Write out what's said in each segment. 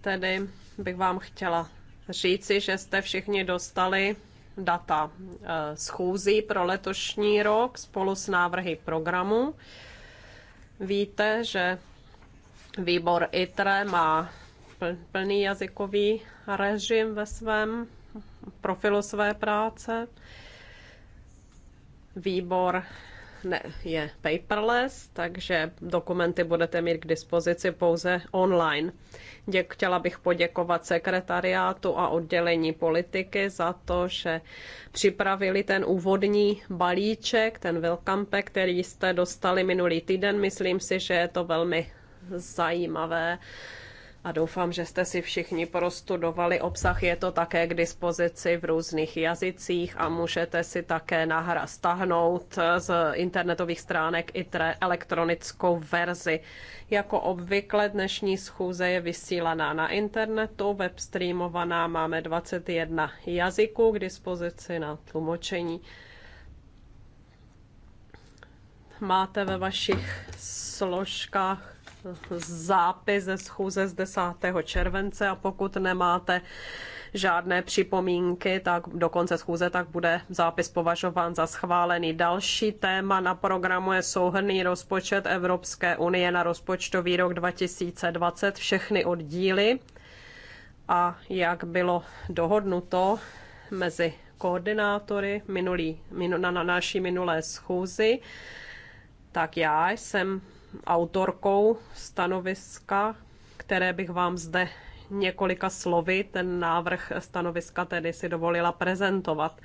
Tedy bych vám chtěla říci, že jste všichni dostali data eh, schůzí pro letošní rok spolu s návrhy programu. Víte, že výbor ITRE má plný jazykový režim ve svém profilu své práce. Výbor ne, je paperless, takže dokumenty budete mít k dispozici pouze online. Děk, chtěla bych poděkovat sekretariátu a oddělení politiky za to, že připravili ten úvodní balíček, ten welcome pack, který jste dostali minulý týden. Myslím si, že je to velmi zajímavé a doufám, že jste si všichni prostudovali obsah. Je to také k dispozici v různých jazycích a můžete si také nahra stahnout z internetových stránek i tre elektronickou verzi. Jako obvykle dnešní schůze je vysílaná na internetu, webstreamovaná máme 21 jazyků k dispozici na tlumočení. Máte ve vašich složkách zápis ze schůze z 10. července a pokud nemáte žádné připomínky, tak do konce schůze tak bude zápis považován za schválený. Další téma na programu je souhrný rozpočet Evropské unie na rozpočtový rok 2020, všechny oddíly a jak bylo dohodnuto mezi koordinátory minulý, minu, na, na naší minulé schůzi, tak já jsem autorkou stanoviska, které bych vám zde několika slovy ten návrh stanoviska tedy si dovolila prezentovat.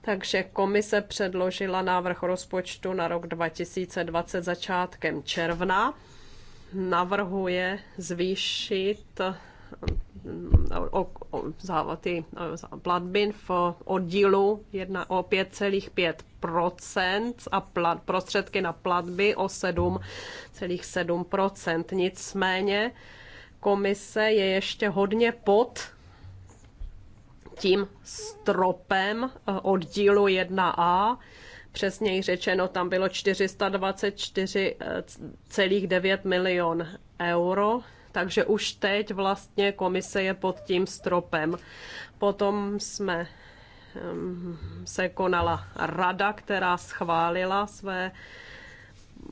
Takže komise předložila návrh rozpočtu na rok 2020 začátkem června. Navrhuje zvýšit o, o, za ty za platby v oddílu jedna, o 5,5% a plat, prostředky na platby o 7,7%. Nicméně komise je ještě hodně pod tím stropem eh, oddílu 1a, přesněji řečeno, tam bylo 424,9 eh, milion euro takže už teď vlastně komise je pod tím stropem. Potom jsme se konala rada, která schválila své,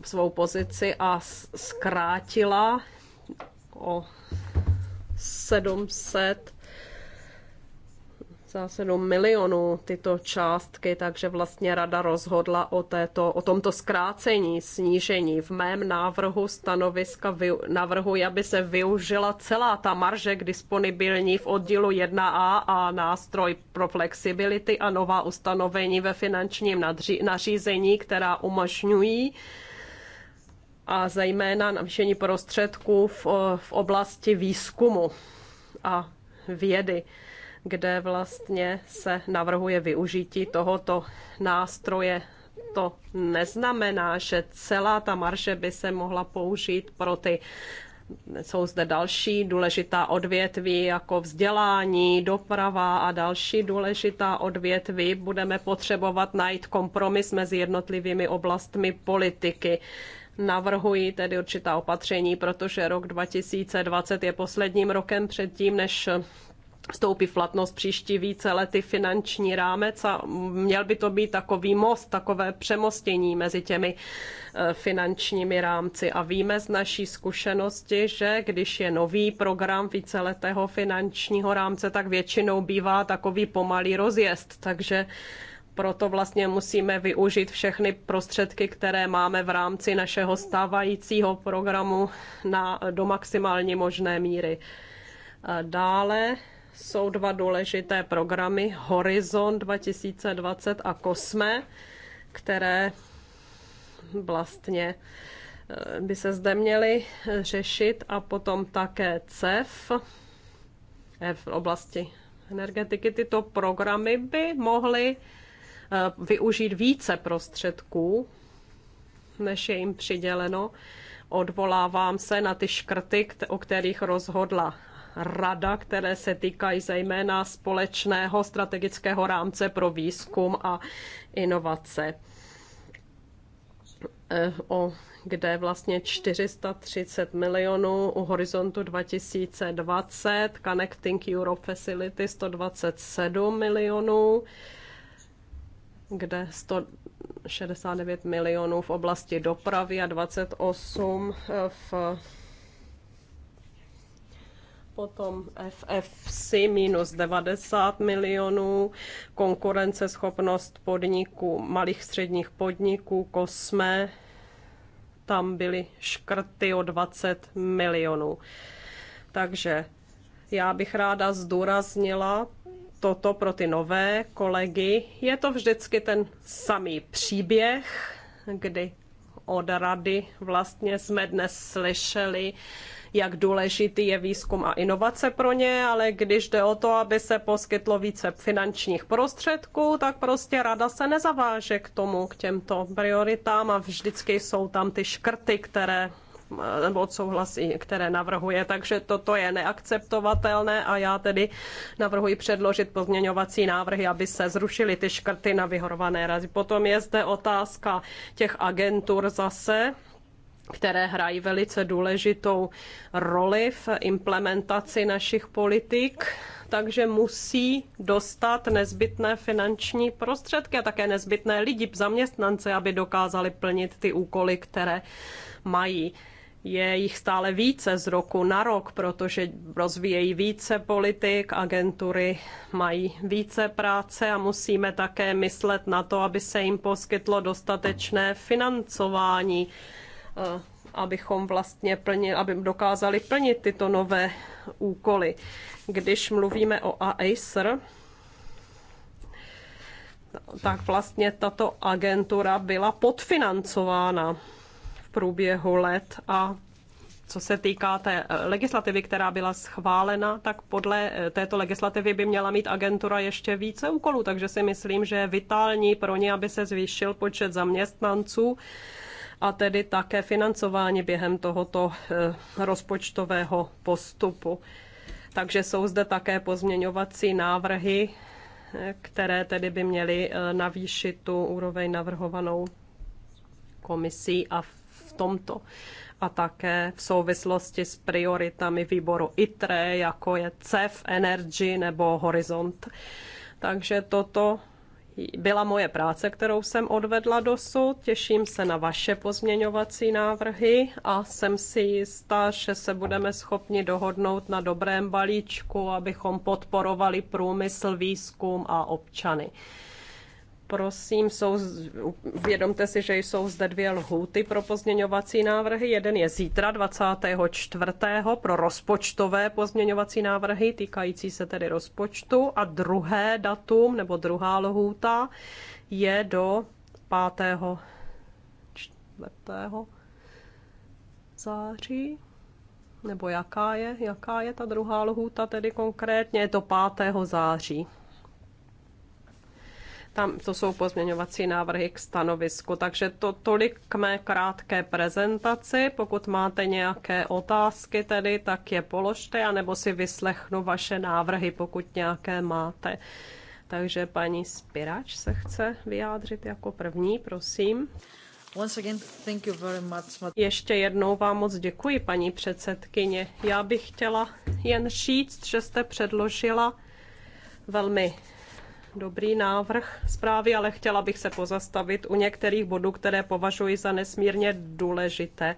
svou pozici a zkrátila o 700 1,7 milionů tyto částky, takže vlastně rada rozhodla o, této, o tomto zkrácení, snížení. V mém návrhu stanoviska navrhuji, aby se využila celá ta marže k disponibilní v oddílu 1a a nástroj pro flexibility a nová ustanovení ve finančním nadří, nařízení, která umožňují a zejména navýšení prostředků v, v oblasti výzkumu a vědy kde vlastně se navrhuje využití tohoto nástroje to neznamená, že celá ta marže by se mohla použít pro ty jsou zde další důležitá odvětví, jako vzdělání, doprava a další důležitá odvětví. Budeme potřebovat najít kompromis mezi jednotlivými oblastmi politiky. Navrhuji tedy určitá opatření, protože rok 2020 je posledním rokem předtím, než vstoupí v platnost příští víceletý finanční rámec a měl by to být takový most, takové přemostění mezi těmi e, finančními rámci. A víme z naší zkušenosti, že když je nový program víceletého finančního rámce, tak většinou bývá takový pomalý rozjezd, takže proto vlastně musíme využít všechny prostředky, které máme v rámci našeho stávajícího programu na, do maximální možné míry. E, dále jsou dva důležité programy Horizon 2020 a Kosme, které vlastně eh, by se zde měly eh, řešit a potom také CEF eh, v oblasti energetiky. Tyto programy by mohly využít více prostředků, než je jim přiděleno odvolávám se na ty škrty, o kterých rozhodla rada, které se týkají zejména společného strategického rámce pro výzkum a inovace. Eh, o kde vlastně 430 milionů u horizontu 2020, Connecting Europe Facility 127 milionů, kde 169 milionů v oblasti dopravy a 28 eh, v potom FFC minus 90 milionů, konkurenceschopnost podniků, malých středních podniků, kosme, tam byly škrty o 20 milionů. Takže já bych ráda zdůraznila toto pro ty nové kolegy. Je to vždycky ten samý příběh, kdy od rady vlastně jsme dnes slyšeli, jak důležitý je výzkum a inovace pro ně, ale když jde o to, aby se poskytlo více finančních prostředků, tak prostě rada se nezaváže k tomu, k těmto prioritám a vždycky jsou tam ty škrty, které nebo odsouhlasí, které navrhuje. Takže toto je neakceptovatelné a já tedy navrhuji předložit pozměňovací návrhy, aby se zrušily ty škrty na vyhorované razy. Potom je zde otázka těch agentur zase, které hrají velice důležitou roli v implementaci našich politik, takže musí dostat nezbytné finanční prostředky a také nezbytné lidi, zaměstnance, aby dokázali plnit ty úkoly, které mají. Je jich stále více z roku na rok, protože rozvíjejí více politik, agentury mají více práce a musíme také myslet na to, aby se jim poskytlo dostatečné financování Eh, abychom vlastně plnili, aby dokázali plnit tyto nové úkoly. Když mluvíme o AACER, tak vlastně tato agentura byla podfinancována v průběhu let a co se týká té eh, legislativy, která byla schválena, tak podle eh, této legislativy by měla mít agentura ještě více úkolů, takže si myslím, že je vitální pro ně, aby se zvýšil počet zaměstnanců a tedy také financování během tohoto eh, rozpočtového postupu. Takže jsou zde také pozměňovací návrhy, eh, které tedy by měly eh, navýšit tu úroveň navrhovanou komisí a v tomto a také v souvislosti s prioritami výboru ITRE, jako je CEF, Energy nebo Horizont. Takže toto byla moje práce, kterou jsem odvedla dosud. Těším se na vaše pozměňovací návrhy a jsem si jistá, že se budeme schopni dohodnout na dobrém balíčku, abychom podporovali průmysl, výzkum a občany. Prosím, jsou, vědomte si, že jsou zde dvě lhůty pro pozměňovací návrhy. Jeden je zítra 24. pro rozpočtové pozměňovací návrhy, týkající se tedy rozpočtu. A druhé datum, nebo druhá lhůta, je do 5. čtvrtého září nebo jaká je, jaká je ta druhá lhůta tedy konkrétně, je to 5. září tam, to jsou pozměňovací návrhy k stanovisku. Takže to tolik k mé krátké prezentaci. Pokud máte nějaké otázky tedy, tak je položte, anebo si vyslechnu vaše návrhy, pokud nějaké máte. Takže paní Spirač se chce vyjádřit jako první, prosím. Once again, thank you very much. Ještě jednou vám moc děkuji, paní předsedkyně. Já bych chtěla jen říct, že jste předložila velmi dobrý návrh zprávy, ale chtěla bych se pozastavit u některých bodů, které považuji za nesmírně důležité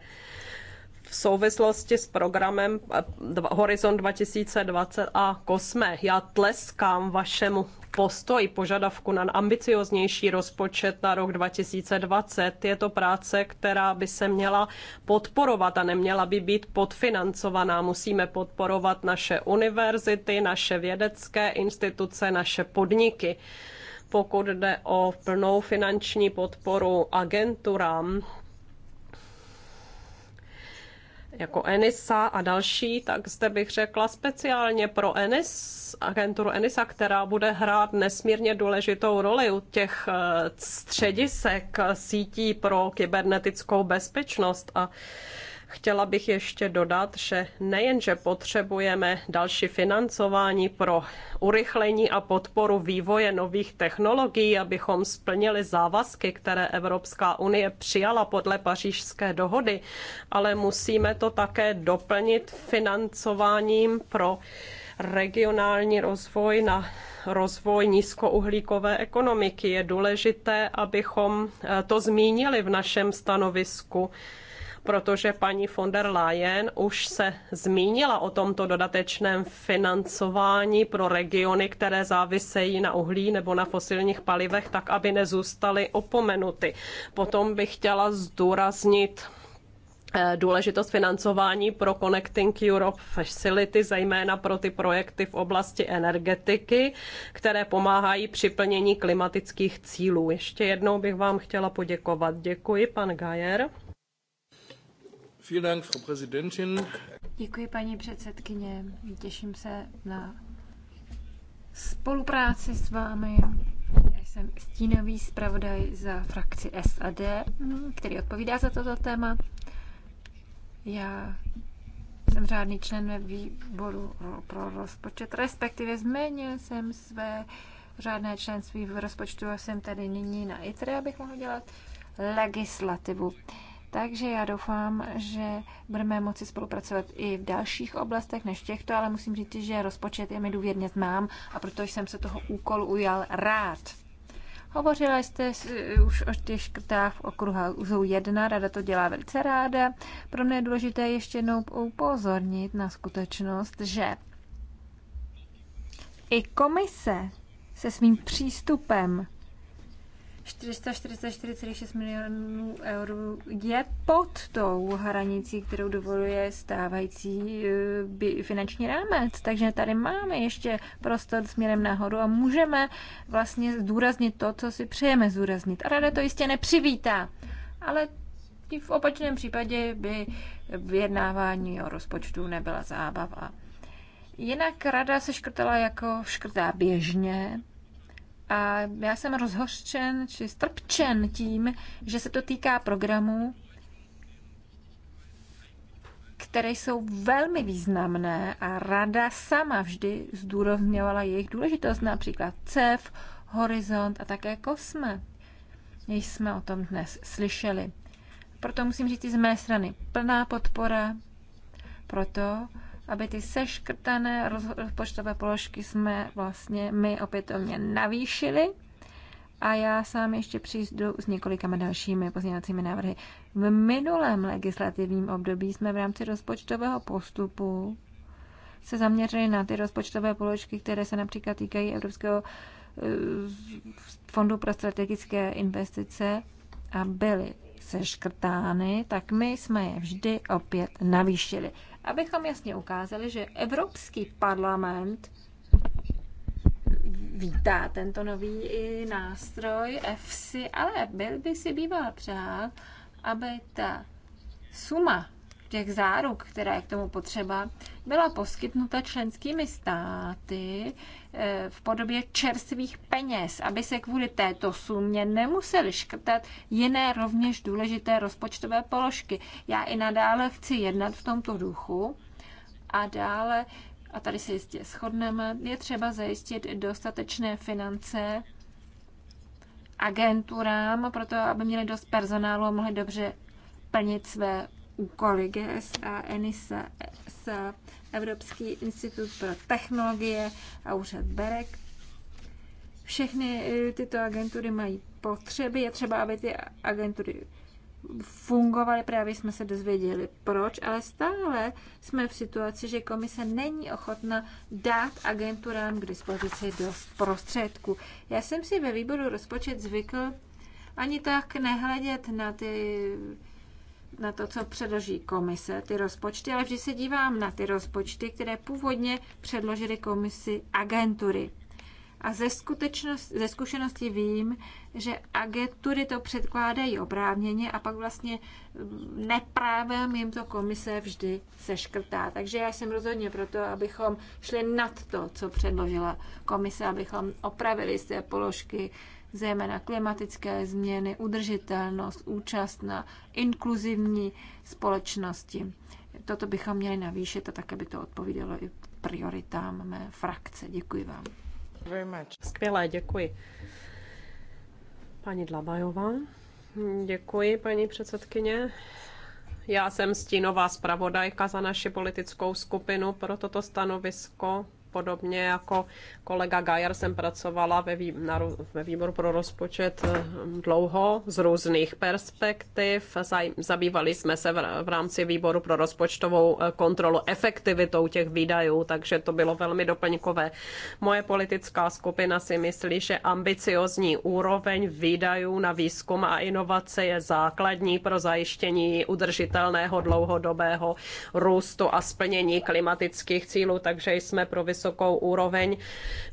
v souvislosti s programem eh, Horizon 2020 a Kosme. Já tleskám vašemu postoj požadavku na ambicioznější rozpočet na rok 2020. Je to práce, která by se měla podporovat a neměla by být podfinancovaná. Musíme podporovat naše univerzity, naše vědecké instituce, naše podniky. Pokud jde o plnou finanční podporu agenturám, jako ENISA a další, tak zde bych řekla speciálně pro ENIS, agenturu ENISA, která bude hrát nesmírně důležitou roli u těch eh, středisek eh, sítí pro kybernetickou bezpečnost a Chtěla bych ještě dodat, že nejenže potřebujeme další financování pro urychlení a podporu vývoje nových technologií, abychom splnili závazky, které Evropská unie přijala podle pařížské dohody, ale musíme to také doplnit financováním pro regionální rozvoj na rozvoj nízkouhlíkové ekonomiky. Je důležité, abychom eh, to zmínili v našem stanovisku protože paní von der Leyen už se zmínila o tomto dodatečném financování pro regiony, které závisejí na uhlí nebo na fosilních palivech, tak aby nezůstaly opomenuty. Potom bych chtěla zdůraznit eh, důležitost financování pro Connecting Europe Facility, zejména pro ty projekty v oblasti energetiky, které pomáhají při plnění klimatických cílů. Ještě jednou bych vám chtěla poděkovat. Děkuji, pan Gajer. Děkuji, paní předsedkyně. Těším se na spolupráci s vámi. Já jsem stínový zpravodaj za frakci SAD, který odpovídá za toto téma. Já jsem řádný člen ve výboru pro rozpočet, respektive změnil jsem své řádné členství v rozpočtu a jsem tady nyní na ITRE, abych mohl dělat legislativu. Takže já doufám, že budeme moci spolupracovat i v dalších oblastech než těchto, ale musím říct, že rozpočet je mi důvěrně znám a proto jsem se toho úkolu ujal rád. Hovořila jste už o těch škrtách v okruhu 1, rada to dělá velice ráda. Pro mě je důležité ještě jednou upozornit na skutečnost, že i komise se svým přístupem 444,6 milionů eur je pod tou hranicí, kterou dovoluje stávající eh, finanční rámec. Takže tady máme ještě prostor směrem nahoru a můžeme vlastně zdůraznit to, co si přejeme zdůraznit. A rada to jistě nepřivítá, ale v opačném případě by vyjednávání o rozpočtu nebyla zábava. Jinak rada se škrtala jako škrtá běžně, a já jsem rozhořčen či strpčen tím, že se to týká programů, které jsou velmi významné a rada sama vždy zdůrazňovala jejich důležitost, například CEF, Horizont a také Kosme. Již jsme o tom dnes slyšeli. Proto musím říct i z mé strany plná podpora proto, aby ty seškrtané rozpočtové položky jsme vlastně my opětovně navýšili. A já sám ještě přijdu s několika dalšími pozměňovacími návrhy. V minulém legislativním období jsme v rámci rozpočtového postupu se zaměřili na ty rozpočtové položky, které se například týkají Evropského eh, fondu pro strategické investice a byly seškrtány, tak my jsme je vždy opět navýšili abychom jasně ukázali, že Evropský parlament vítá tento nový nástroj EFSI, ale byl by si býval přál, aby ta suma těch záruk, která k tomu potřeba, byla poskytnuta členskými státy eh, v podobě čerstvých peněz, aby se kvůli této sumě nemuseli škrtat jiné rovněž důležité rozpočtové položky. Já i nadále chci jednat v tomto duchu a dále, a tady se jistě shodneme, je třeba zajistit dostatečné finance agenturám, proto aby měli dost personálu a mohli dobře plnit své kolegy SA, ENISA, z Evropský institut pro technologie a úřad BEREK. Všechny eh, tyto agentury mají potřeby. Je třeba, aby ty agentury fungovaly, právě jsme se dozvěděli proč, ale stále jsme v situaci, že komise není ochotna dát agenturám k dispozici dost prostředků. Já jsem si ve výboru rozpočet zvykl ani tak nehledět na ty na to, co předloží komise, ty rozpočty, ale vždy se dívám na ty rozpočty, které původně předložily komisi agentury. A ze, ze zkušenosti vím, že agentury to předkládají oprávněně a pak vlastně neprávem jim to komise vždy seškrtá. Takže já jsem rozhodně proto, abychom šli nad to, co předložila komise, abychom opravili z té položky zejména klimatické změny, udržitelnost, účast na inkluzivní společnosti. Toto bychom měli navýšit a také by to odpovídalo i prioritám mé frakce. Děkuji vám. Skvělé, děkuji. Paní Dlabajová. Děkuji, paní předsedkyně. Já jsem stínová zpravodajka za naši politickou skupinu pro toto stanovisko Podobně jako kolega Gajer jsem pracovala ve, vý, na, ve výboru pro rozpočet eh, dlouho z různých perspektiv. Zaj, zabývali jsme se v, v rámci výboru pro rozpočtovou eh, kontrolu efektivitou těch výdajů, takže to bylo velmi doplňkové. Moje politická skupina si myslí, že ambiciozní úroveň výdajů na výzkum a inovace je základní pro zajištění udržitelného dlouhodobého růstu a splnění klimatických cílů, takže jsme pro vys- vysokou úroveň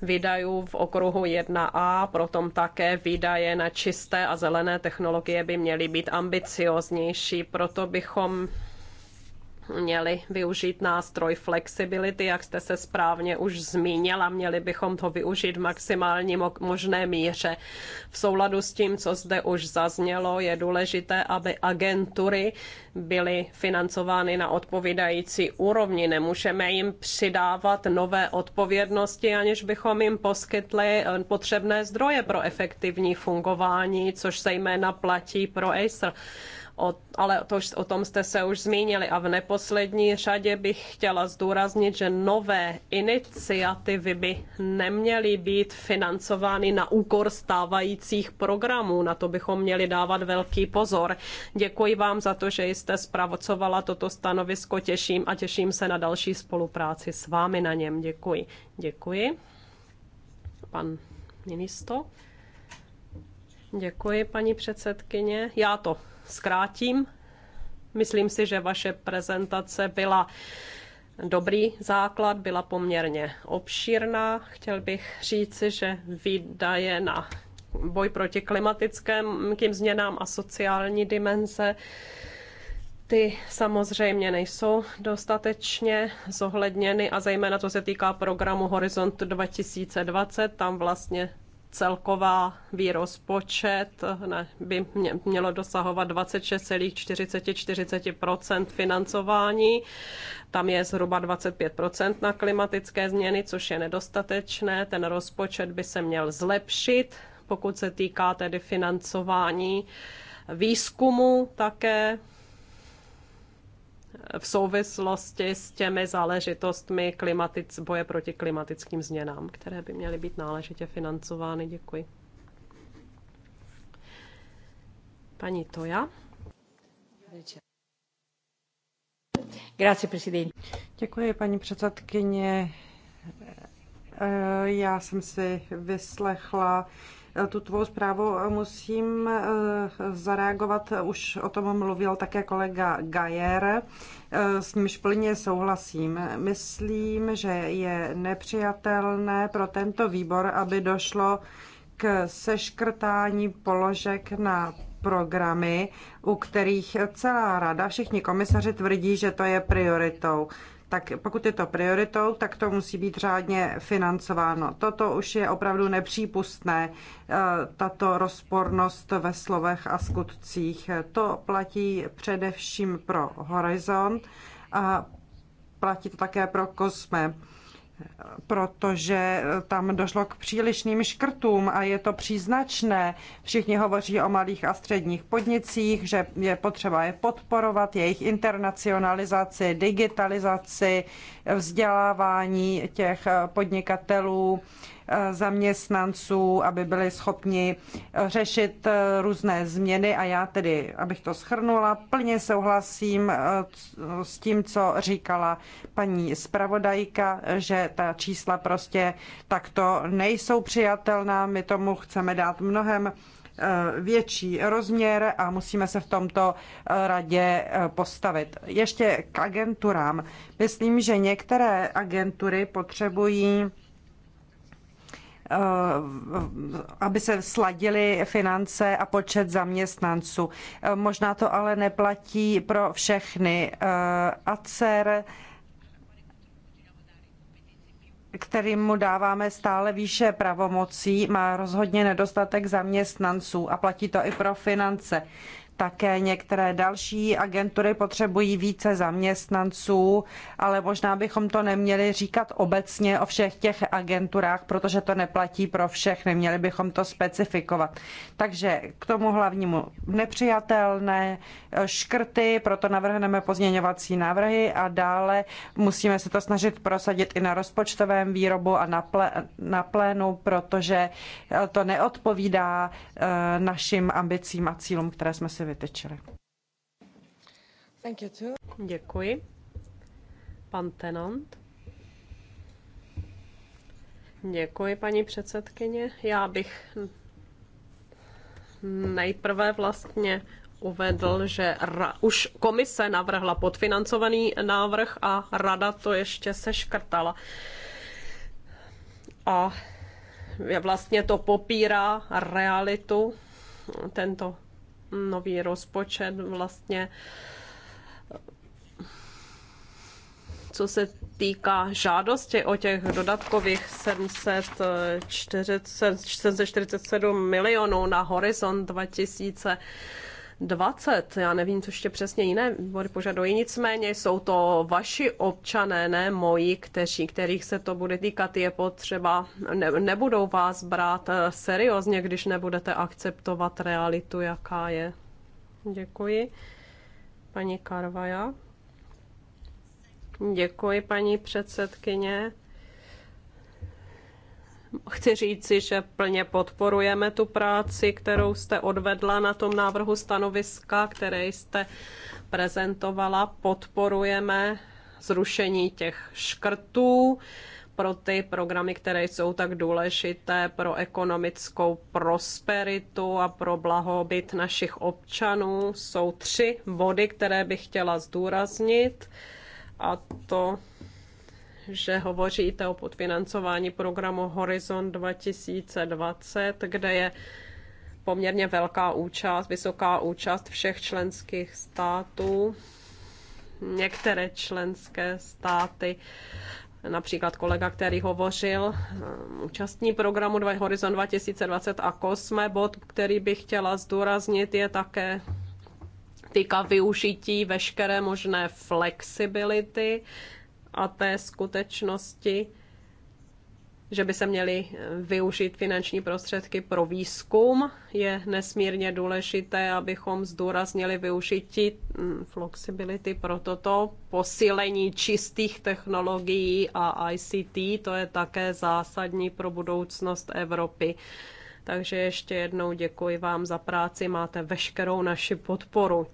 výdajů v okruhu 1A, proto také výdaje na čisté a zelené technologie by měly být ambicioznější. Proto bychom měli využít nástroj flexibility, jak jste se správně už zmínila, měli bychom to využít v maximální možné míře. V souladu s tím, co zde už zaznělo, je důležité, aby agentury byly financovány na odpovídající úrovni. Nemůžeme jim přidávat nové odpovědnosti, aniž bychom jim poskytli eh, potřebné zdroje pro efektivní fungování, což se jména platí pro Acer. O, ale to, o tom jste se už zmínili. A v neposlední řadě bych chtěla zdůraznit, že nové iniciativy by neměly být financovány na úkor stávajících programů. Na to bychom měli dávat velký pozor. Děkuji vám za to, že jste zpravocovala toto stanovisko. Těším a těším se na další spolupráci s vámi na něm. Děkuji. Děkuji. Pan ministro. Děkuji, paní předsedkyně. Já to zkrátím. Myslím si, že vaše prezentace byla dobrý základ, byla poměrně obšírná. Chtěl bych říci, že výdaje na boj proti klimatickým změnám a sociální dimenze ty samozřejmě nejsou dostatečně zohledněny a zejména to se týká programu Horizont 2020, tam vlastně celková výrozpočet ne, by mělo dosahovat 26,44 financování. Tam je zhruba 25 na klimatické změny, což je nedostatečné. Ten rozpočet by se měl zlepšit, pokud se týká tedy financování výzkumu také v souvislosti s těmi záležitostmi klimatic, boje proti klimatickým změnám, které by měly být náležitě financovány. Děkuji. Paní Toja. Děkuji, paní předsedkyně. Eh, já jsem si vyslechla tu tvou zprávu musím eh, zareagovat. Už o tom mluvil také kolega Gajer, eh, s nímž plně souhlasím. Myslím, že je nepřijatelné pro tento výbor, aby došlo k seškrtání položek na programy, u kterých celá rada, všichni komisaři tvrdí, že to je prioritou tak pokud je to prioritou, tak to musí být řádně financováno. Toto už je opravdu nepřípustné, eh, tato rozpornost ve slovech a skutcích. To platí především pro Horizon, a platí to také pro Kosme protože tam došlo k přílišným škrtům a je to příznačné. Všichni hovoří o malých a středních podnicích, že je potřeba je podporovat, jejich internacionalizaci, digitalizaci, vzdělávání těch podnikatelů, zaměstnanců, aby byli schopni řešit různé změny. A já tedy, abych to schrnula, plně souhlasím eh, s tím, co říkala paní zpravodajka, že ta čísla prostě takto nejsou přijatelná. My tomu chceme dát mnohem Eh, větší rozměr a musíme se v tomto eh, radě eh, postavit. Ještě k agenturám. Myslím, že některé agentury potřebují aby se sladily finance a počet zaměstnanců. Možná to ale neplatí pro všechny. ACER kterým mu dáváme stále výše pravomocí, má rozhodně nedostatek zaměstnanců a platí to i pro finance. Také některé další agentury potřebují více zaměstnanců, ale možná bychom to neměli říkat obecně o všech těch agenturách, protože to neplatí pro všechny, měli bychom to specifikovat. Takže k tomu hlavnímu nepřijatelné škrty, proto navrhneme pozměňovací návrhy a dále musíme se to snažit prosadit i na rozpočtovém výrobu a na, plé, na plénu, protože to neodpovídá eh, našim ambicím a cílům, které jsme si vytyčili. Thank you too. Děkuji. Pan Tenant. Děkuji, paní předsedkyně. Já bych nejprve vlastně uvedl, že ra, už komise navrhla podfinancovaný návrh a rada to ještě seškrtala. A vlastně to popírá realitu tento nový rozpočet vlastně co se týká žádosti o těch dodatkových 747 milionů na horizont 2000, 20, já nevím, co ještě přesně jiné výbory požadují, nicméně jsou to vaši občané, ne moji, kteří, kterých se to bude týkat, je potřeba, ne, nebudou vás brát eh, seriózně, když nebudete akceptovat realitu, jaká je. Děkuji. Paní Karvaja. Děkuji, paní předsedkyně. Chci říci, že plně podporujeme tu práci, kterou jste odvedla na tom návrhu stanoviska, které jste prezentovala. Podporujeme zrušení těch škrtů pro ty programy, které jsou tak důležité pro ekonomickou prosperitu a pro blahobyt našich občanů. Jsou tři body, které bych chtěla zdůraznit. A to že hovoříte o podfinancování programu Horizon 2020, kde je poměrně velká účast, vysoká účast všech členských států. Některé členské státy, například kolega, který hovořil, um, účastní programu Horizon 2020 a Kosme, bod, který bych chtěla zdůraznit, je také týká využití veškeré možné flexibility a té skutečnosti, že by se měly využít finanční prostředky pro výzkum. Je nesmírně důležité, abychom zdůraznili využití hm, flexibility pro toto posílení čistých technologií a ICT. To je také zásadní pro budoucnost Evropy. Takže ještě jednou děkuji vám za práci, máte veškerou naši podporu.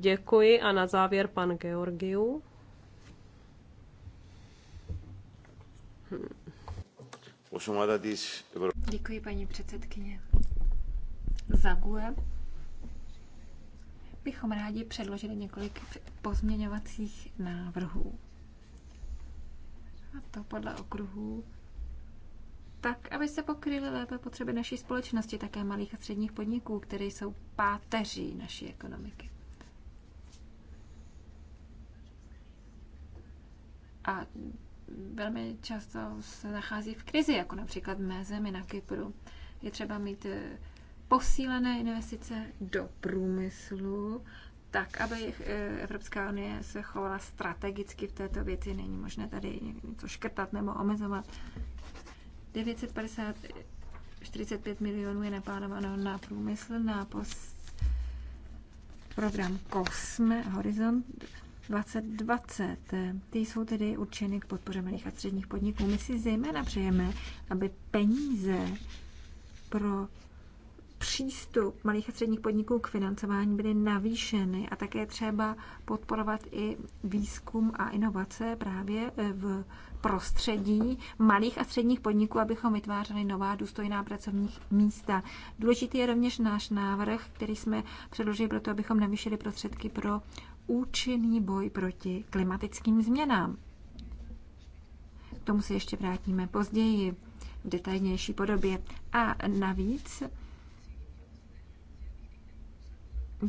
Děkuji a na závěr pan Georgiu. Děkuji, paní předsedkyně. Zague bychom rádi předložili několik pozměňovacích návrhů. A to podle okruhů tak, aby se pokryly lépe potřeby naší společnosti, také malých a středních podniků, které jsou páteří naší ekonomiky. A velmi často se nachází v krizi, jako například v mé zemi na Kypru. Je třeba mít eh, posílené investice do průmyslu, tak, aby eh, Evropská unie se chovala strategicky v této věci. Není možné tady něco škrtat nebo omezovat. 950 45 milionů je naplánováno na průmysl, na pos- program COSME, Horizont 2020. Ty jsou tedy určeny k podpoře malých a středních podniků. My si zejména přejeme, aby peníze pro přístup malých a středních podniků k financování byly navýšeny a také třeba podporovat i výzkum a inovace právě eh, v prostředí malých a středních podniků, abychom vytvářeli nová důstojná pracovní místa. Důležitý je rovněž náš návrh, který jsme předložili proto, abychom navýšili prostředky pro účinný boj proti klimatickým změnám. K tomu se ještě vrátíme později v detailnější podobě. A navíc,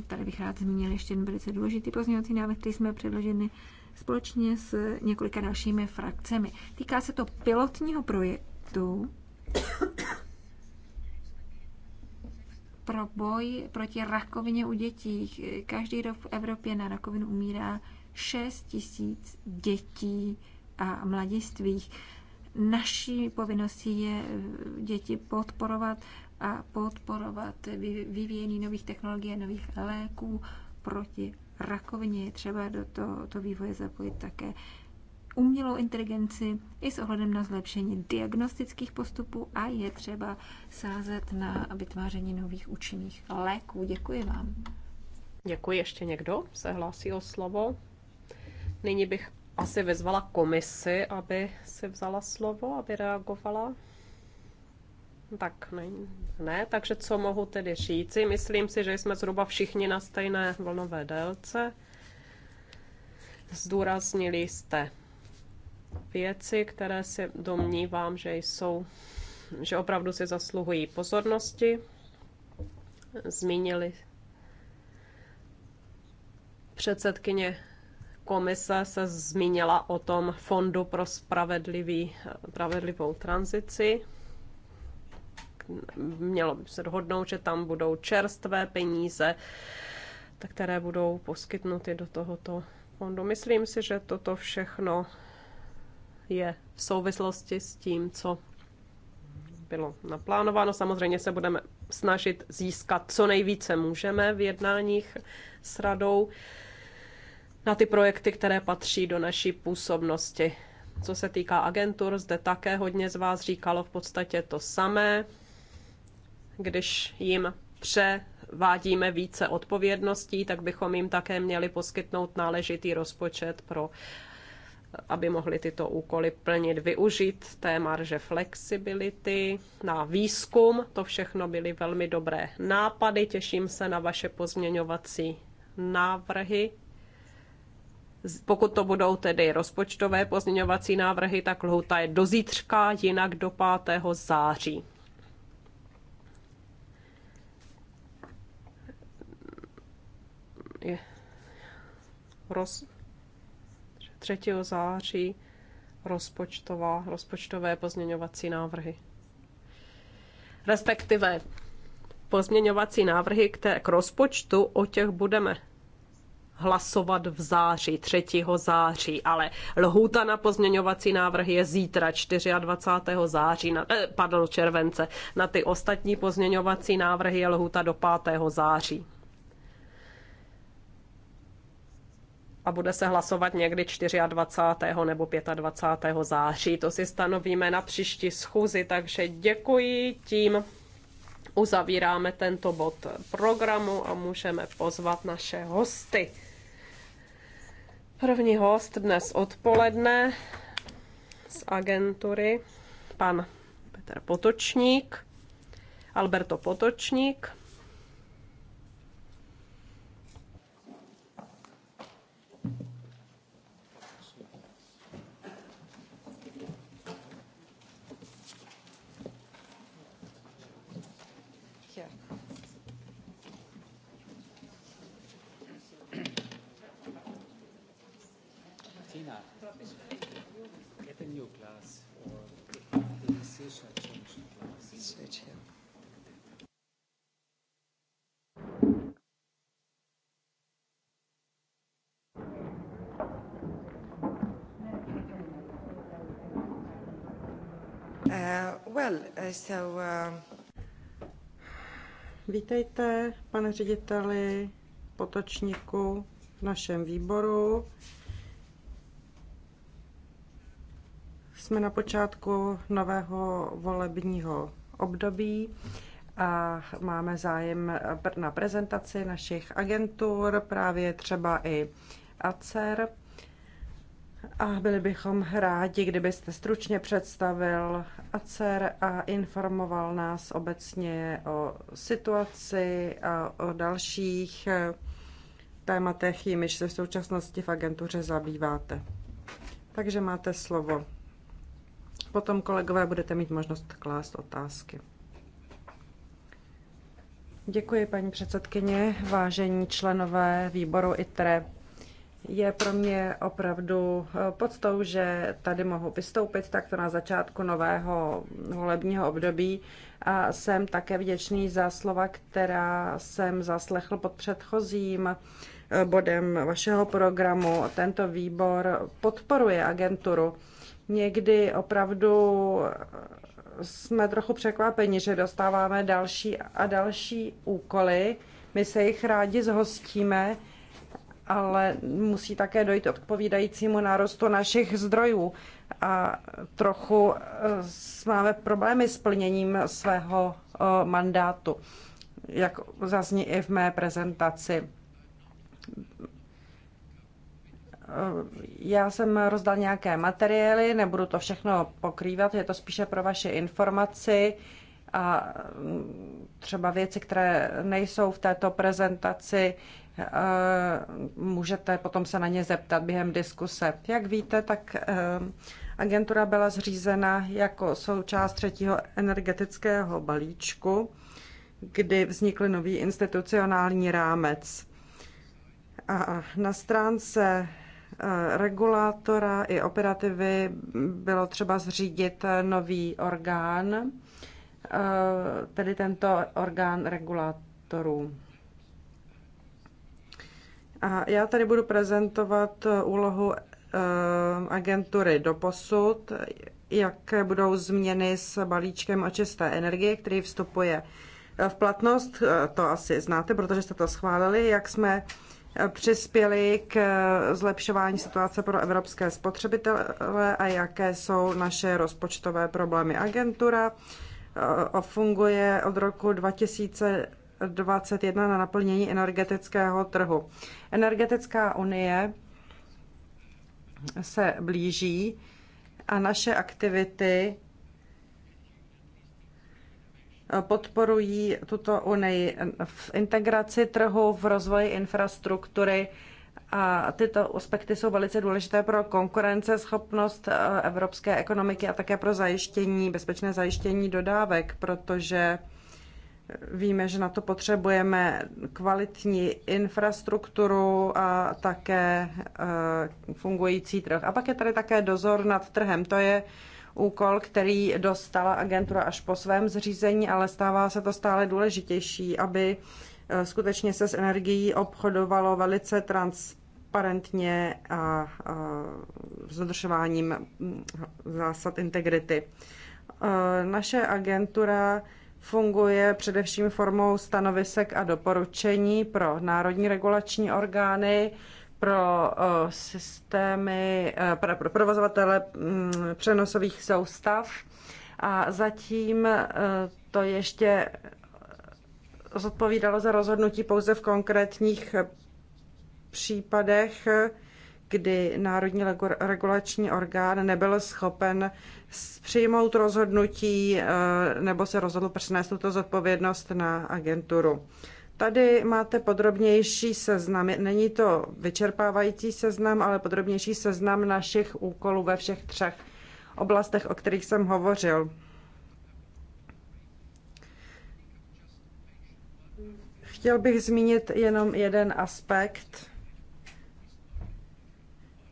tady bych rád zmínil ještě jeden velice důležitý pozměňovací návrh, který jsme předloženi společně s několika dalšími frakcemi. Týká se to pilotního projektu, pro boj proti rakovině u dětí. Každý rok v Evropě na rakovinu umírá 6 tisíc dětí a mladistvých. Naší povinností je eh, děti podporovat a podporovat vyvíjení nových technologií a nových léků proti rakovině. Je třeba do toho to vývoje zapojit také umělou inteligenci i s ohledem na zlepšení diagnostických postupů a je třeba sázet na vytváření nových účinných léků. Děkuji vám. Děkuji. Ještě někdo se hlásí o slovo? Nyní bych asi vyzvala komisi, aby si vzala slovo, aby reagovala. Tak ne, ne, takže co mohu tedy říci? Myslím si, že jsme zhruba všichni na stejné vlnové délce. Zdůraznili jste věci, které se domnívám, že jsou, že opravdu si zasluhují pozornosti. Zmínili předsedkyně komise se zmínila o tom Fondu pro spravedlivý, spravedlivou tranzici. Mělo by se dohodnout, že tam budou čerstvé peníze, které budou poskytnuty do tohoto fondu. Myslím si, že toto všechno je v souvislosti s tím, co bylo naplánováno. Samozřejmě se budeme snažit získat co nejvíce můžeme v jednáních s radou na ty projekty, které patří do naší působnosti. Co se týká agentur, zde také hodně z vás říkalo v podstatě to samé. Když jim převádíme více odpovědností, tak bychom jim také měli poskytnout náležitý rozpočet pro aby mohli tyto úkoly plnit, využít té marže flexibility na výzkum. To všechno byly velmi dobré nápady. Těším se na vaše pozměňovací návrhy. Pokud to budou tedy rozpočtové pozměňovací návrhy, tak lhuta je do zítřka, jinak do 5. září. Je. Roz, 3. září rozpočtová, rozpočtové pozměňovací návrhy. Respektive pozměňovací návrhy které k rozpočtu, o těch budeme hlasovat v září, 3. září, ale lhůta na pozměňovací návrhy je zítra, 24. září, na, eh, pardon, července. Na ty ostatní pozměňovací návrhy je lhůta do 5. září. a bude se hlasovat někdy 24. nebo 25. září. To si stanovíme na příští schůzi, takže děkuji tím. Uzavíráme tento bod programu a můžeme pozvat naše hosty. První host dnes odpoledne z agentury, pan Petr Potočník, Alberto Potočník, Uh, well, uh, so, uh... Vítejte, pane řediteli Potočníku v našem výboru. Jsme na počátku nového volebního období a máme zájem na prezentaci našich agentur, právě třeba i ACER a byli bychom rádi, kdybyste stručně představil ACER a informoval nás obecně o situaci a o dalších eh, tématech, jimiž se v současnosti v agentuře zabýváte. Takže máte slovo. Potom, kolegové, budete mít možnost klást otázky. Děkuji, paní předsedkyně, vážení členové výboru ITRE. Je pro mě opravdu eh, podstou, že tady mohu vystoupit takto na začátku nového volebního období a jsem také vděčný za slova, která jsem zaslechl pod předchozím eh, bodem vašeho programu. Tento výbor podporuje agenturu. Někdy opravdu eh, jsme trochu překvapeni, že dostáváme další a další úkoly. My se jich rádi zhostíme ale musí také dojít odpovídajícímu nárostu našich zdrojů. A trochu eh, máme problémy s plněním svého eh, mandátu, jak zazní i v mé prezentaci. Eh, já jsem rozdal nějaké materiály, nebudu to všechno pokrývat, je to spíše pro vaše informaci a mm, třeba věci, které nejsou v této prezentaci, e, můžete potom se na ně zeptat během diskuse. Jak víte, tak e, agentura byla zřízena jako součást třetího energetického balíčku, kdy vznikl nový institucionální rámec. A na stránce e, regulátora i operativy bylo třeba zřídit nový orgán, Eh, tedy tento orgán regulátorů. A já tady budu prezentovat úlohu eh, agentury do posud, jaké budou změny s balíčkem o čisté energie, který vstupuje v platnost. Eh, to asi znáte, protože jste to schválili, jak jsme přispěli k zlepšování situace pro evropské spotřebitele a jaké jsou naše rozpočtové problémy. Agentura funguje od roku 2021 na naplnění energetického trhu. Energetická unie se blíží a naše aktivity podporují tuto unii v integraci trhu, v rozvoji infrastruktury a tyto aspekty jsou velice důležité pro konkurenceschopnost eh, evropské ekonomiky a také pro zajištění, bezpečné zajištění dodávek, protože eh, víme, že na to potřebujeme kvalitní infrastrukturu a také eh, fungující trh. A pak je tady také dozor nad trhem. To je úkol, který dostala agentura až po svém zřízení, ale stává se to stále důležitější, aby skutečně se s energií obchodovalo velice transparentně transparentně a s dodržováním zásad integrity. Naše agentura funguje především formou stanovisek a doporučení pro národní regulační orgány, pro systémy, e, pro, pro provozovatele mm, přenosových soustav. A zatím e, to ještě zodpovídalo za rozhodnutí pouze v konkrétních případech, kdy Národní regulační orgán nebyl schopen přijmout rozhodnutí eh, nebo se rozhodl přenést tuto zodpovědnost na agenturu. Tady máte podrobnější seznam. Není to vyčerpávající seznam, ale podrobnější seznam našich úkolů ve všech třech oblastech, o kterých jsem hovořil. Chtěl bych zmínit jenom jeden aspekt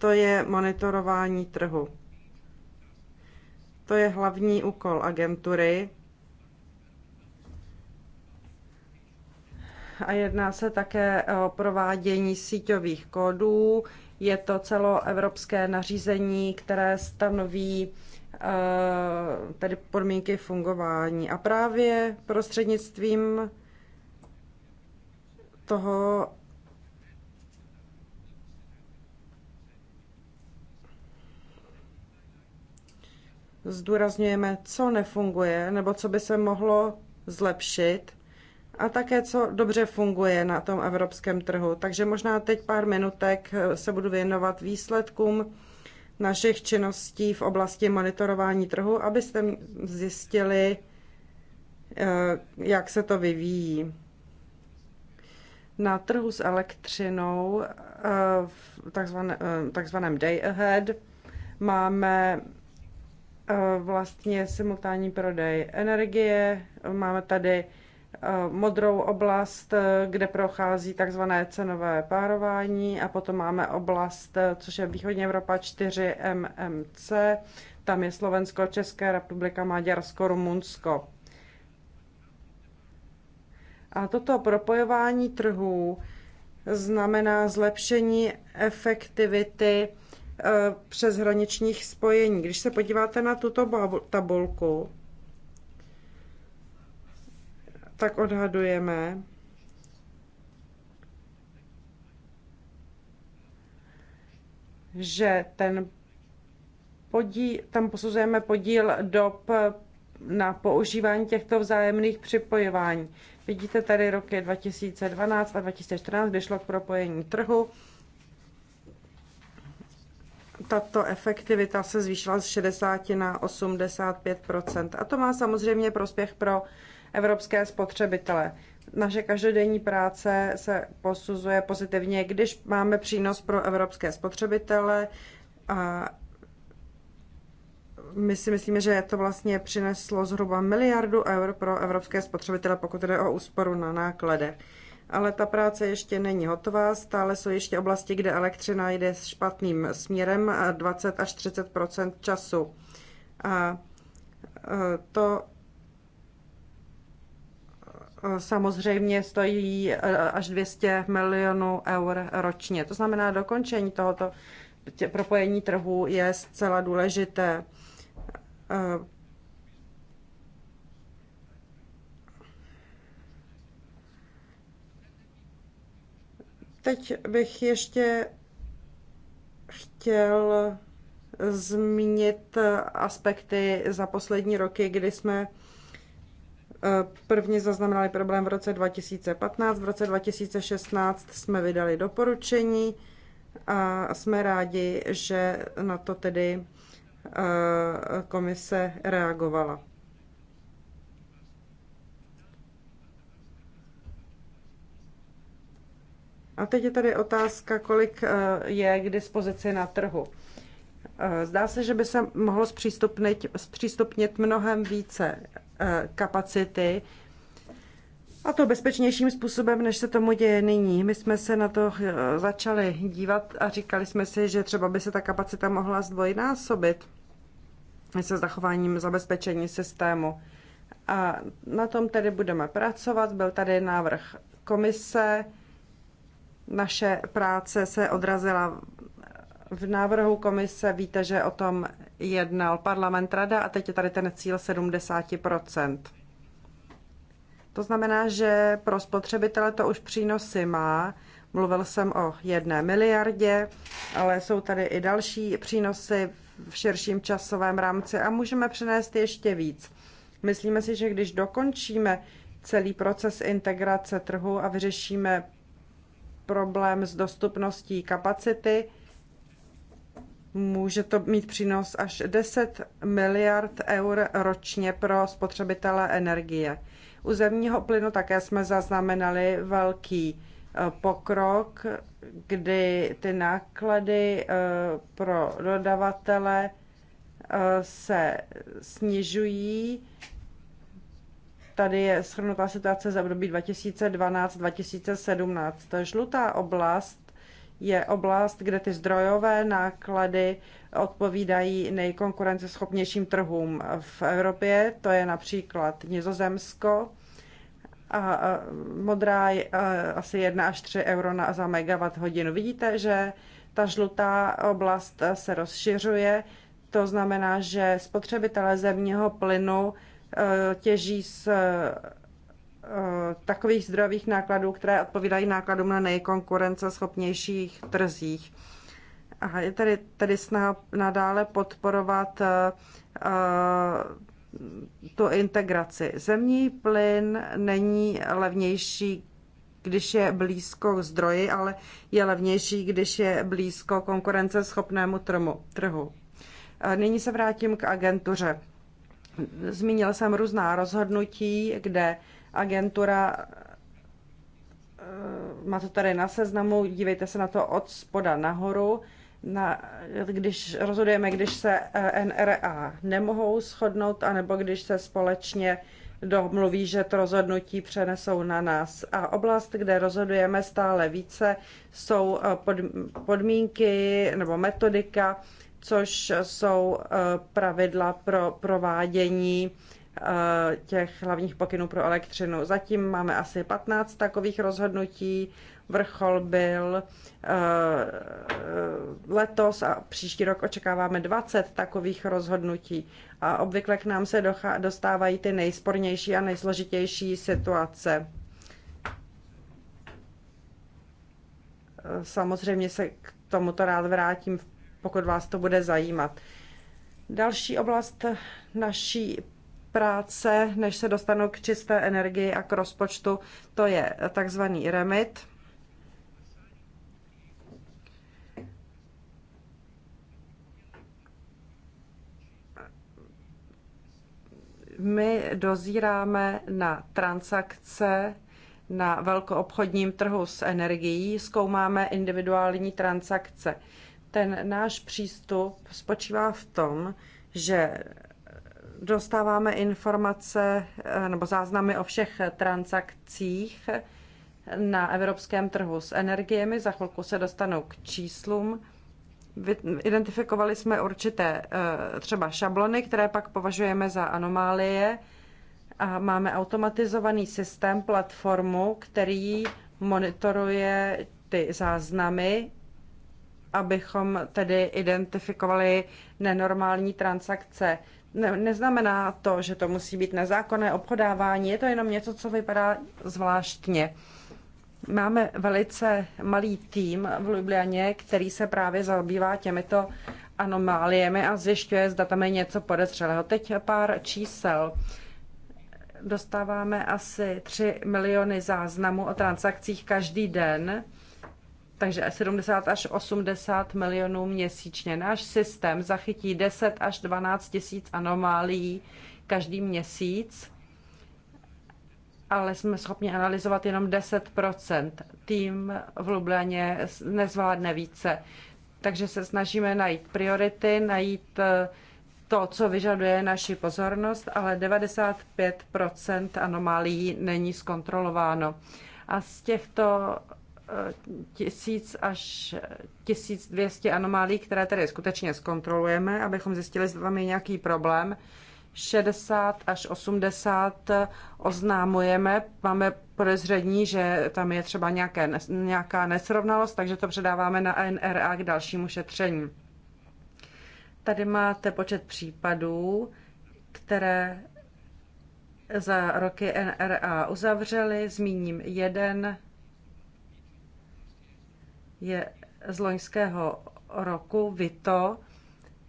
to je monitorování trhu. To je hlavní úkol agentury. A jedná se také o provádění síťových kódů. Je to celoevropské nařízení, které stanoví eh, tedy podmínky fungování. A právě prostřednictvím toho zdůrazňujeme, co nefunguje nebo co by se mohlo zlepšit a také, co dobře funguje na tom evropském trhu. Takže možná teď pár minutek se budu věnovat výsledkům našich činností v oblasti monitorování trhu, abyste zjistili, eh, jak se to vyvíjí. Na trhu s elektřinou eh, v eh, takzvaném day ahead máme Eh, vlastně simultánní prodej energie. Máme tady eh, modrou oblast, eh, kde prochází takzvané cenové párování a potom máme oblast, což je východní Evropa 4 MMC, tam je Slovensko, Česká republika, Maďarsko, Rumunsko. A toto propojování trhů znamená zlepšení efektivity Eh, přeshraničních spojení. Když se podíváte na tuto tabulku, tak odhadujeme, že ten podíl, tam posuzujeme podíl dob na používání těchto vzájemných připojování. Vidíte tady roky 2012 a 2014, kdy šlo k propojení trhu tato efektivita se zvýšila z 60 na 85 A to má samozřejmě prospěch pro evropské spotřebitele. Naše každodenní práce se posuzuje pozitivně, když máme přínos pro evropské spotřebitele a my si myslíme, že to vlastně přineslo zhruba miliardu eur pro evropské spotřebitele, pokud jde o úsporu na nákladech ale ta práce ještě není hotová. Stále jsou ještě oblasti, kde elektřina jde s špatným směrem 20 až 30 času. A e, to e, samozřejmě stojí e, až 200 milionů eur ročně. To znamená, dokončení tohoto propojení trhu je zcela důležité Teď bych ještě chtěl zmínit aspekty za poslední roky, kdy jsme eh, první zaznamenali problém v roce 2015, v roce 2016 jsme vydali doporučení a jsme rádi, že na to tedy eh, komise reagovala. A teď je tady otázka, kolik eh, je k dispozici na trhu. Eh, zdá se, že by se mohlo zpřístupnit, zpřístupnit mnohem více eh, kapacity, a to bezpečnějším způsobem, než se tomu děje nyní. My jsme se na to začali dívat a říkali jsme si, že třeba by se ta kapacita mohla zdvojnásobit se zachováním zabezpečení systému. A na tom tedy budeme pracovat. Byl tady návrh komise, naše práce se odrazila v návrhu komise. Víte, že o tom jednal parlament rada a teď je tady ten cíl 70 To znamená, že pro spotřebitele to už přínosy má. Mluvil jsem o jedné miliardě, ale jsou tady i další přínosy v širším časovém rámci a můžeme přinést ještě víc. Myslíme si, že když dokončíme celý proces integrace trhu a vyřešíme problém s dostupností kapacity. Může to mít přínos až 10 miliard eur ročně pro spotřebitele energie. U zemního plynu také jsme zaznamenali velký eh, pokrok, kdy ty náklady eh, pro dodavatele eh, se snižují Tady je shrnutá situace za období 2012-2017. Žlutá oblast je oblast, kde ty zdrojové náklady odpovídají nejkonkurenceschopnějším trhům v Evropě, to je například Nizozemsko, a modrá je asi 1 až 3 euro na, za megawatt hodinu. Vidíte, že ta žlutá oblast se rozšiřuje, to znamená, že spotřebitelé zemního plynu Eh, těží z eh, takových zdrojových nákladů, které odpovídají nákladům na nejkonkurenceschopnějších trzích. A je tady, tady snaha nadále podporovat eh, tu integraci. Zemní plyn není levnější, když je blízko zdroji, ale je levnější, když je blízko konkurenceschopnému trhu. Nyní se vrátím k agentuře. Zmínila jsem různá rozhodnutí, kde agentura eh, má to tady na seznamu, dívejte se na to od spoda nahoru, na, když rozhodujeme, když se eh, NRA nemohou shodnout, anebo když se společně domluví, že to rozhodnutí přenesou na nás. A oblast, kde rozhodujeme stále více, jsou eh, podmínky nebo metodika což jsou eh, pravidla pro provádění eh, těch hlavních pokynů pro elektřinu. Zatím máme asi 15 takových rozhodnutí. Vrchol byl eh, letos a příští rok očekáváme 20 takových rozhodnutí. A obvykle k nám se dostávají ty nejspornější a nejsložitější situace. Samozřejmě se k tomuto rád vrátím v pokud vás to bude zajímat. Další oblast naší práce, než se dostanu k čisté energii a k rozpočtu, to je takzvaný remit. My dozíráme na transakce na velkoobchodním trhu s energií, zkoumáme individuální transakce. Ten náš přístup spočívá v tom, že dostáváme informace eh, nebo záznamy o všech transakcích na evropském trhu s energiemi. Za chvilku se dostanou k číslům. Identifikovali jsme určité eh, třeba šablony, které pak považujeme za anomálie a máme automatizovaný systém, platformu, který monitoruje ty záznamy abychom tedy identifikovali nenormální transakce. Ne, neznamená to, že to musí být nezákonné obchodávání, je to jenom něco, co vypadá zvláštně. Máme velice malý tým v Ljubljaně, který se právě zabývá těmito anomáliemi a zjišťuje, zda tam je něco podezřelého. Teď pár čísel. Dostáváme asi 3 miliony záznamů o transakcích každý den takže 70 až 80 milionů měsíčně. Náš systém zachytí 10 až 12 tisíc anomálií každý měsíc, ale jsme schopni analyzovat jenom 10 Tým v Lublaně nezvládne více. Takže se snažíme najít priority, najít eh, to, co vyžaduje naši pozornost, ale 95 anomálií není zkontrolováno. A z těchto 1000 až 1200 anomálí, které tedy skutečně zkontrolujeme, abychom zjistili, zda tam je nějaký problém. 60 až 80 oznámujeme, máme podezření, že tam je třeba nějaké, nějaká nesrovnalost, takže to předáváme na NRA k dalšímu šetření. Tady máte počet případů, které za roky NRA uzavřeli. Zmíním jeden je z loňského roku Vito,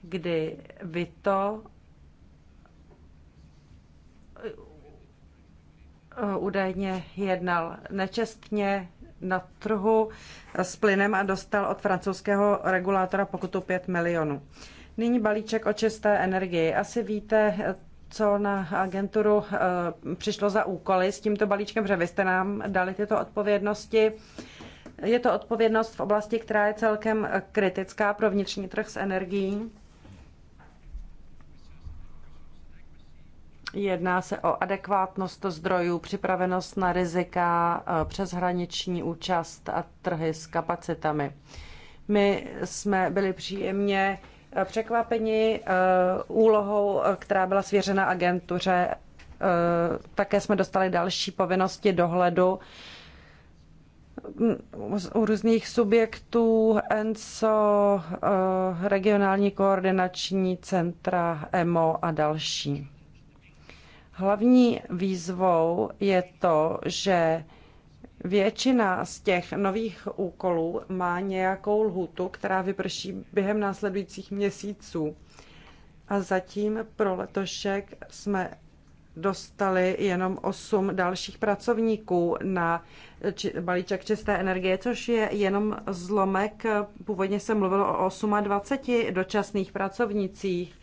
kdy Vito eh, údajně jednal nečestně na trhu s plynem a dostal od francouzského regulátora pokutu 5 milionů. Nyní balíček o čisté energii. Asi víte, co na agenturu eh, přišlo za úkoly s tímto balíčkem, že vy jste nám dali tyto odpovědnosti. Je to odpovědnost v oblasti, která je celkem kritická pro vnitřní trh s energií. Jedná se o adekvátnost zdrojů, připravenost na rizika, eh, přeshraniční účast a trhy s kapacitami. My jsme byli příjemně eh, překvapeni eh, úlohou, která byla svěřena agentuře. Také jsme dostali další povinnosti dohledu u různých subjektů, ENSO, eh, regionální koordinační centra, EMO a další. Hlavní výzvou je to, že většina z těch nových úkolů má nějakou lhutu, která vyprší během následujících měsíců. A zatím pro letošek jsme dostali jenom 8 dalších pracovníků na či, balíček čisté energie, což je jenom zlomek. Původně se mluvilo o 28 dočasných pracovnicích.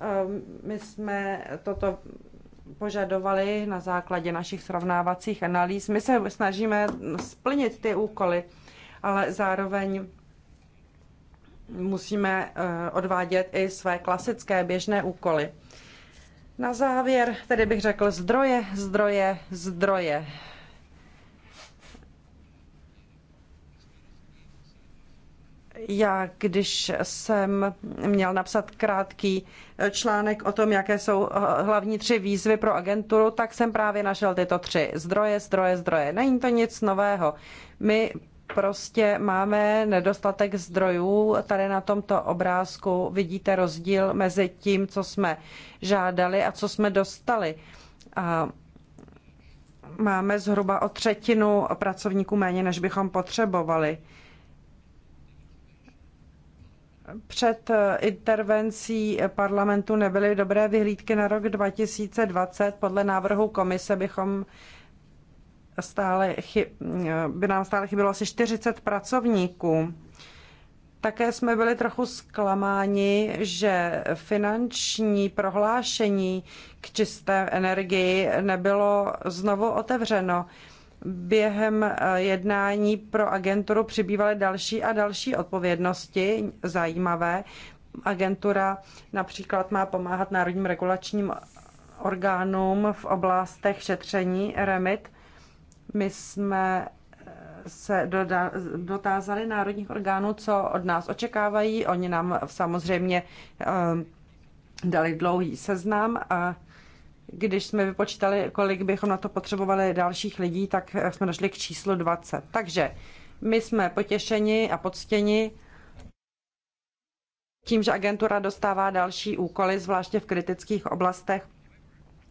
Ehm, my jsme toto požadovali na základě našich srovnávacích analýz. My se snažíme splnit ty úkoly, ale zároveň musíme eh, odvádět i své klasické běžné úkoly. Na závěr tedy bych řekl zdroje, zdroje, zdroje. Já, když jsem měl napsat krátký článek o tom, jaké jsou hlavní tři výzvy pro agenturu, tak jsem právě našel tyto tři. Zdroje, zdroje, zdroje. Není to nic nového. My prostě máme nedostatek zdrojů. Tady na tomto obrázku vidíte rozdíl mezi tím, co jsme žádali a co jsme dostali. A máme zhruba o třetinu pracovníků méně, než bychom potřebovali. Před intervencí parlamentu nebyly dobré vyhlídky na rok 2020. Podle návrhu komise bychom stále chyb, by nám stále chybělo asi 40 pracovníků. Také jsme byli trochu zklamáni, že finanční prohlášení k čisté energii nebylo znovu otevřeno. Během eh, jednání pro agenturu přibývaly další a další odpovědnosti zajímavé. Agentura například má pomáhat národním regulačním orgánům v oblastech šetření REMIT – my jsme eh, se dotázali národních orgánů, co od nás očekávají. Oni nám samozřejmě eh, dali dlouhý seznam a když jsme vypočítali, kolik bychom na to potřebovali dalších lidí, tak eh, jsme došli k číslu 20. Takže my jsme potěšeni a poctěni tím, že agentura dostává další úkoly, zvláště v kritických oblastech,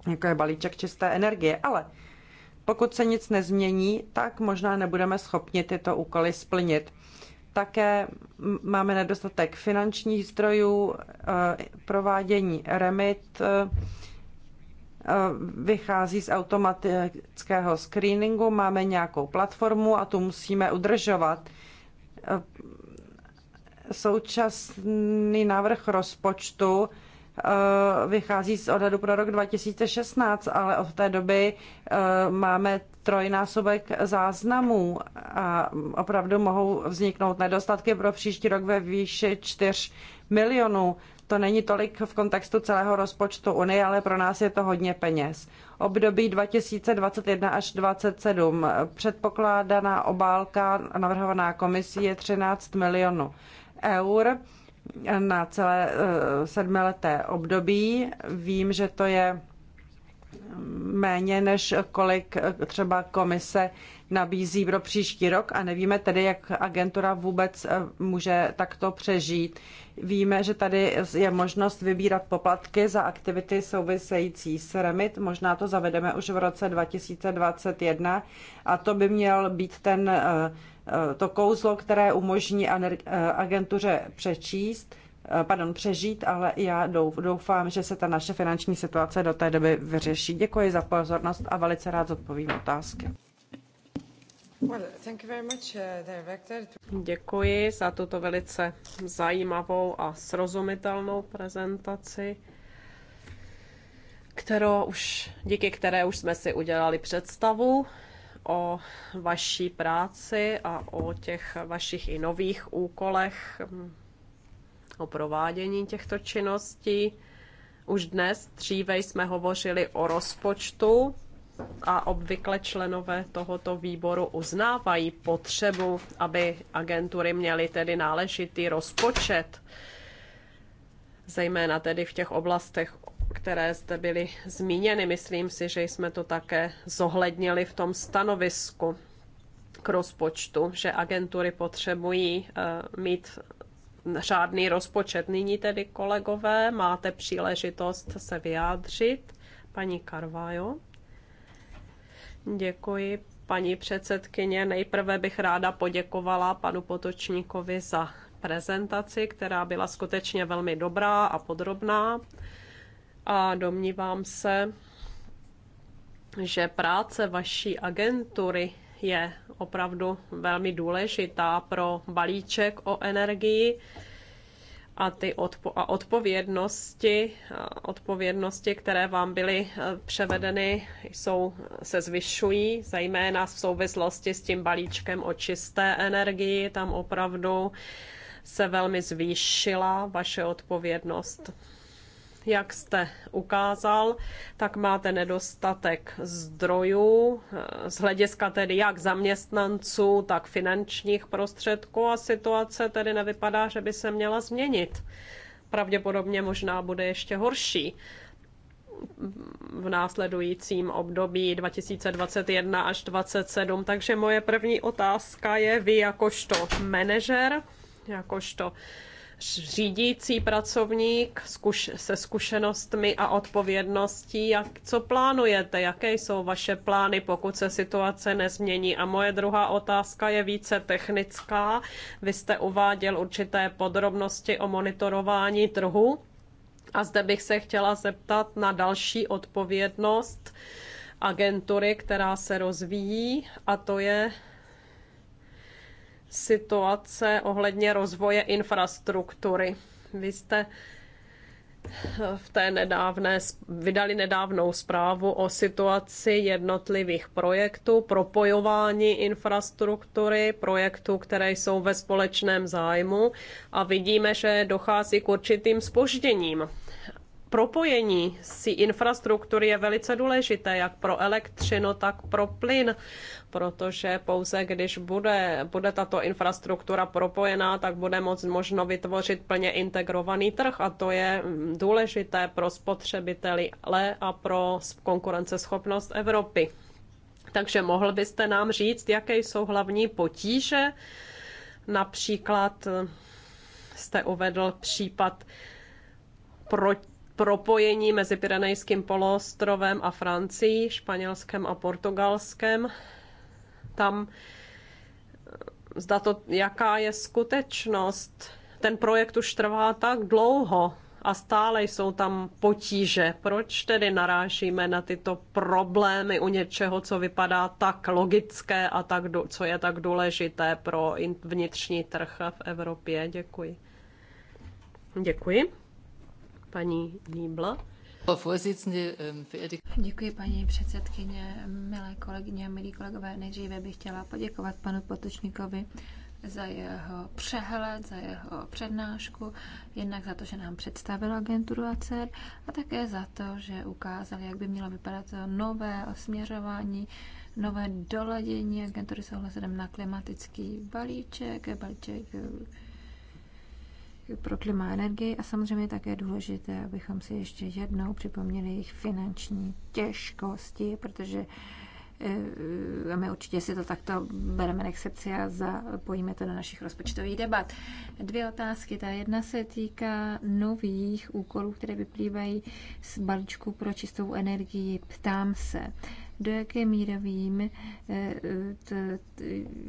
jako je balíček čisté energie. Ale pokud se nic nezmění, tak možná nebudeme schopni tyto úkoly splnit. Také máme nedostatek finančních zdrojů, eh, provádění remit eh, eh, vychází z automatického screeningu, máme nějakou platformu a tu musíme udržovat. Současný návrh rozpočtu Eh, vychází z odhadu pro rok 2016, ale od té doby eh, máme trojnásobek záznamů a opravdu mohou vzniknout nedostatky pro příští rok ve výši 4 milionů. To není tolik v kontextu celého rozpočtu Unie, ale pro nás je to hodně peněz. Období 2021 až 2027. Předpokládaná obálka navrhovaná komisí je 13 milionů eur na celé eh, sedmileté období. Vím, že to je méně, než kolik eh, třeba komise nabízí pro příští rok a nevíme tedy, jak agentura vůbec eh, může takto přežít. Víme, že tady je možnost vybírat poplatky za aktivity související s REMIT. Možná to zavedeme už v roce 2021 a to by měl být ten uh, Eh, to kouzlo, které umožní eh, agentuře přečíst, eh, pardon, přežít, ale já doufám, že se ta naše finanční situace do té doby vyřeší. Děkuji za pozornost a velice rád odpovím otázky. Děkuji za tuto velice zajímavou a srozumitelnou prezentaci, kterou už, díky které už jsme si udělali představu o vaší práci a o těch vašich i nových úkolech, mm, o provádění těchto činností. Už dnes, dříve jsme hovořili o rozpočtu a obvykle členové tohoto výboru uznávají potřebu, aby agentury měly tedy náležitý rozpočet, zejména tedy v těch oblastech které zde byly zmíněny. Myslím si, že jsme to také zohlednili v tom stanovisku k rozpočtu, že agentury potřebují eh, mít řádný rozpočet. Nyní tedy, kolegové, máte příležitost se vyjádřit. Paní Karvajo. Děkuji, paní předsedkyně. Nejprve bych ráda poděkovala panu Potočníkovi za prezentaci, která byla skutečně velmi dobrá a podrobná. A domnívám se, že práce vaší agentury je opravdu velmi důležitá pro balíček o energii a ty odpo- a odpovědnosti, a odpovědnosti, které vám byly e, převedeny, jsou, se zvyšují, zejména v souvislosti s tím balíčkem o čisté energii. Tam opravdu se velmi zvýšila vaše odpovědnost. Jak jste ukázal, tak máte nedostatek zdrojů eh, z hlediska tedy jak zaměstnanců, tak finančních prostředků a situace tedy nevypadá, že by se měla změnit. Pravděpodobně možná bude ještě horší v následujícím období 2021 až 2027. Takže moje první otázka je, vy jakožto manažer, jakožto řídící pracovník se zkušenostmi a odpovědností. Jak, co plánujete? Jaké jsou vaše plány, pokud se situace nezmění? A moje druhá otázka je více technická. Vy jste uváděl určité podrobnosti o monitorování trhu. A zde bych se chtěla zeptat na další odpovědnost agentury, která se rozvíjí, a to je situace ohledně rozvoje infrastruktury. Vy jste eh, v té nedávné, vydali nedávnou zprávu o situaci jednotlivých projektů, propojování infrastruktury, projektů, které jsou ve společném zájmu a vidíme, že dochází k určitým spožděním propojení si infrastruktury je velice důležité, jak pro elektřinu, tak pro plyn, protože pouze když bude, bude tato infrastruktura propojená, tak bude moc možno vytvořit plně integrovaný trh a to je důležité pro spotřebiteli, ale a pro konkurenceschopnost Evropy. Takže mohl byste nám říct, jaké jsou hlavní potíže? Například jste uvedl případ proti propojení mezi Pirenejským poloostrovem a Francií, Španělskem a Portugalskem. Tam eh, zda to, jaká je skutečnost. Ten projekt už trvá tak dlouho a stále jsou tam potíže. Proč tedy narážíme na tyto problémy u něčeho, co vypadá tak logické a tak, co je tak důležité pro vnitřní trh v Evropě? Děkuji. Děkuji paní Nýbla. Ähm, Děkuji, paní předsedkyně, milé kolegyně milí kolegové. Nejdříve bych chtěla poděkovat panu Potočníkovi za jeho přehled, za jeho přednášku, jednak za to, že nám představil agenturu ACER a také za to, že ukázal, jak by mělo vypadat to nové osměřování, nové doladění agentury s ohledem na klimatický balíček, balíček pro klima a energii a samozřejmě také důležité, abychom si ještě jednou připomněli jejich finanční těžkosti, protože eh, a my určitě si to takto bereme na srdci a zapojíme to do našich rozpočtových debat. Dvě otázky. Ta jedna se týká nových úkolů, které vyplývají z balíčku pro čistou energii. Ptám se, do jaké míry vím, eh,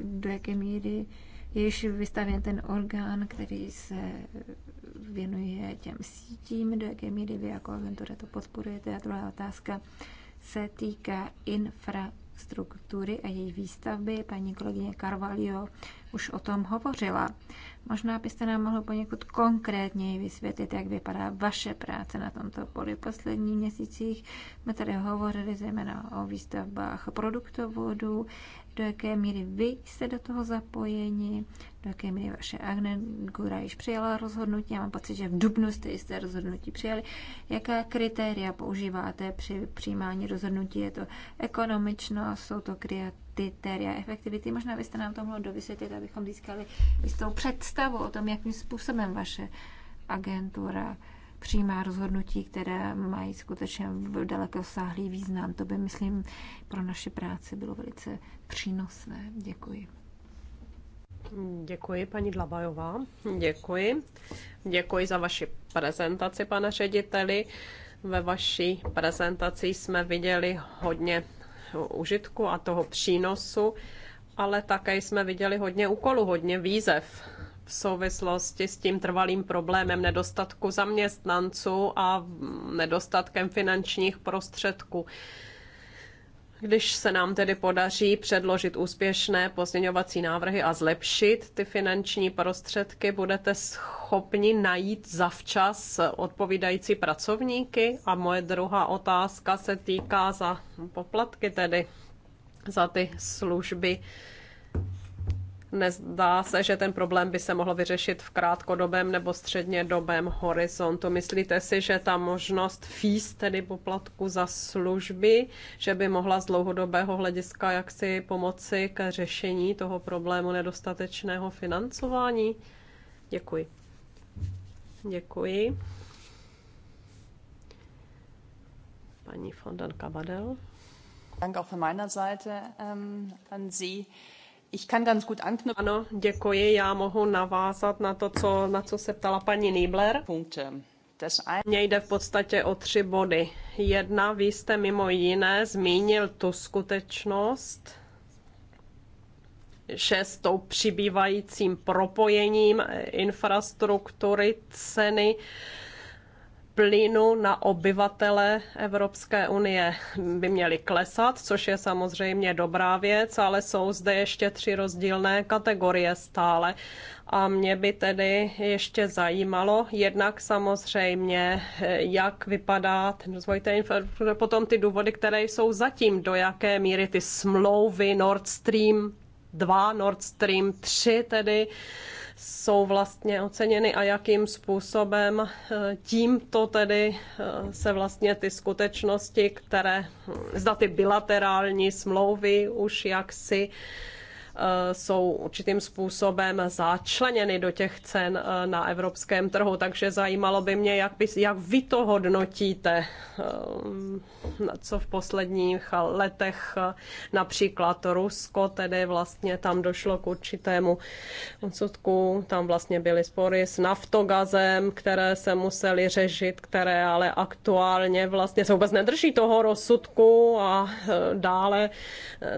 do jaké míry již vystavěn ten orgán, který se věnuje těm sítím, do jaké míry vy jako agentura to podporujete. A druhá otázka se týká infrastruktury a její výstavby. Paní kolegyně Carvalho už o tom hovořila. Možná byste nám mohlo poněkud konkrétněji vysvětlit, jak vypadá vaše práce na tomto poli. V posledních měsících jsme tady hovořili zejména o výstavbách produktovodů, do jaké míry vy jste do toho zapojeni, do jaké míry vaše agentura již přijala rozhodnutí. Já mám pocit, že v Dubnu jste jisté rozhodnutí přijali. Jaká kritéria používáte při přijímání rozhodnutí? Je to ekonomičnost, jsou to kritéria efektivity? Možná byste nám to mohlo dovysvětlit, abychom získali jistou představu o tom, jakým způsobem vaše agentura přijímá rozhodnutí, které mají skutečně dalekosáhlý význam. To by, myslím, pro naše práci bylo velice přínosné. Děkuji. Děkuji, paní Dlabajová. Děkuji. Děkuji za vaši prezentaci, pane řediteli. Ve vaší prezentaci jsme viděli hodně užitku a toho přínosu, ale také jsme viděli hodně úkolů, hodně výzev v souvislosti s tím trvalým problémem nedostatku zaměstnanců a nedostatkem finančních prostředků. Když se nám tedy podaří předložit úspěšné pozměňovací návrhy a zlepšit ty finanční prostředky, budete schopni najít zavčas odpovídající pracovníky? A moje druhá otázka se týká za poplatky tedy za ty služby Nezdá se, že ten problém by se mohl vyřešit v krátkodobém nebo střednědobém horizontu. Myslíte si, že ta možnost fees, tedy poplatku za služby, že by mohla z dlouhodobého hlediska jaksi pomoci k řešení toho problému nedostatečného financování? Děkuji. Děkuji. Paní von Kavadel. Danke auch von meiner Seite ähm, an Sie. Ich kann ganz gut anknüpfen. Ano, děkuji. Já mohu navázat na to, co, na co se ptala paní Niebler. Punkte. Mně jde v podstatě o tři body. Jedna, vy jste mimo jiné zmínil tu skutečnost, že s tou přibývajícím propojením infrastruktury ceny plynu na obyvatele Evropské unie by měly klesat, což je samozřejmě dobrá věc, ale jsou zde ještě tři rozdílné kategorie stále. A mě by tedy ještě zajímalo, jednak samozřejmě, jak vypadá ten rozvoj té infrastruktury, potom ty důvody, které jsou zatím, do jaké míry ty smlouvy Nord Stream 2, Nord Stream 3 tedy, jsou vlastně oceněny a jakým způsobem eh, tímto tedy eh, se vlastně ty skutečnosti, které hm, zda ty bilaterální smlouvy už jaksi Eh, jsou určitým způsobem začleněny do těch cen eh, na evropském trhu, takže zajímalo by mě, jak, by, jak vy to hodnotíte, eh, co v posledních letech například Rusko, tedy vlastně tam došlo k určitému odsudku, tam vlastně byly spory s naftogazem, které se museli řešit, které ale aktuálně vlastně se vůbec nedrží toho rozsudku a dále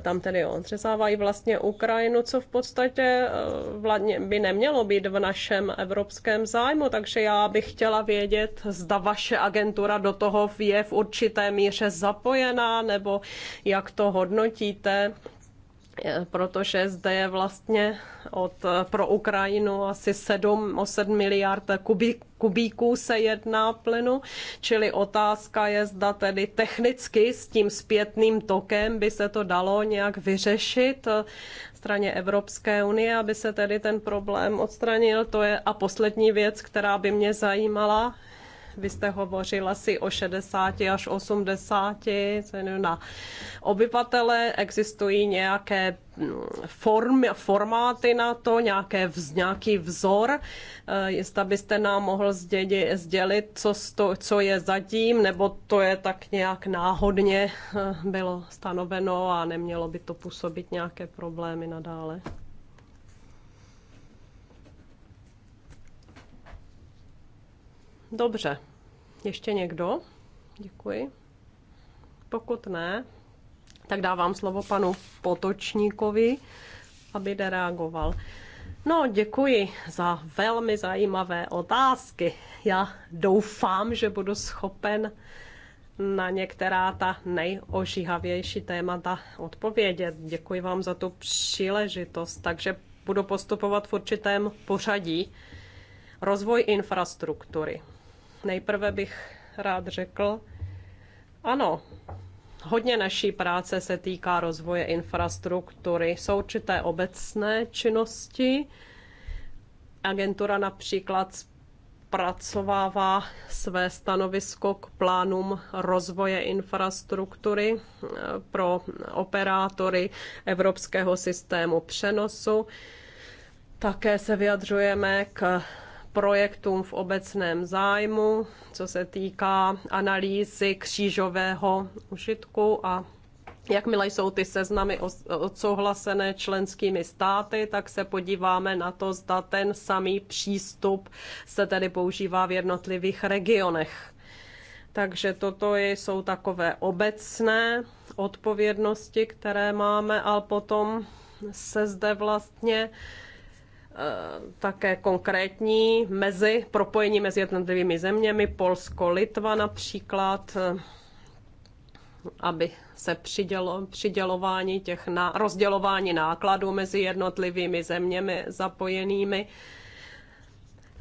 tam tedy odřezávají vlastně Ukra- Ukrajinu, co v podstatě eh, by nemělo být v našem evropském zájmu, takže já bych chtěla vědět, zda vaše agentura do toho je v určité míře zapojená, nebo jak to hodnotíte eh, protože zde je vlastně od, eh, pro Ukrajinu asi 7, o 7 miliard kubík, kubíků se jedná plynu, čili otázka je, zda tedy technicky s tím zpětným tokem by se to dalo nějak vyřešit, straně Evropské unie, aby se tedy ten problém odstranil. To je a poslední věc, která by mě zajímala, vy jste hovořila si o 60 až 80 na obyvatele. Existují nějaké mm, form, formáty na to, nějaké vz, nějaký vzor. Eh, jestli byste nám mohl zdědi, sdělit, co, sto, co je zatím, nebo to je tak nějak náhodně eh, bylo stanoveno a nemělo by to působit nějaké problémy nadále. Dobře. Ještě někdo? Děkuji. Pokud ne, tak dávám slovo panu Potočníkovi, aby reagoval. No, děkuji za velmi zajímavé otázky. Já doufám, že budu schopen na některá ta nejožíhavější témata odpovědět. Děkuji vám za tu příležitost. Takže budu postupovat v určitém pořadí. Rozvoj infrastruktury. Nejprve bych rád řekl, ano, hodně naší práce se týká rozvoje infrastruktury. Jsou určité obecné činnosti. Agentura například pracovává své stanovisko k plánům rozvoje infrastruktury eh, pro operátory evropského systému přenosu. Také se vyjadřujeme k projektům v obecném zájmu, co se týká analýzy křížového užitku a Jakmile jsou ty seznamy odsouhlasené členskými státy, tak se podíváme na to, zda ten samý přístup se tedy používá v jednotlivých regionech. Takže toto jsou takové obecné odpovědnosti, které máme, ale potom se zde vlastně Eh, také konkrétní mezi, propojení mezi jednotlivými zeměmi, Polsko, Litva například, eh, aby se přidělo, přidělování těch na, rozdělování nákladů mezi jednotlivými zeměmi zapojenými.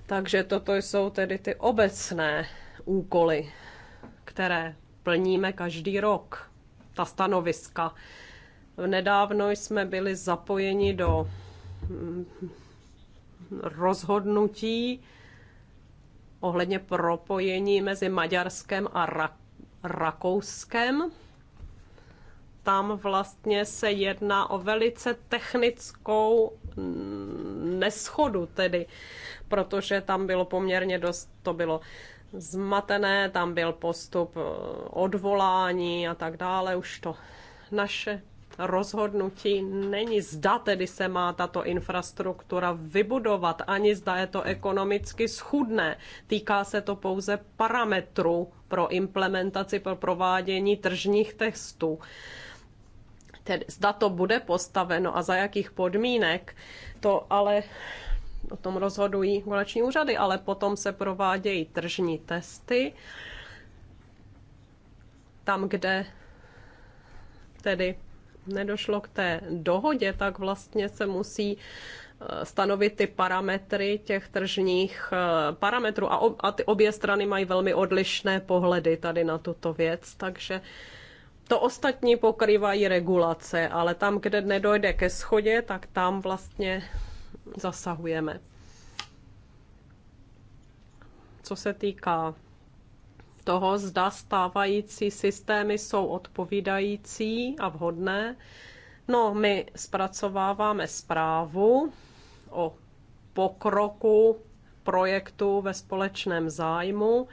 Takže toto jsou tedy ty obecné úkoly, které plníme každý rok, ta stanoviska. Nedávno jsme byli zapojeni do mm, rozhodnutí ohledně propojení mezi Maďarskem a Ra- Rakouskem. Tam vlastně se jedná o velice technickou neschodu tedy, protože tam bylo poměrně dost, to bylo zmatené, tam byl postup eh, odvolání a tak dále, už to naše rozhodnutí není zda tedy se má tato infrastruktura vybudovat, ani zda je to ekonomicky schudné. Týká se to pouze parametrů pro implementaci, pro provádění tržních testů. Tedy zda to bude postaveno a za jakých podmínek, to ale o tom rozhodují voleční úřady, ale potom se provádějí tržní testy tam, kde tedy nedošlo k té dohodě, tak vlastně se musí eh, stanovit ty parametry těch tržních eh, parametrů a, ob, a ty obě strany mají velmi odlišné pohledy tady na tuto věc, takže to ostatní pokrývají regulace, ale tam, kde nedojde ke schodě, tak tam vlastně zasahujeme. Co se týká toho, zda stávající systémy jsou odpovídající a vhodné. No, my zpracováváme zprávu o pokroku projektu ve společném zájmu.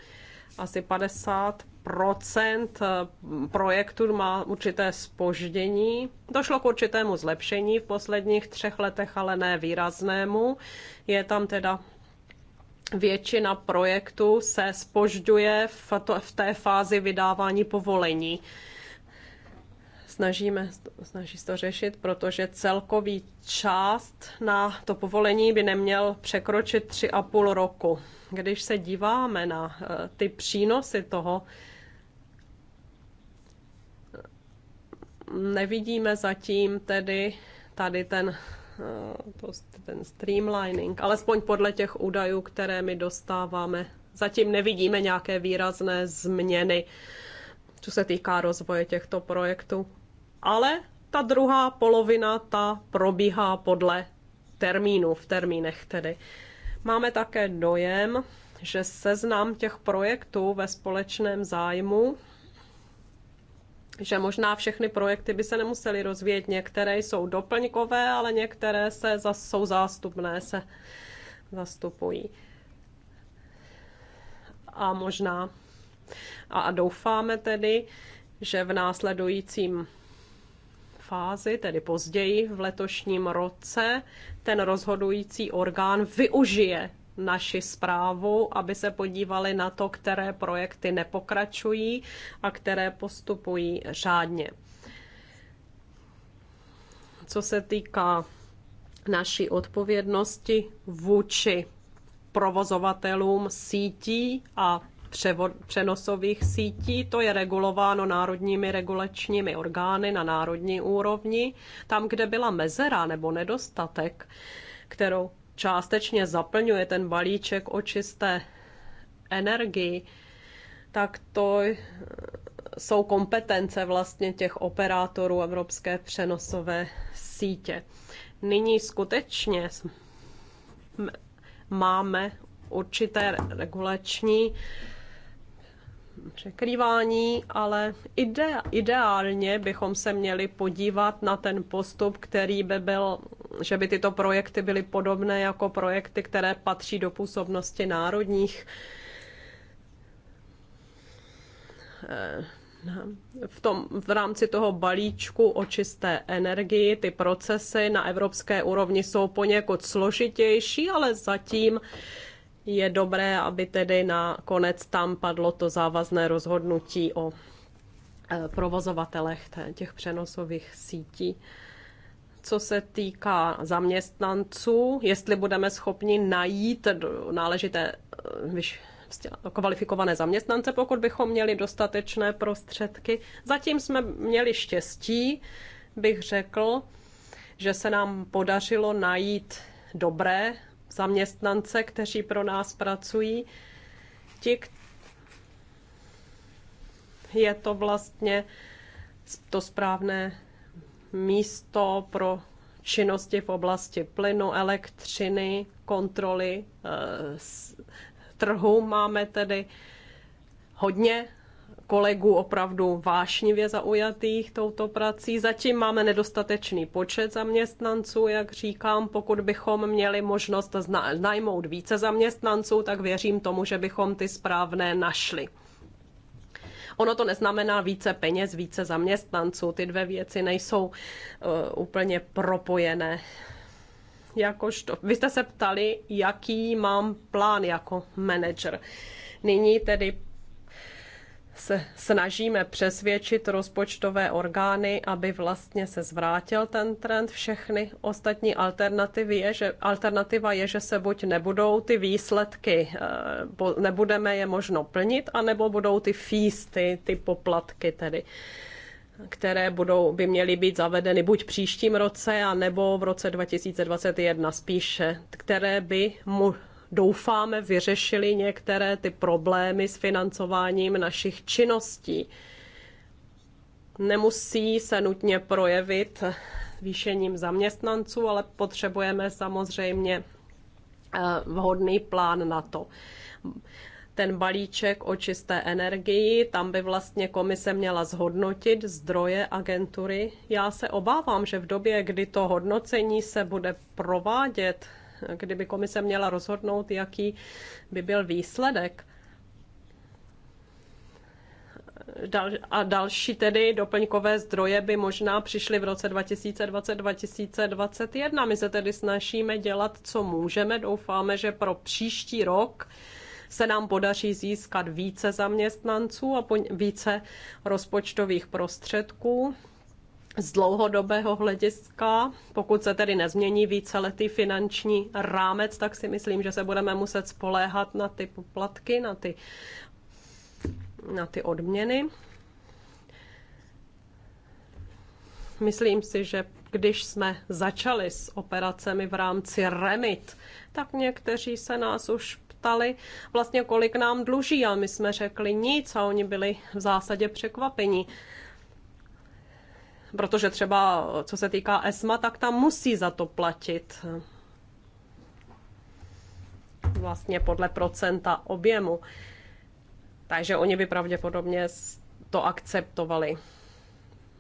Asi 50 procent mm, projektů má určité spoždění. Došlo k určitému zlepšení v posledních třech letech, ale ne výraznému. Je tam teda většina projektů se spožďuje v, to, v té fázi vydávání povolení. Snažíme, snaží se to řešit, protože celkový část na to povolení by neměl překročit 3,5 roku. Když se díváme na eh, ty přínosy toho, nevidíme zatím tedy tady ten Eh, to, ten streamlining, alespoň podle těch údajů, které my dostáváme. Zatím nevidíme nějaké výrazné změny, co se týká rozvoje těchto projektů. Ale ta druhá polovina, ta probíhá podle termínu, v termínech tedy. Máme také dojem, že seznam těch projektů ve společném zájmu že možná všechny projekty by se nemusely rozvíjet. Některé jsou doplňkové, ale některé se zas, jsou zástupné, se zastupují. A možná a, a doufáme tedy, že v následujícím fázi, tedy později v letošním roce, ten rozhodující orgán využije naši zprávu, aby se podívali na to, které projekty nepokračují a které postupují řádně. Co se týká naší odpovědnosti vůči provozovatelům sítí a převod, přenosových sítí. To je regulováno národními regulačními orgány na národní úrovni. Tam, kde byla mezera nebo nedostatek, kterou částečně zaplňuje ten balíček o čisté energii, tak to jsou kompetence vlastně těch operátorů evropské přenosové sítě. Nyní skutečně máme určité regulační překrývání, ale ide, ideálně bychom se měli podívat na ten postup, který by byl, že by tyto projekty byly podobné jako projekty, které patří do působnosti národních eh, v, tom, v rámci toho balíčku o čisté energii ty procesy na evropské úrovni jsou poněkud složitější, ale zatím je dobré, aby tedy na konec tam padlo to závazné rozhodnutí o e, provozovatelech těch přenosových sítí. Co se týká zaměstnanců, jestli budeme schopni najít náležité e, prostě kvalifikované zaměstnance, pokud bychom měli dostatečné prostředky. Zatím jsme měli štěstí, bych řekl, že se nám podařilo najít dobré zaměstnance, kteří pro nás pracují. Ti, je to vlastně to správné místo pro činnosti v oblasti plynu, elektřiny, kontroly eh, trhu. Máme tedy hodně kolegů opravdu vášnivě zaujatých touto prací. Zatím máme nedostatečný počet zaměstnanců, jak říkám. Pokud bychom měli možnost najmout více zaměstnanců, tak věřím tomu, že bychom ty správné našli. Ono to neznamená více peněz, více zaměstnanců. Ty dvě věci nejsou uh, úplně propojené. to, Vy jste se ptali, jaký mám plán jako manager. Nyní tedy se snažíme přesvědčit rozpočtové orgány, aby vlastně se zvrátil ten trend. Všechny ostatní alternativy je, že, alternativa je, že se buď nebudou ty výsledky, eh, nebudeme je možno plnit, anebo budou ty físty, ty poplatky tedy které budou, by měly být zavedeny buď příštím roce, a nebo v roce 2021 spíše, které by mu doufáme, vyřešili některé ty problémy s financováním našich činností. Nemusí se nutně projevit výšením zaměstnanců, ale potřebujeme samozřejmě eh, vhodný plán na to ten balíček o čisté energii, tam by vlastně komise měla zhodnotit zdroje agentury. Já se obávám, že v době, kdy to hodnocení se bude provádět, kdyby komise měla rozhodnout, jaký by byl výsledek, a další tedy doplňkové zdroje by možná přišly v roce 2020-2021. My se tedy snažíme dělat, co můžeme. Doufáme, že pro příští rok se nám podaří získat více zaměstnanců a více rozpočtových prostředků z dlouhodobého hlediska, pokud se tedy nezmění víceletý finanční rámec, tak si myslím, že se budeme muset spoléhat na ty poplatky, na ty, na ty odměny. Myslím si, že když jsme začali s operacemi v rámci REMIT, tak někteří se nás už ptali, vlastně kolik nám dluží a my jsme řekli nic a oni byli v zásadě překvapení protože třeba co se týká ESMA, tak tam musí za to platit eh, vlastně podle procenta objemu. Takže oni by pravděpodobně to akceptovali.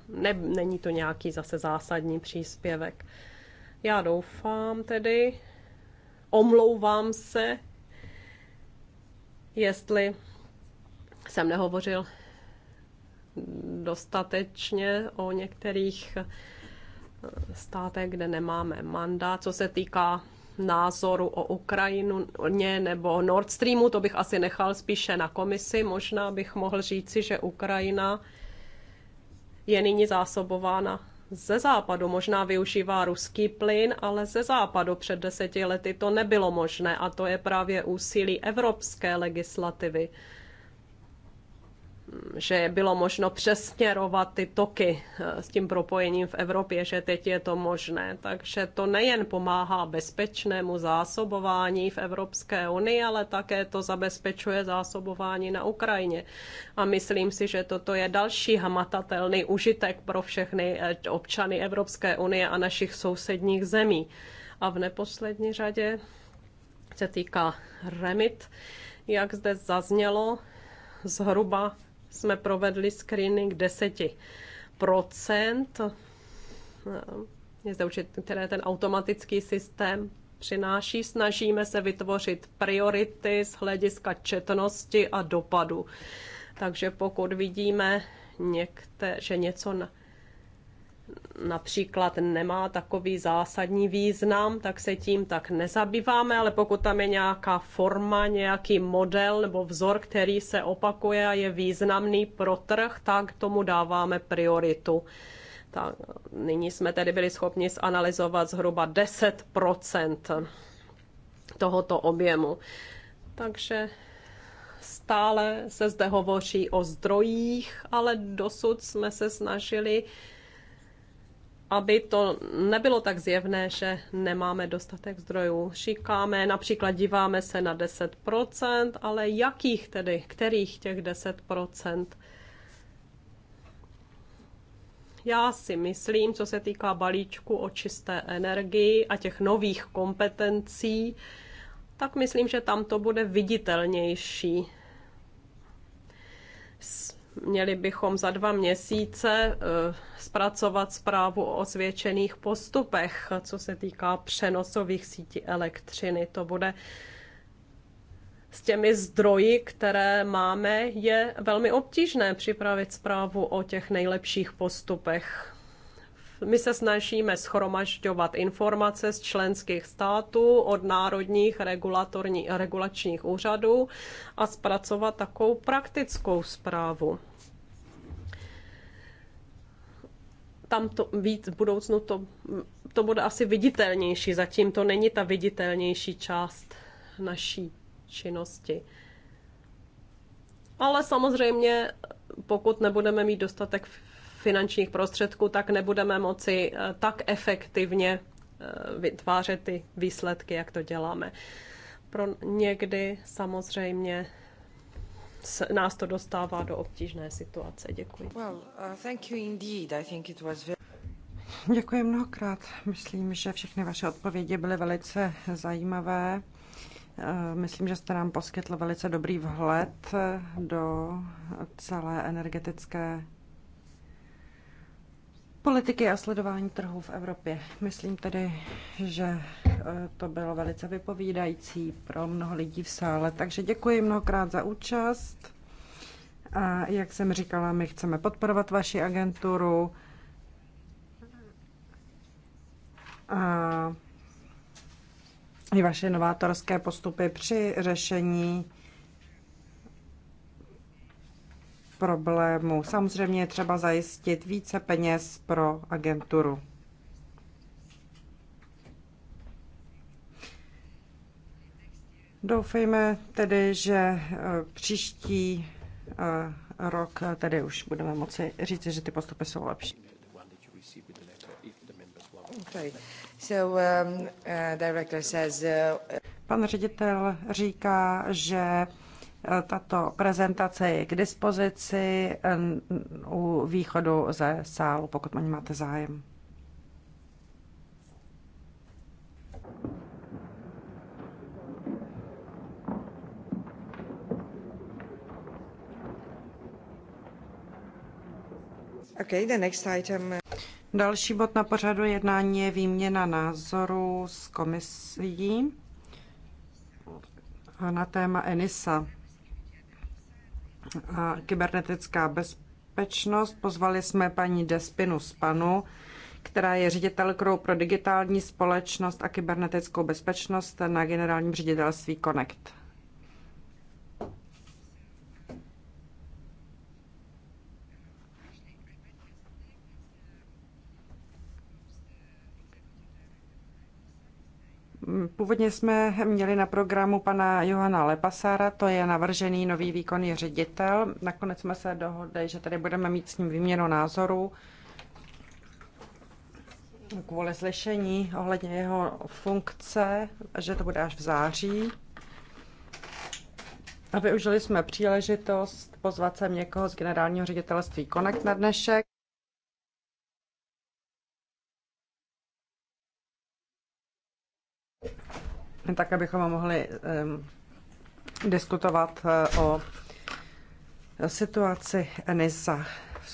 Ne, není to nějaký zase zásadní příspěvek. Já doufám tedy, omlouvám se, jestli jsem nehovořil dostatečně o některých eh, státech, kde nemáme mandát. Co se týká názoru o Ukrajinu nebo Nord Streamu, to bych asi nechal spíše na komisi. Možná bych mohl říci, že Ukrajina je nyní zásobována ze západu. Možná využívá ruský plyn, ale ze západu před deseti lety to nebylo možné a to je právě úsilí evropské legislativy že bylo možno přesměrovat ty toky eh, s tím propojením v Evropě, že teď je to možné. Takže to nejen pomáhá bezpečnému zásobování v Evropské unii, ale také to zabezpečuje zásobování na Ukrajině. A myslím si, že toto je další hamatatelný užitek pro všechny eh, občany Evropské unie a našich sousedních zemí. A v neposlední řadě se týká remit, jak zde zaznělo, zhruba jsme provedli screening 10%, je zde určitě, které ten automatický systém přináší. Snažíme se vytvořit priority z hlediska četnosti a dopadu. Takže pokud vidíme, někte, že něco na, například nemá takový zásadní význam, tak se tím tak nezabýváme, ale pokud tam je nějaká forma, nějaký model nebo vzor, který se opakuje a je významný pro trh, tak tomu dáváme prioritu. Tak, nyní jsme tedy byli schopni zanalizovat zhruba 10 tohoto objemu. Takže stále se zde hovoří o zdrojích, ale dosud jsme se snažili aby to nebylo tak zjevné, že nemáme dostatek zdrojů. Šíkáme, například díváme se na 10%, ale jakých tedy, kterých těch 10%? Já si myslím, co se týká balíčku o čisté energii a těch nových kompetencí, tak myslím, že tam to bude viditelnější. Měli bychom za dva měsíce eh, zpracovat zprávu o osvědčených postupech, co se týká přenosových sítí elektřiny. To bude s těmi zdroji, které máme, je velmi obtížné připravit zprávu o těch nejlepších postupech. My se snažíme schromažďovat informace z členských států, od národních regulatorní, regulačních úřadů a zpracovat takovou praktickou zprávu. tam to víc v budoucnu to, to bude asi viditelnější. Zatím to není ta viditelnější část naší činnosti. Ale samozřejmě, pokud nebudeme mít dostatek finančních prostředků, tak nebudeme moci eh, tak efektivně eh, vytvářet ty výsledky, jak to děláme. Pro někdy samozřejmě se, nás to dostává do obtížné situace. Děkuji. Well, uh, thank you indeed. I think it was very... Děkuji mnohokrát. Myslím, že všechny vaše odpovědi byly velice zajímavé. Eh, myslím, že jste nám poskytl velice dobrý vhled do celé energetické politiky a sledování trhu v Evropě. Myslím tedy, že Eh, to bylo velice vypovídající pro mnoho lidí v sále. Takže děkuji mnohokrát za účast. A jak jsem říkala, my chceme podporovat vaši agenturu. A i vaše novátorské postupy při řešení problému. Samozřejmě je třeba zajistit více peněz pro agenturu. Doufejme tedy, že e, příští e, rok tedy už budeme moci říct, že ty postupy jsou lepší. Um, uh, uh, Pan ředitel říká, že e, tato prezentace je k dispozici u východu ze sálu, pokud o ní máte zájem. Okay, the next item. Uh, Další bod na pořadu jednání je výměna názorů s komisí na téma ENISA. A kybernetická bezpečnost. Pozvali jsme paní Despinu Spanu, která je ředitelkou pro digitální společnost a kybernetickou bezpečnost na generálním ředitelství Connect. Původně jsme měli na programu pana Johana Lepasára, to je navržený nový výkonný ředitel. Nakonec jsme se dohodli, že tady budeme mít s ním výměnu názorů kvůli slyšení ohledně jeho funkce, že to bude až v září. A využili jsme příležitost pozvat sem někoho z generálního ředitelství Connect na dnešek. tak abychom mohli diskutovat eh, o situaci Enisa v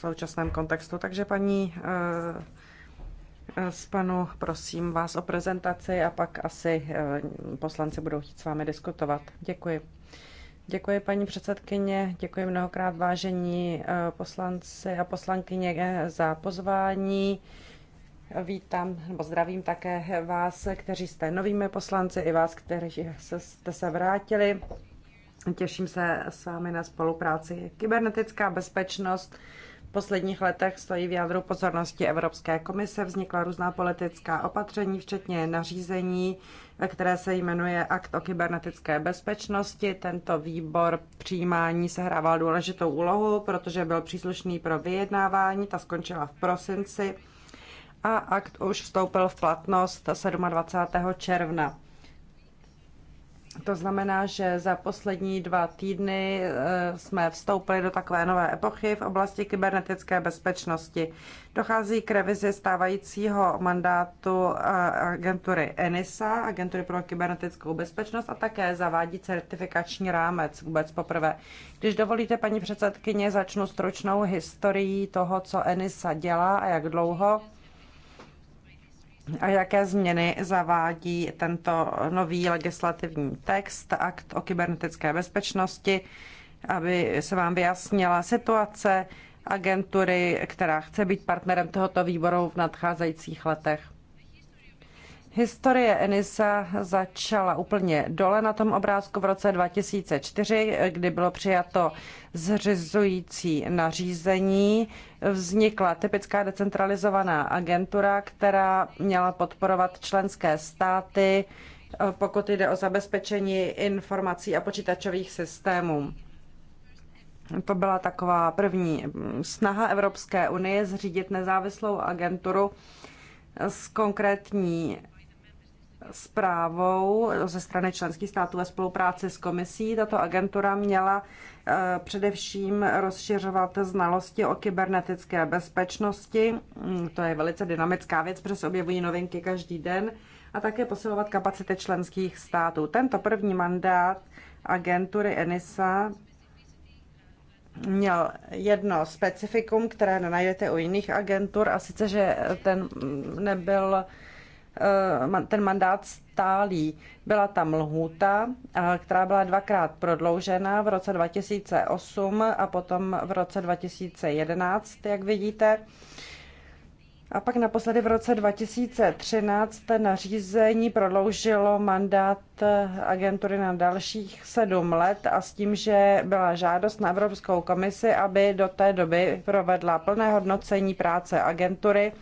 současném kontextu. Takže paní eh, s panu, prosím vás o prezentaci a pak asi eh, poslanci budou chtít s vámi diskutovat. Děkuji. Děkuji, paní předsedkyně, děkuji mnohokrát vážení poslanci a poslankyně za pozvání. Vítám nebo zdravím také vás, kteří jste novými poslanci, i vás, kteří jste se vrátili. Těším se s vámi na spolupráci. Kybernetická bezpečnost v posledních letech stojí v jádru pozornosti Evropské komise. Vznikla různá politická opatření, včetně nařízení, které se jmenuje Akt o kybernetické bezpečnosti. Tento výbor přijímání sehrával důležitou úlohu, protože byl příslušný pro vyjednávání. Ta skončila v prosinci a akt už vstoupil v platnost 27. června. To znamená, že za poslední dva týdny eh, jsme vstoupili do takové nové epochy v oblasti kybernetické bezpečnosti. Dochází k revizi stávajícího mandátu eh, agentury ENISA, agentury pro kybernetickou bezpečnost a také zavádí certifikační rámec vůbec poprvé. Když dovolíte, paní předsedkyně, začnu stručnou historií toho, co ENISA dělá a jak dlouho a jaké změny zavádí tento nový legislativní text, akt o kybernetické bezpečnosti, aby se vám vyjasnila situace agentury, která chce být partnerem tohoto výboru v nadcházejících letech. Historie Enisa začala úplně dole na tom obrázku v roce 2004, kdy bylo přijato zřizující nařízení. Vznikla typická decentralizovaná agentura, která měla podporovat členské státy, pokud jde o zabezpečení informací a počítačových systémů. To byla taková první snaha Evropské unie zřídit nezávislou agenturu s konkrétní zprávou ze strany členských států ve spolupráci s komisí. Tato agentura měla eh, především rozšiřovat znalosti o kybernetické bezpečnosti. Mm, to je velice dynamická věc, protože se objevují novinky každý den a také posilovat kapacity členských států. Tento první mandát agentury ENISA měl jedno specifikum, které nenajdete u jiných agentur, a sice, že ten nebyl Eh, ten mandát stálý. Byla tam lhůta, eh, která byla dvakrát prodloužena v roce 2008 a potom v roce 2011, jak vidíte. A pak naposledy v roce 2013 nařízení prodloužilo mandát eh, agentury na dalších sedm let a s tím, že byla žádost na Evropskou komisi, aby do té doby provedla plné hodnocení práce agentury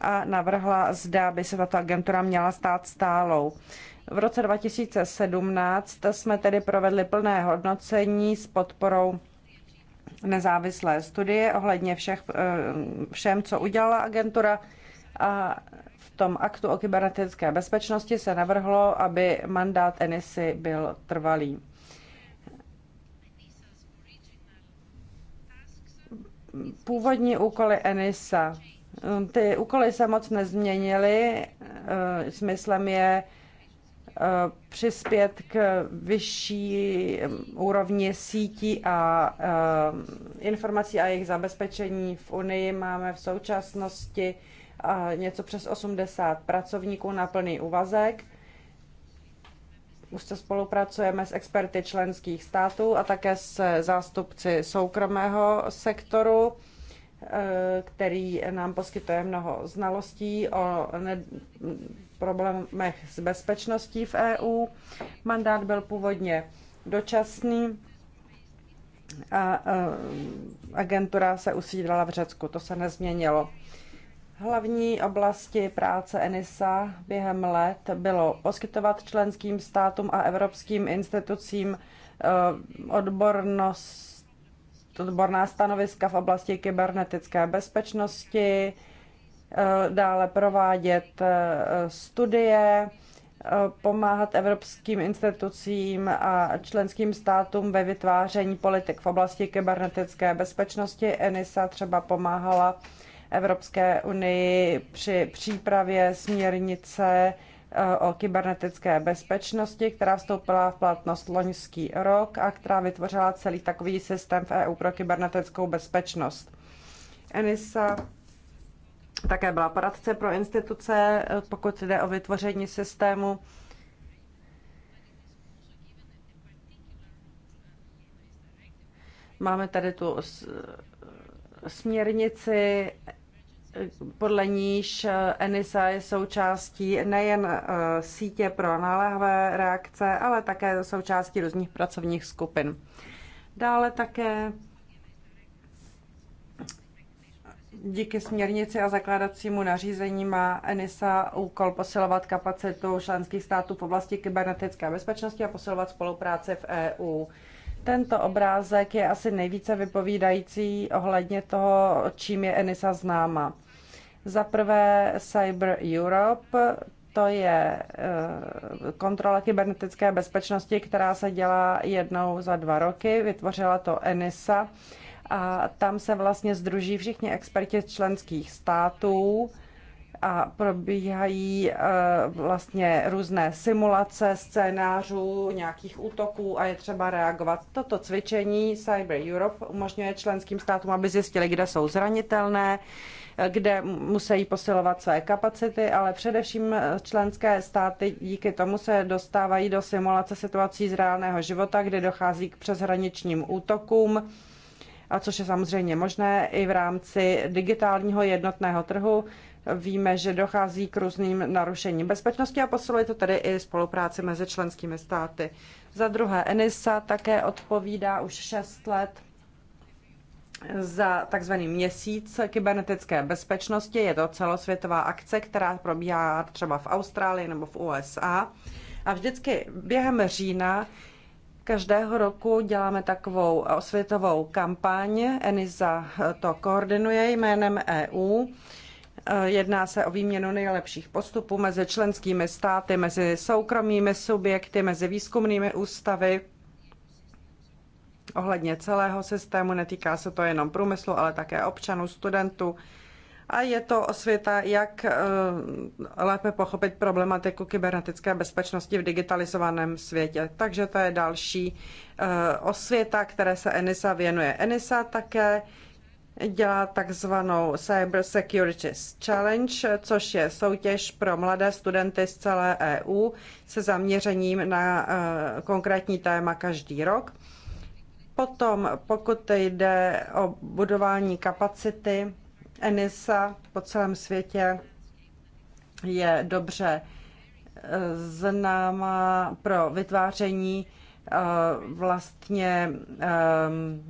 a navrhla, zda by se tato agentura měla stát stálou. V roce 2017 jsme tedy provedli plné hodnocení s podporou nezávislé studie ohledně všech, eh, všem, co udělala agentura a v tom aktu o kybernetické bezpečnosti se navrhlo, aby mandát Enisy byl trvalý. Původní úkoly Enisa Um, ty úkoly se moc nezměnily. Uh, smyslem je uh, přispět k vyšší um, úrovni sítí a um, informací a jejich zabezpečení. V Unii máme v současnosti uh, něco přes 80 pracovníků na plný úvazek. Už se spolupracujeme s experty členských států a také s zástupci soukromého sektoru. Eh, který nám poskytuje mnoho znalostí o problémech s bezpečností v EU. Mandát byl původně dočasný a eh, agentura se usídlala v Řecku. To se nezměnilo. Hlavní oblasti práce ENISA během let bylo poskytovat členským státům a evropským institucím eh, odbornost odborná stanoviska v oblasti kybernetické bezpečnosti, eh, dále provádět eh, studie, eh, pomáhat evropským institucím a členským státům ve vytváření politik v oblasti kybernetické bezpečnosti. ENISA třeba pomáhala Evropské unii při přípravě směrnice Eh, o kybernetické bezpečnosti, která vstoupila v platnost loňský rok a která vytvořila celý takový systém v EU pro kybernetickou bezpečnost. Enisa také byla poradce pro instituce, eh, pokud jde o vytvoření systému. Máme tady tu směrnici podle níž eh, ENISA je součástí nejen eh, sítě pro naléhavé reakce, ale také součástí různých pracovních skupin. Dále také díky směrnici a zakládacímu nařízení má ENISA úkol posilovat kapacitu členských států v oblasti kybernetické bezpečnosti a posilovat spolupráci v EU. Tento obrázek je asi nejvíce vypovídající ohledně toho, čím je ENISA známa. Za prvé Cyber Europe, to je eh, kontrola kybernetické bezpečnosti, která se dělá jednou za dva roky. Vytvořila to ENISA a tam se vlastně združí všichni experti členských států a probíhají eh, vlastně různé simulace scénářů, nějakých útoků a je třeba reagovat. Toto cvičení Cyber Europe umožňuje členským státům, aby zjistili, kde jsou zranitelné, kde musí posilovat své kapacity, ale především členské státy díky tomu se dostávají do simulace situací z reálného života, kde dochází k přeshraničním útokům, a což je samozřejmě možné i v rámci digitálního jednotného trhu. Víme, že dochází k různým narušením bezpečnosti a posiluje to tedy i spolupráci mezi členskými státy. Za druhé, ENISA také odpovídá už 6 let za takzvaný měsíc kybernetické bezpečnosti. Je to celosvětová akce, která probíhá třeba v Austrálii nebo v USA. A vždycky během října Každého roku děláme takovou osvětovou kampaň. ENISA to koordinuje jménem EU. Jedná se o výměnu nejlepších postupů mezi členskými státy, mezi soukromými subjekty, mezi výzkumnými ústavy ohledně celého systému. Netýká se to jenom průmyslu, ale také občanů, studentů. A je to osvěta, jak eh, lépe pochopit problematiku kybernetické bezpečnosti v digitalizovaném světě. Takže to je další eh, osvěta, které se ENISA věnuje. ENISA také dělá takzvanou Cyber Security Challenge, což je soutěž pro mladé studenty z celé EU se zaměřením na eh, konkrétní téma každý rok. Potom, pokud jde o budování kapacity, ENISA po celém světě je dobře eh, známá pro vytváření eh, vlastně eh,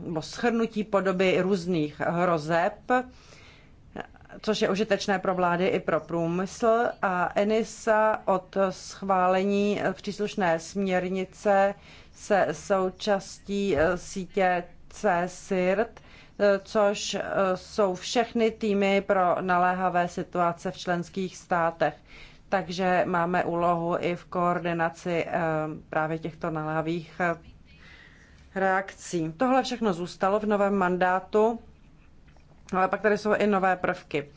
nebo schrnutí podoby různých hrozeb, což je užitečné pro vlády i pro průmysl. A ENISA od schválení příslušné směrnice se součástí eh, sítě CSIRT, eh, což eh, jsou všechny týmy pro naléhavé situace v členských státech. Takže máme úlohu i v koordinaci právě těchto naléhavých reakcí. Tohle všechno zůstalo v novém mandátu, ale pak tady jsou i nové prvky.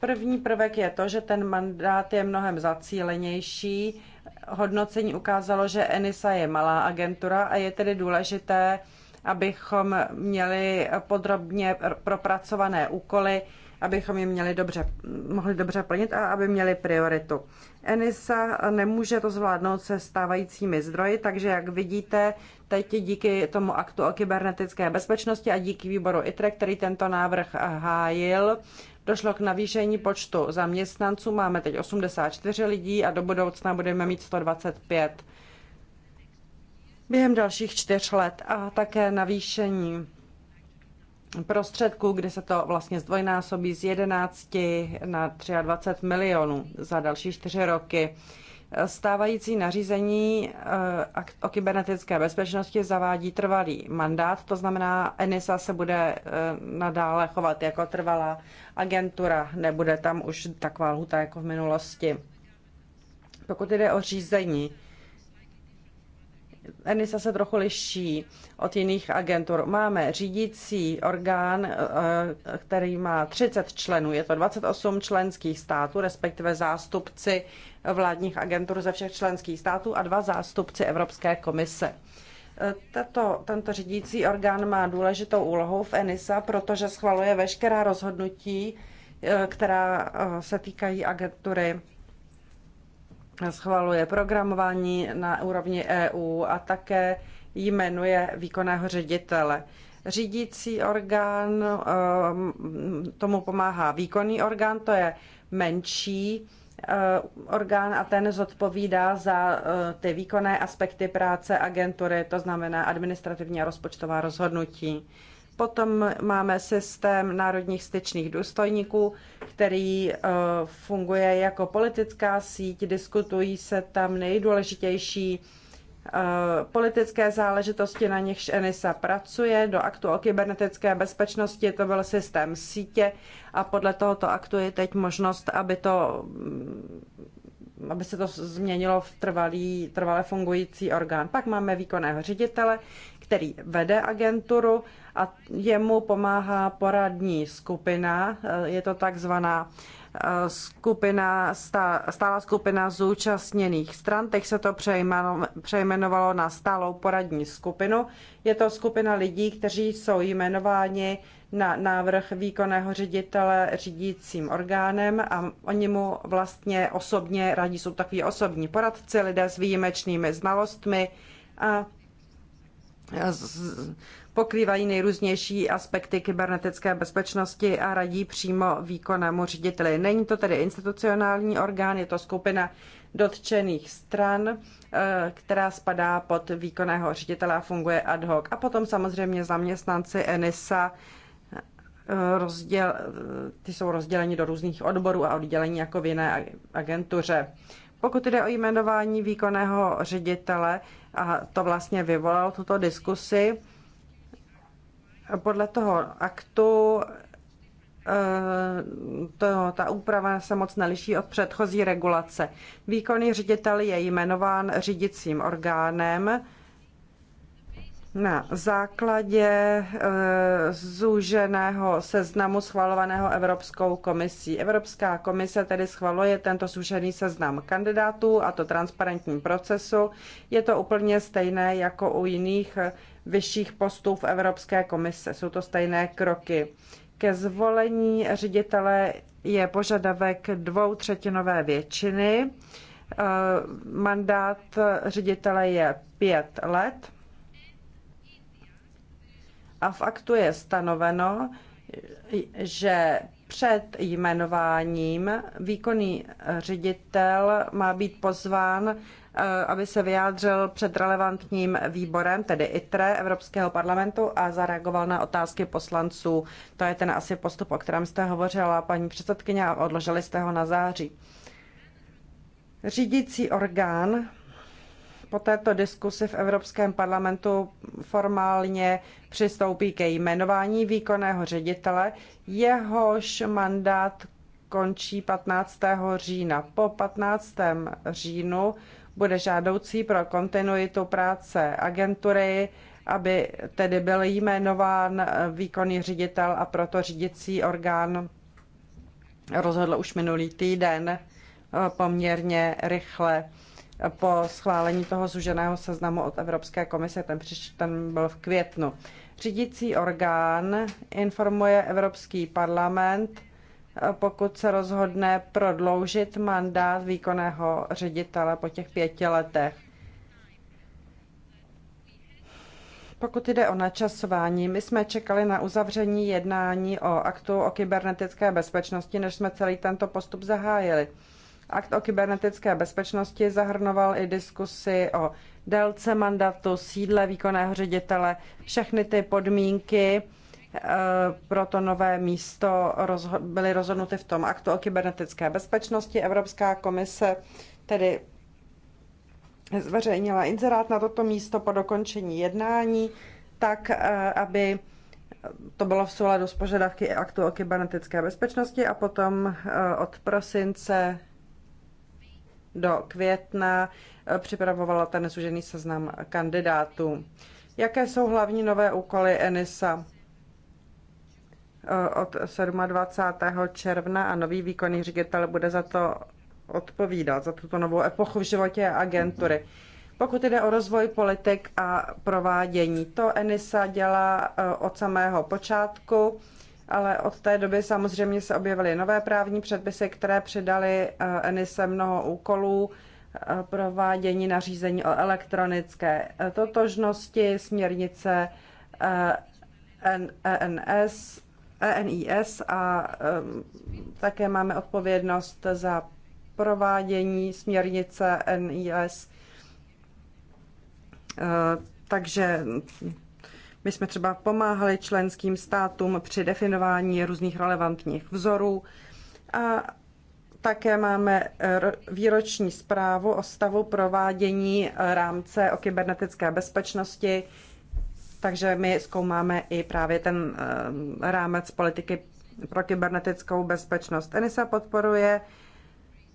První prvek je to, že ten mandát je mnohem zacílenější hodnocení ukázalo, že ENISA je malá agentura a je tedy důležité, abychom měli podrobně propracované úkoly, abychom je měli dobře, mohli dobře plnit a aby měli prioritu. Enisa nemůže to zvládnout se stávajícími zdroji, takže jak vidíte, teď díky tomu aktu o kybernetické bezpečnosti a díky výboru ITRE, který tento návrh hájil, Došlo k navýšení počtu zaměstnanců, máme teď 84 lidí a do budoucna budeme mít 125 během dalších čtyř let a také navýšení prostředků, kdy se to vlastně zdvojnásobí z 11 na 23 milionů za další čtyři roky. Stávající nařízení eh, o kybernetické bezpečnosti zavádí trvalý mandát, to znamená, ENISA se bude eh, nadále chovat jako trvalá agentura, nebude tam už taková lhuta jako v minulosti. Pokud jde o řízení, ENISA se trochu liší od jiných agentur. Máme řídící orgán, eh, eh, který má 30 členů. Je to 28 členských států, respektive zástupci vládních agentur ze všech členských států a dva zástupci Evropské komise. Eh, tato, tento řídící orgán má důležitou úlohu v ENISA, protože schvaluje veškerá rozhodnutí, která se týkají agentury schvaluje programování na úrovni EU a také jmenuje výkonného ředitele. Řídící orgán, ehm, tomu pomáhá výkonný orgán, to je menší ehm, orgán a ten zodpovídá za eh, ty výkonné aspekty práce agentury, to znamená administrativní a rozpočtová rozhodnutí. Potom máme systém národních styčných důstojníků, který eh, funguje jako politická síť, diskutují se tam nejdůležitější eh, politické záležitosti, na nichž ENISA pracuje. Do aktu o kybernetické bezpečnosti to byl systém sítě a podle tohoto aktu je teď možnost, aby, to, mm, aby se to změnilo v trvalý, trvale fungující orgán. Pak máme výkonného ředitele, který vede agenturu a jemu pomáhá poradní skupina, eh, je to takzvaná eh, skupina, stála skupina zúčastněných stran. Teď se to přejmenovalo na stálou poradní skupinu. Je to skupina lidí, kteří jsou jmenováni na návrh výkonného ředitele řídícím orgánem a oni mu vlastně osobně radí, jsou takový osobní poradci, lidé s výjimečnými znalostmi a pokrývají nejrůznější aspekty kybernetické bezpečnosti a radí přímo výkonnému řediteli. Není to tedy institucionální orgán, je to skupina dotčených stran, eh, která spadá pod výkonného ředitele a funguje ad hoc. A potom samozřejmě zaměstnanci ENISA, eh, rozděl, eh, ty jsou rozděleni do různých odborů a oddělení jako v jiné agentuře. Pokud jde o jmenování výkonného ředitele, a to vlastně vyvolalo tuto diskusi, podle toho aktu eh, to, ta úprava se moc neliší od předchozí regulace. Výkonný ředitel je jmenován řídicím orgánem na základě eh, zúženého seznamu schvalovaného Evropskou komisí. Evropská komise tedy schvaluje tento zúžený seznam kandidátů a to transparentním procesu. Je to úplně stejné jako u jiných eh, vyšších postů v Evropské komise. Jsou to stejné kroky. Ke zvolení ředitele je požadavek dvou třetinové většiny. Eh, mandát ředitele je pět let a v aktu je stanoveno, že před jmenováním výkonný ředitel má být pozván Eh, aby se vyjádřil před relevantním výborem, tedy ITRE Evropského parlamentu a zareagoval na otázky poslanců. To je ten asi postup, o kterém jste hovořila, paní předsedkyně, a odložili jste ho na září. Řídící orgán po této diskusi v Evropském parlamentu formálně přistoupí ke jmenování výkonného ředitele. Jehož mandát končí 15. října. Po 15. říjnu bude žádoucí pro kontinuitu práce agentury, aby tedy byl jmenován výkonný ředitel a proto řídicí orgán rozhodl už minulý týden eh, poměrně rychle po schválení toho zuženého seznamu od Evropské komise, ten, přiš, ten byl v květnu. Řídící orgán informuje Evropský parlament Eh, pokud se rozhodne prodloužit mandát výkonného ředitele po těch pěti letech. Pokud jde o načasování, my jsme čekali na uzavření jednání o aktu o kybernetické bezpečnosti, než jsme celý tento postup zahájili. Akt o kybernetické bezpečnosti zahrnoval i diskusy o délce mandatu, sídle výkonného ředitele, všechny ty podmínky, Eh, pro to nové místo rozho- byly rozhodnuty v tom aktu o kybernetické bezpečnosti. Evropská komise tedy zveřejnila inzerát na toto místo po dokončení jednání, tak eh, aby to bylo v souladu s požadavky aktu o kybernetické bezpečnosti a potom eh, od prosince do května připravovala ten nesužený seznam kandidátů. Jaké jsou hlavní nové úkoly ENISA? Eh, od 27. června a nový výkonný ředitel bude za to odpovídat, za tuto novou epochu v životě agentury. Pokud jde o rozvoj politik a provádění, to Enisa dělá eh, od samého počátku, ale od té doby samozřejmě se objevily nové právní předpisy, které přidaly eh, Enise mnoho úkolů, provádění nařízení o elektronické totožnosti, směrnice ENS e ENIS a také máme odpovědnost za provádění směrnice NIS. E, takže my jsme třeba pomáhali členským státům při definování různých relevantních vzorů a také máme e, výroční zprávu o stavu provádění rámce o kybernetické bezpečnosti takže my zkoumáme i právě ten eh, rámec politiky pro kybernetickou bezpečnost. ENISA podporuje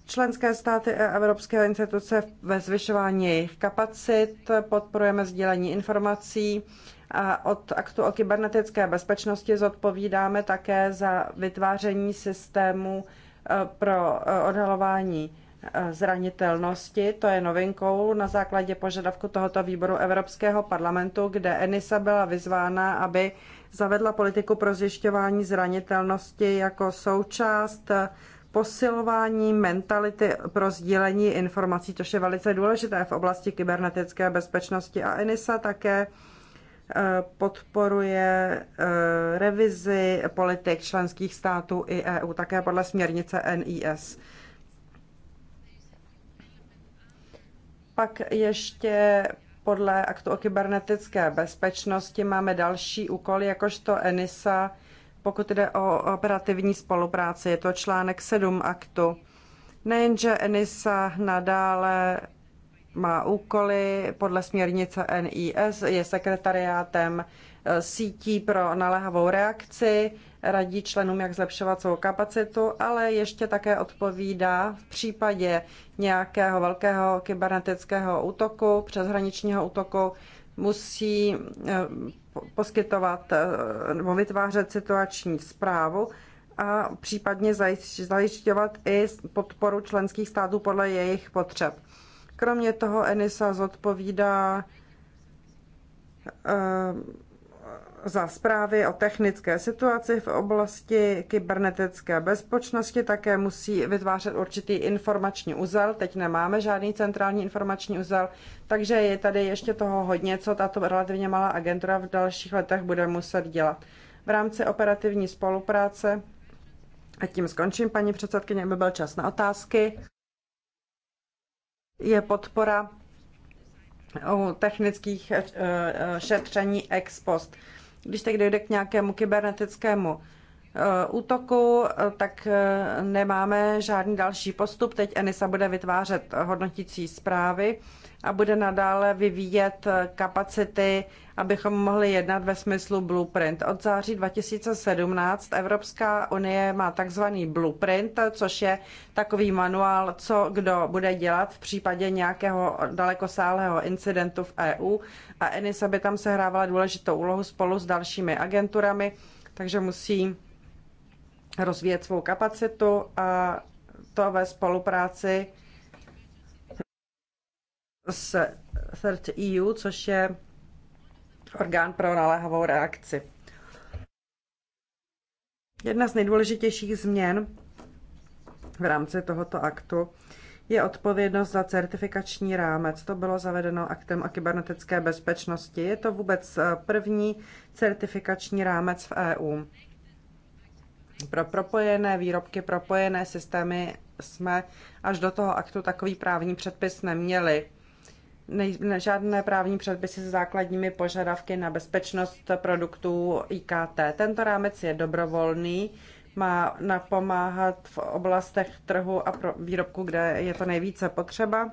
členské státy a evropské instituce ve zvyšování jejich kapacit, podporujeme sdílení informací a od aktu o kybernetické bezpečnosti zodpovídáme také za vytváření systému eh, pro eh, odhalování Eh, zranitelnosti. To je novinkou na základě požadavku tohoto výboru Evropského parlamentu, kde Enisa byla vyzvána, aby zavedla politiku pro zjišťování zranitelnosti jako součást eh, posilování mentality pro sdílení informací, což je velice důležité v oblasti kybernetické bezpečnosti. A Enisa také eh, podporuje revizi politik členských států i EU, také podle směrnice NIS. Pak ještě podle aktu o kybernetické bezpečnosti máme další úkol, jakožto ENISA, pokud jde o operativní spolupráci. Je to článek 7 aktu. Nejenže ENISA nadále má úkoly podle směrnice NIS, je sekretariátem eh, sítí pro naléhavou reakci, radí členům, jak zlepšovat svou kapacitu, ale ještě také odpovídá v případě nějakého velkého kybernetického útoku, přeshraničního útoku, musí eh, poskytovat eh, nebo vytvářet situační zprávu a případně zajišťovat i podporu členských států podle jejich potřeb. Kromě toho ENISA zodpovídá eh, za zprávy o technické situaci v oblasti kybernetické bezpečnosti také musí vytvářet určitý informační uzel. Teď nemáme žádný centrální informační uzel, takže je tady ještě toho hodně, co tato relativně malá agentura v dalších letech bude muset dělat. V rámci operativní spolupráce, a tím skončím, paní předsedkyně, aby byl čas na otázky, je podpora u technických eh, eh, šetření ex post když tak dojde k nějakému kybernetickému eh, útoku, eh, tak eh, nemáme žádný další postup. Teď Enisa bude vytvářet hodnotící zprávy a bude nadále vyvíjet kapacity, abychom mohli jednat ve smyslu blueprint. Od září 2017 Evropská unie má takzvaný blueprint, což je takový manuál, co kdo bude dělat v případě nějakého dalekosáhlého incidentu v EU a ENISA by tam sehrávala důležitou úlohu spolu s dalšími agenturami, takže musí rozvíjet svou kapacitu a to ve spolupráci z CERT EU, což je orgán pro naléhavou reakci. Jedna z nejdůležitějších změn v rámci tohoto aktu je odpovědnost za certifikační rámec. To bylo zavedeno aktem o kybernetické bezpečnosti. Je to vůbec eh, první certifikační rámec v EU. Pro propojené výrobky, propojené systémy jsme až do toho aktu takový právní předpis neměli ne, žádné právní předpisy se základními požadavky na bezpečnost produktů IKT. Tento rámec je dobrovolný, má napomáhat v oblastech trhu a pro výrobku, kde je to nejvíce potřeba.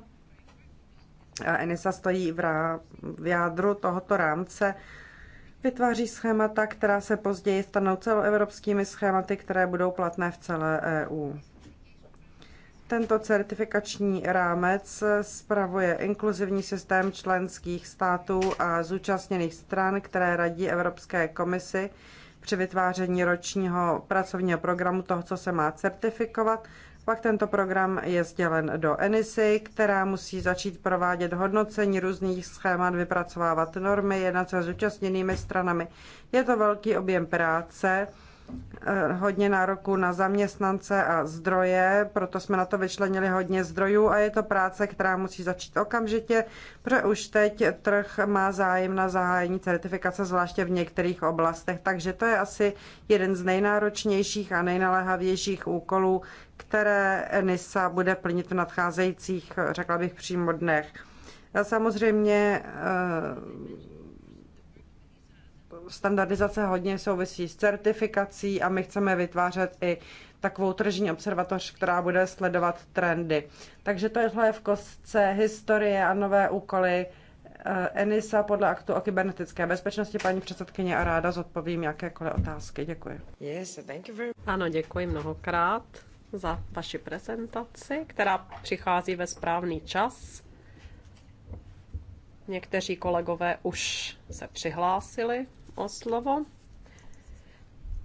A ENISA stojí v, rá, v jádru tohoto rámce. Vytváří schémata, která se později stanou celoevropskými schématy, které budou platné v celé EU. Tento certifikační rámec spravuje inkluzivní systém členských států a zúčastněných stran, které radí Evropské komisi při vytváření ročního pracovního programu toho, co se má certifikovat. Pak tento program je sdělen do ENISY, která musí začít provádět hodnocení různých schémat, vypracovávat normy, jednat se zúčastněnými stranami. Je to velký objem práce Eh, hodně nároků na zaměstnance a zdroje, proto jsme na to vyčlenili hodně zdrojů a je to práce, která musí začít okamžitě, protože už teď trh má zájem na zahájení certifikace, zvláště v některých oblastech. Takže to je asi jeden z nejnáročnějších a nejnaléhavějších úkolů, které NISA bude plnit v nadcházejících, řekla bych, přímo dnech. A samozřejmě eh, standardizace hodně souvisí s certifikací a my chceme vytvářet i takovou tržní observatoř, která bude sledovat trendy. Takže to je v kostce historie a nové úkoly eh, ENISA podle aktu o kybernetické bezpečnosti. Paní předsedkyně a ráda zodpovím jakékoliv otázky. Děkuji. Yes, thank you very... Ano, děkuji mnohokrát za vaši prezentaci, která přichází ve správný čas. Někteří kolegové už se přihlásili o slovo.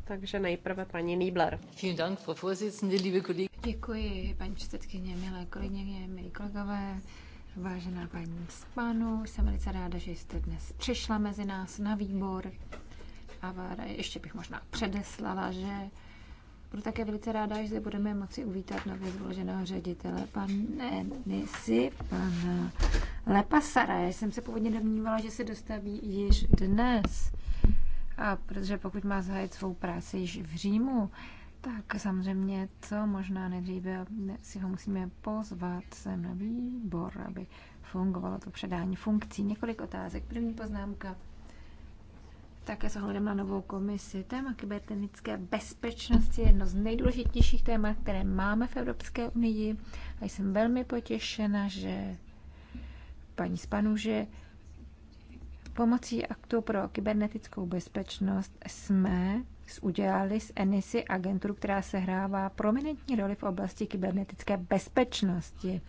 Takže nejprve paní Niebler. Děkuji, paní předsedkyně, milé kolegyně, milí kolegové, vážená paní Spanu. Jsem velice ráda, že jste dnes přišla mezi nás na výbor. A ještě bych možná předeslala, že Budu také velice ráda, že zde budeme moci uvítat nově zvoleného ředitele, pan Nisi, pan Lepasara. Já jsem se původně domnívala, že se dostaví již dnes. A protože pokud má zahájit svou práci již v Římu, tak samozřejmě co možná nejdříve si ho musíme pozvat sem na výbor, aby fungovalo to předání funkcí. Několik otázek. První poznámka. Také s ohledem na novou komisi. Téma kybernetické bezpečnosti je jedno z nejdůležitějších témat, které máme v Evropské unii. A jsem velmi potěšena, že paní Spanu, že Pomocí aktu pro kybernetickou bezpečnost jsme udělali z ENISY agenturu, která sehrává prominentní roli v oblasti kybernetické bezpečnosti.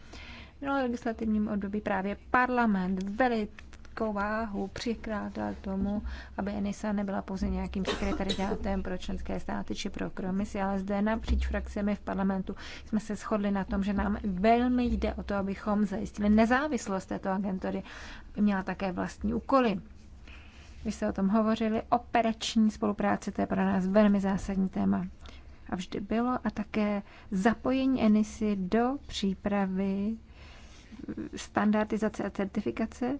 V legislativním období právě parlament velice politickou váhu přikrádal tomu, aby Enisa nebyla pouze nějakým sekretariátem pro členské státy či pro komisi, ale zde napříč frakcemi v parlamentu jsme se shodli na tom, že nám velmi jde o to, abychom zajistili nezávislost této agentury, aby měla také vlastní úkoly. Vy jste o tom hovořili, operační spolupráce, to je pro nás velmi zásadní téma. A vždy bylo a také zapojení Enisy do přípravy standardizace a certifikace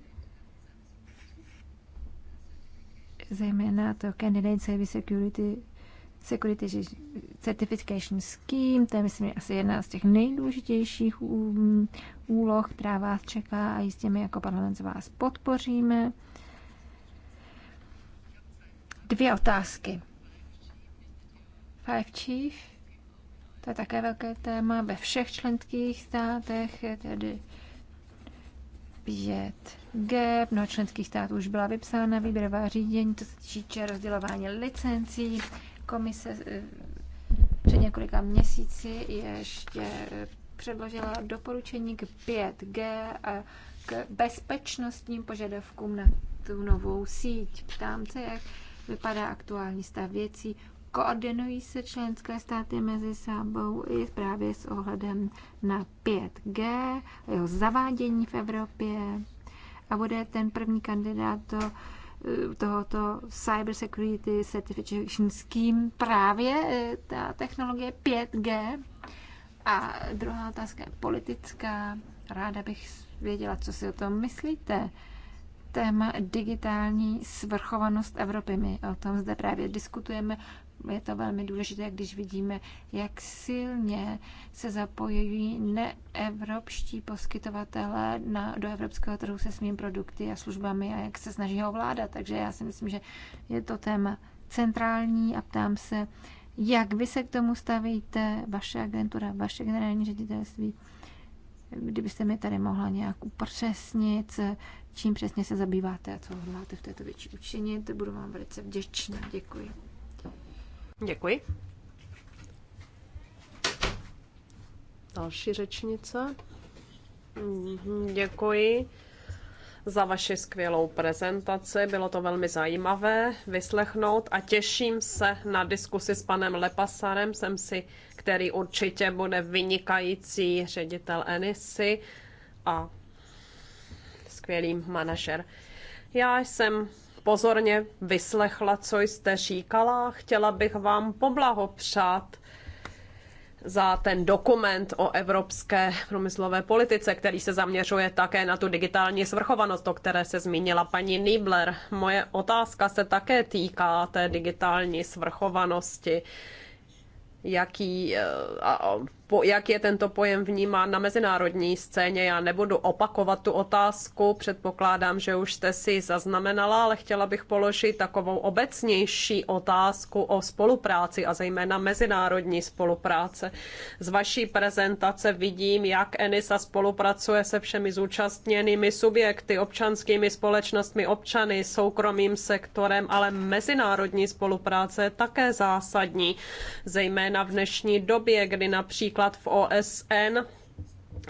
zejména to Candidate Service Security Security Certification Scheme, to je, myslím, asi jedna z těch nejdůležitějších úloh, která vás čeká a jistě my jako parlament vás podpoříme. Dvě otázky. Five Chief, to je také velké téma ve všech členských státech, tedy pět G mnoho členských států už byla vypsána výběrová řízení, to se týče rozdělování licencí. Komise eh, před několika měsíci ještě eh, předložila doporučení k 5G a k bezpečnostním požadavkům na tu novou síť. Ptám se, jak vypadá aktuální stav věcí. Koordinují se členské státy mezi sebou i právě s ohledem na 5G, jeho zavádění v Evropě a bude ten první kandidát do eh, tohoto Cyber Security Certification Scheme právě eh, ta technologie 5G. A druhá otázka je politická. Ráda bych věděla, co si o tom myslíte. Téma digitální svrchovanost Evropy. My o tom zde právě diskutujeme je to velmi důležité, když vidíme, jak silně se zapojují neevropští poskytovatelé na, do evropského trhu se svými produkty a službami a jak se snaží ho ovládat. Takže já si myslím, že je to téma centrální a ptám se, jak vy se k tomu stavíte, vaše agentura, vaše generální ředitelství, kdybyste mi tady mohla nějak upřesnit, čím přesně se zabýváte a co hodláte v této věci učinit, budu vám velice vděčná. Děkuji. Děkuji. Další řečnice. Mhm, děkuji za vaši skvělou prezentaci. Bylo to velmi zajímavé vyslechnout a těším se na diskusi s panem Lepasarem, jsem si, který určitě bude vynikající ředitel Enisy a skvělý manažer. Já jsem pozorně vyslechla, co jste říkala. Chtěla bych vám poblahopřát za ten dokument o evropské průmyslové politice, který se zaměřuje také na tu digitální svrchovanost, o které se zmínila paní Niebler. Moje otázka se také týká té digitální svrchovanosti. Jaký, eh, po, jak je tento pojem vnímán na mezinárodní scéně. Já nebudu opakovat tu otázku, předpokládám, že už jste si zaznamenala, ale chtěla bych položit takovou obecnější otázku o spolupráci a zejména mezinárodní spolupráce. Z vaší prezentace vidím, jak ENISA spolupracuje se všemi zúčastněnými subjekty, občanskými společnostmi, občany, soukromým sektorem, ale mezinárodní spolupráce je také zásadní, zejména v dnešní době, kdy například například v OSN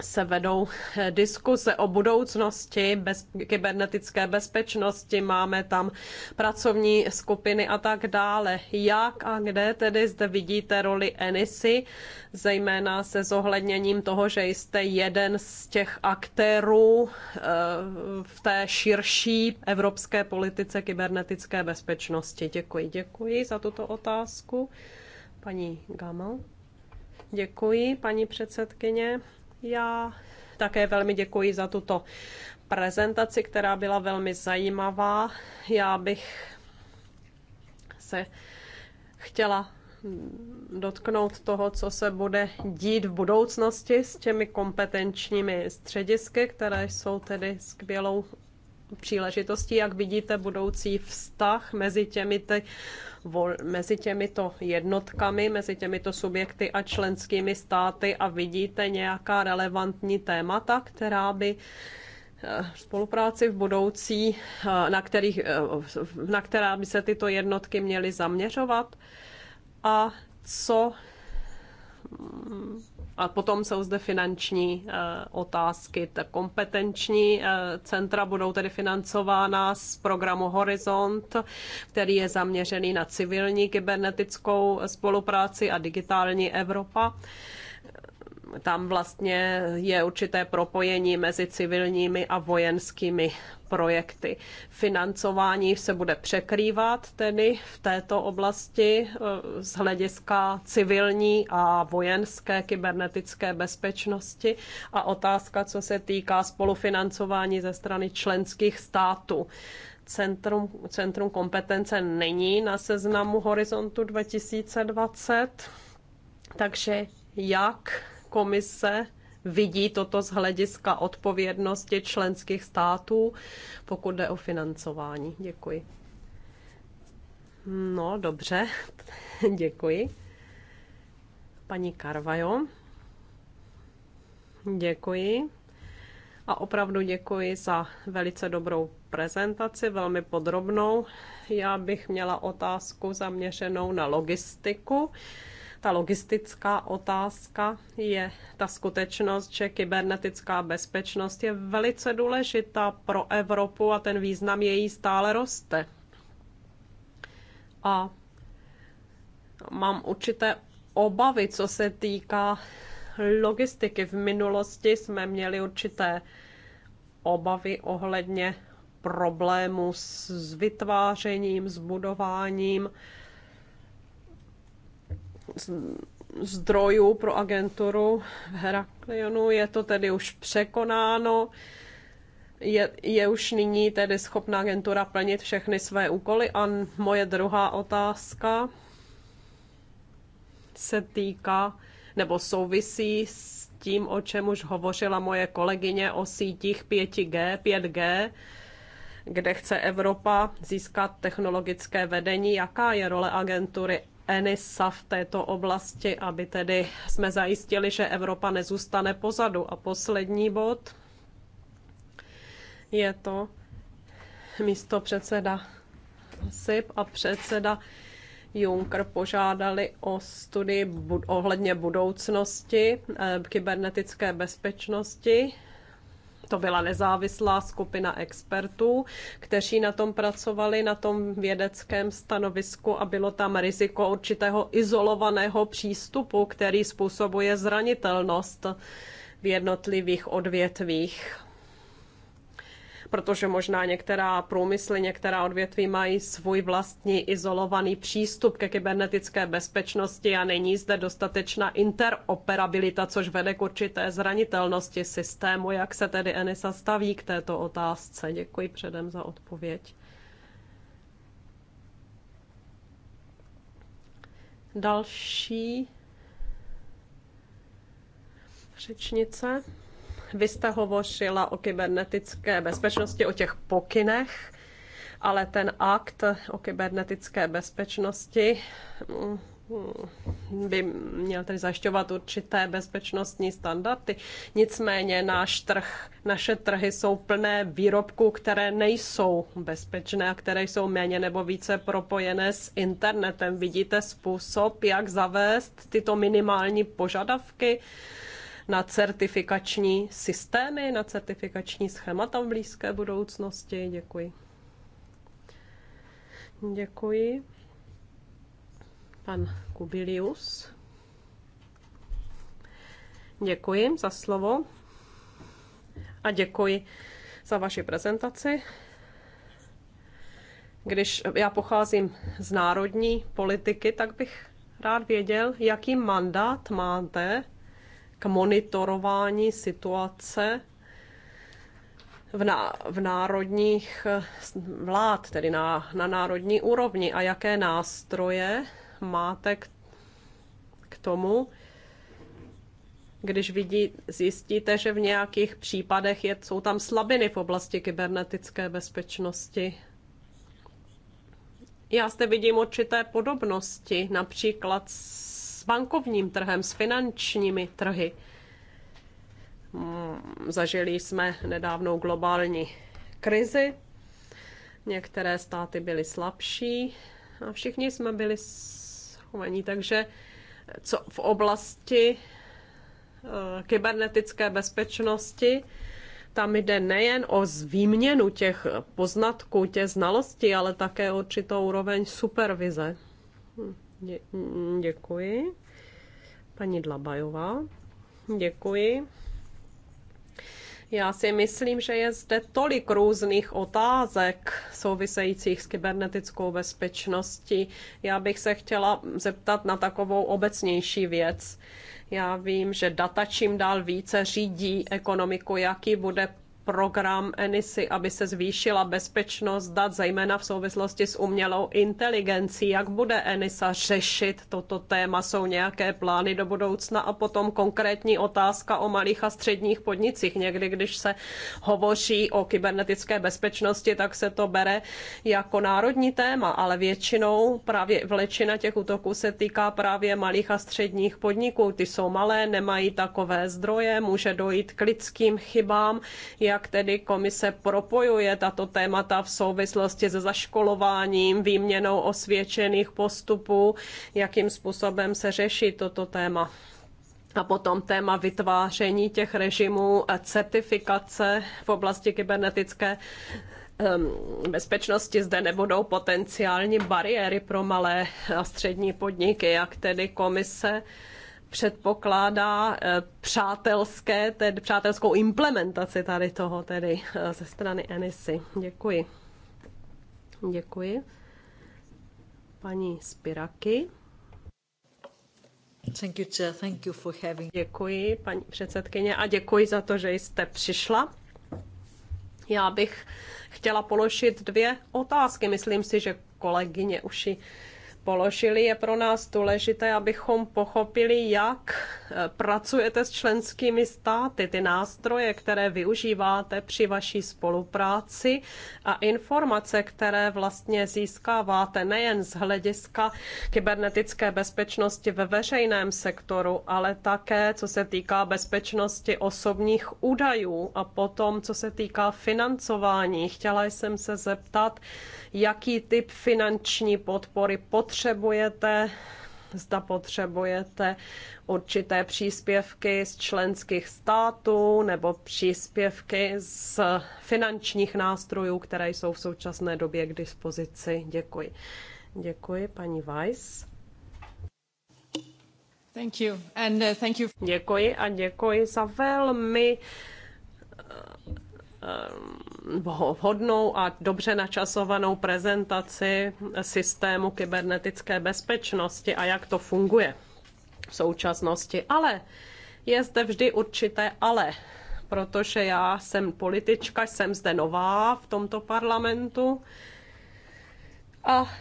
se vedou diskuse o budoucnosti bez, kybernetické bezpečnosti, máme tam pracovní skupiny a tak dále. Jak a kde tedy zde vidíte roli Enisy, zejména se zohledněním toho, že jste jeden z těch aktérů eh, v té širší evropské politice kybernetické bezpečnosti. Děkuji, děkuji za tuto otázku. Paní Gamal. Děkuji, paní předsedkyně. Já také velmi děkuji za tuto prezentaci, která byla velmi zajímavá. Já bych se chtěla dotknout toho, co se bude dít v budoucnosti s těmi kompetenčními středisky, které jsou tedy skvělou příležitostí, jak vidíte budoucí vztah mezi těmi ty vol, mezi těmito jednotkami, mezi těmito subjekty a členskými státy a vidíte nějaká relevantní témata, která by eh, spolupráci v budoucí, eh, na, kterých, eh, na která by se tyto jednotky měly zaměřovat a co mm, a potom jsou zde finanční eh, otázky. Ta kompetenční eh, centra budou tedy financována z programu Horizont, který je zaměřený na civilní kybernetickou spolupráci a digitální Evropa tam vlastně je určité propojení mezi civilními a vojenskými projekty. Financování se bude překrývat tedy v této oblasti e, z hlediska civilní a vojenské kybernetické bezpečnosti a otázka, co se týká spolufinancování ze strany členských států centrum, centrum kompetence není na seznamu Horizontu 2020. Takže jak komise vidí toto z hlediska odpovědnosti členských států, pokud jde o financování. Děkuji. No, dobře, děkuji. Paní Karvajo, děkuji. A opravdu děkuji za velice dobrou prezentaci, velmi podrobnou. Já bych měla otázku zaměřenou na logistiku ta logistická otázka je ta skutečnost, že kybernetická bezpečnost je velice důležitá pro Evropu a ten význam její stále roste. A mám určité obavy, co se týká logistiky. V minulosti jsme měli určité obavy ohledně problémů s vytvářením, s budováním zdrojů pro agenturu v Heraklionu. Je to tedy už překonáno. Je, je už nyní tedy schopná agentura plnit všechny své úkoly. A moje druhá otázka se týká nebo souvisí s tím, o čem už hovořila moje kolegyně o sítích 5G, 5G, kde chce Evropa získat technologické vedení. Jaká je role agentury ENISA v této oblasti, aby tedy jsme zajistili, že Evropa nezůstane pozadu. A poslední bod je to místo předseda SIP a předseda Juncker požádali o studii ohledně budoucnosti eh, kybernetické bezpečnosti to byla nezávislá skupina expertů, kteří na tom pracovali, na tom vědeckém stanovisku a bylo tam riziko určitého izolovaného přístupu, který způsobuje zranitelnost v jednotlivých odvětvích protože možná některá průmysly, některá odvětví mají svůj vlastní izolovaný přístup ke kybernetické bezpečnosti a není zde dostatečná interoperabilita, což vede k určité zranitelnosti systému. Jak se tedy ENISA staví k této otázce? Děkuji předem za odpověď. Další řečnice. Vy jste hovořila o kybernetické bezpečnosti, o těch pokynech, ale ten akt o kybernetické bezpečnosti mm, by měl tedy zajišťovat určité bezpečnostní standardy. Nicméně náš trh, naše trhy jsou plné výrobků, které nejsou bezpečné a které jsou méně nebo více propojené s internetem. Vidíte způsob, jak zavést tyto minimální požadavky? na certifikační systémy, na certifikační schémata v blízké budoucnosti? Děkuji. Děkuji. Pan Kubilius. Děkuji za slovo a děkuji za vaši prezentaci. Když já pocházím z národní politiky, tak bych rád věděl, jaký mandát máte monitorování situace v, na, v národních eh, vlád, tedy na, na národní úrovni a jaké nástroje máte k, k tomu, když vidí, zjistíte, že v nějakých případech je, jsou tam slabiny v oblasti kybernetické bezpečnosti. Já zde vidím určité podobnosti, například s bankovním trhem, s finančními trhy. Hmm, zažili jsme nedávnou globální krizi. Některé státy byly slabší a všichni jsme byli schovaní. Takže co v oblasti eh, kybernetické bezpečnosti, tam jde nejen o výměnu těch poznatků, těch znalostí, ale také určitou úroveň supervize. Hm. Dě- mm, děkuji. Paní Dlabajová. Děkuji. Já si myslím, že je zde tolik různých otázek souvisejících s kybernetickou bezpečností. Já bych se chtěla zeptat na takovou obecnější věc. Já vím, že data čím dál více řídí ekonomiku, jaký bude program ENISY, aby se zvýšila bezpečnost dat, zejména v souvislosti s umělou inteligencí. Jak bude ENISA řešit toto téma? Jsou nějaké plány do budoucna? A potom konkrétní otázka o malých a středních podnicích. Někdy, když se hovoří o kybernetické bezpečnosti, tak se to bere jako národní téma, ale většinou právě vlečina těch útoků se týká právě malých a středních podniků. Ty jsou malé, nemají takové zdroje, může dojít k lidským chybám. Jak jak tedy komise propojuje tato témata v souvislosti se zaškolováním, výměnou osvědčených postupů, jakým způsobem se řeší toto téma. A potom téma vytváření těch režimů a certifikace v oblasti kybernetické ehm, bezpečnosti zde nebudou potenciální bariéry pro malé a střední podniky, jak tedy komise předpokládá eh, přátelské, tedy přátelskou implementaci tady toho tedy eh, ze strany Enisy. Děkuji. Děkuji. Paní Spiraky. Thank you, chair. Thank you for having... Děkuji, paní předsedkyně, a děkuji za to, že jste přišla. Já bych chtěla položit dvě otázky. Myslím si, že kolegyně už ji položili, je pro nás důležité, abychom pochopili, jak eh, pracujete s členskými státy, ty nástroje, které využíváte při vaší spolupráci a informace, které vlastně získáváte nejen z hlediska kybernetické bezpečnosti ve veřejném sektoru, ale také co se týká bezpečnosti osobních údajů a potom co se týká financování. Chtěla jsem se zeptat, jaký typ finanční podpory potřebujete potřebujete, zda potřebujete určité příspěvky z členských států nebo příspěvky z finančních nástrojů, které jsou v současné době k dispozici. Děkuji. Děkuji, paní Weiss. Thank you. And, uh, thank you. Děkuji a děkuji za velmi um, vhodnou a dobře načasovanou prezentaci systému kybernetické bezpečnosti a jak to funguje v současnosti. Ale je zde vždy určité ale, protože já jsem politička, jsem zde nová v tomto parlamentu a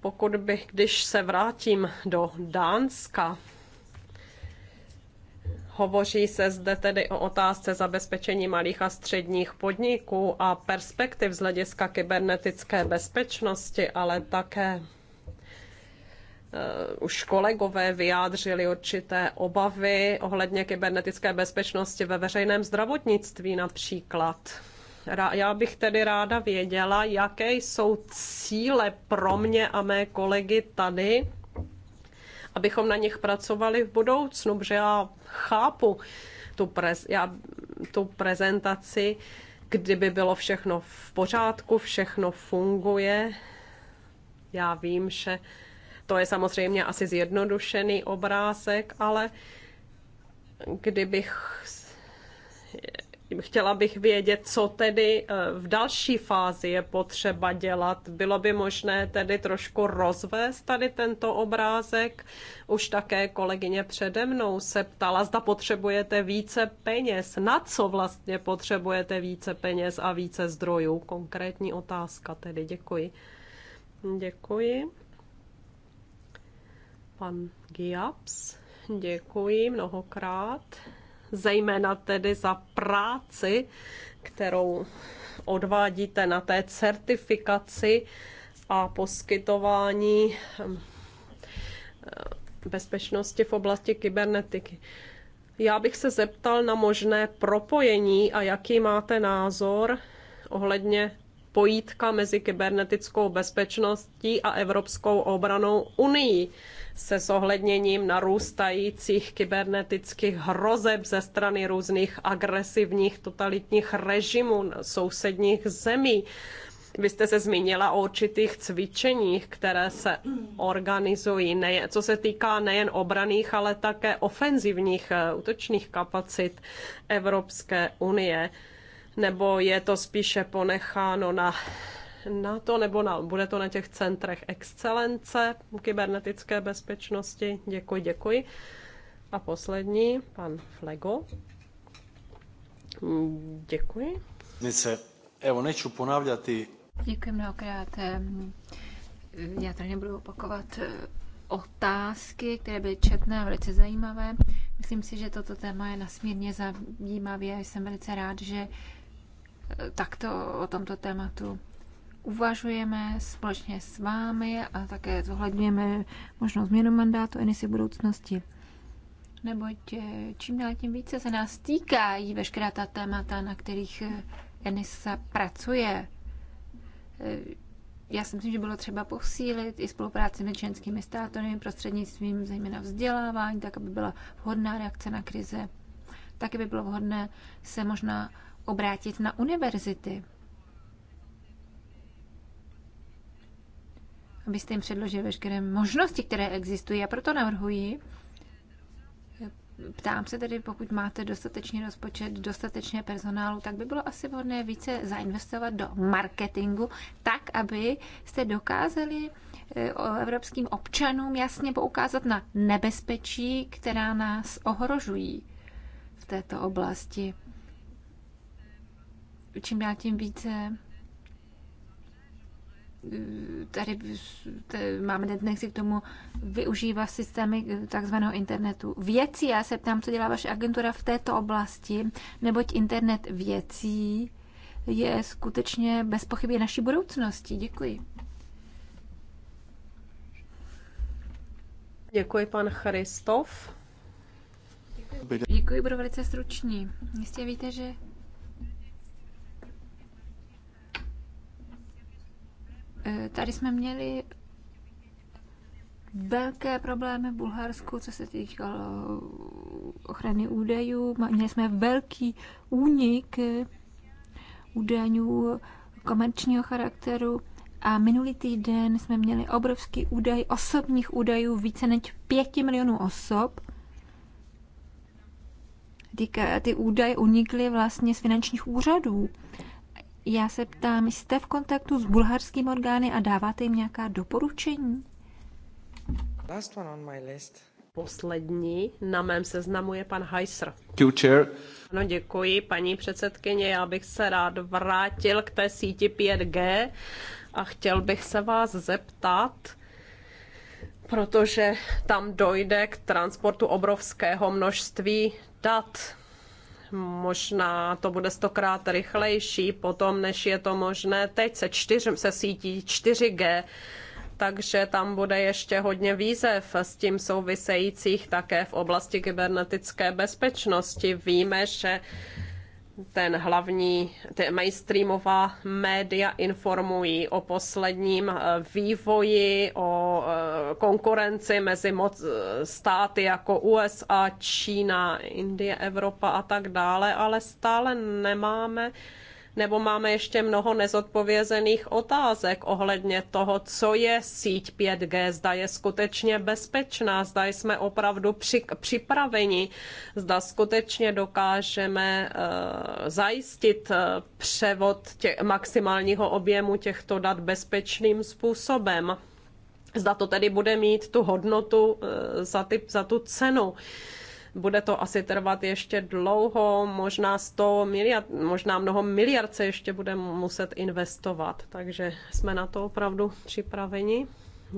pokud bych, když se vrátím do Dánska, Hovoří se zde tedy o otázce zabezpečení malých a středních podniků a perspektiv z hlediska kybernetické bezpečnosti, ale také eh, už kolegové vyjádřili určité obavy ohledně kybernetické bezpečnosti ve veřejném zdravotnictví například. Já bych tedy ráda věděla, jaké jsou cíle pro mě a mé kolegy tady abychom na nich pracovali v budoucnu, protože já chápu tu, prez, já, tu prezentaci, kdyby bylo všechno v pořádku, všechno funguje. Já vím, že to je samozřejmě asi zjednodušený obrázek, ale kdybych Chtěla bych vědět, co tedy eh, v další fázi je potřeba dělat. Bylo by možné tedy trošku rozvést tady tento obrázek. Už také kolegyně přede mnou se ptala, zda potřebujete více peněz. Na co vlastně potřebujete více peněz a více zdrojů? Konkrétní otázka tedy. Děkuji. Děkuji. Pan Giaps, děkuji mnohokrát zejména tedy za práci, kterou odvádíte na té certifikaci a poskytování hm, eh, bezpečnosti v oblasti kybernetiky. Já bych se zeptal na možné propojení a jaký máte názor ohledně pojítka mezi kybernetickou bezpečností a Evropskou obranou unii se zohledněním narůstajících kybernetických hrozeb ze strany různých agresivních totalitních režimů sousedních zemí. Vy jste se zmínila o určitých cvičeních, které se organizují, ne, co se týká nejen obraných, ale také ofenzivních eh, útočných kapacit Evropské unie nebo je to spíše ponecháno na na to, nebo na, bude to na těch centrech excelence kybernetické bezpečnosti. Děkuji, děkuji. A poslední, pan Flego. Mm, děkuji. Nice, evo, neču ponavljati. Děkuji mnohokrát. Ehm, já tady nebudu opakovat e, otázky, které byly četné a velice zajímavé. Myslím si, že toto téma je nasmírně zajímavé. Jsem velice rád, že takto o tomto tématu uvažujeme společně s vámi a také zohledňujeme možnou změnu mandátu NSI budoucnosti. Neboť eh, čím dál tím více se nás týkají veškerá ta témata, na kterých eh, Enisa pracuje. Eh, já si myslím, že bylo třeba posílit i spolupráci mezi členskými státy prostřednictvím zejména vzdělávání, tak aby byla vhodná reakce na krize. Taky by bylo vhodné se možná obrátit na univerzity, abyste jim předložili veškeré možnosti, které existují. A proto navrhuji, Ptám se tedy, pokud máte dostatečný rozpočet, dostatečné personálu, tak by bylo asi vhodné více zainvestovat do marketingu, tak, aby jste dokázali eh, evropským občanům jasně poukázat na nebezpečí, která nás ohrožují v této oblasti čím dál tím více eh, tady máme nechci k tomu využívat systémy eh, takzvaného internetu věcí. Já se ptám, co dělá vaše agentura v této oblasti, neboť internet věcí je skutečně bez pochyby naší budoucnosti. Děkuji. Děkuji, pan Christof. Děkuji, budu velice stručný. Jistě víte, že Eh, tady jsme měli velké problémy v Bulharsku, co se týkalo ochrany údajů. Měli jsme velký únik eh, údajů komerčního charakteru a minulý týden jsme měli obrovský údaj osobních údajů více než 5 milionů osob. ty údaje unikly vlastně z finančních úřadů. Já se ptám, jste v kontaktu s bulharskými orgány a dáváte jim nějaká doporučení? Last one on my list. Poslední na mém seznamu je pan Heiser. No děkuji, paní předsedkyně. Já bych se rád vrátil k té síti 5G a chtěl bych se vás zeptat, protože tam dojde k transportu obrovského množství dat Možná to bude stokrát rychlejší potom, než je to možné teď se, čtyř, se sítí 4G takže tam bude ještě hodně výzev s tím souvisejících také v oblasti kybernetické bezpečnosti. Víme, že ten hlavní, ty mainstreamová média informují o posledním eh, vývoji, o eh, konkurenci mezi moc eh, státy jako USA, Čína, Indie, Evropa a tak dále, ale stále nemáme nebo máme ještě mnoho nezodpovězených otázek ohledně toho, co je síť 5G, zda je skutečně bezpečná, zda jsme opravdu při, připraveni, zda skutečně dokážeme uh, zajistit eh, převod tě, maximálního objemu těchto dat bezpečným způsobem. Zda to tedy bude mít tu hodnotu uh, za, ty, za tu cenu. Uh, bude to asi trvat ještě dlouho, možná 100 miliard, možná mnoho miliard se ještě bude muset investovat. Takže jsme na to opravdu připraveni.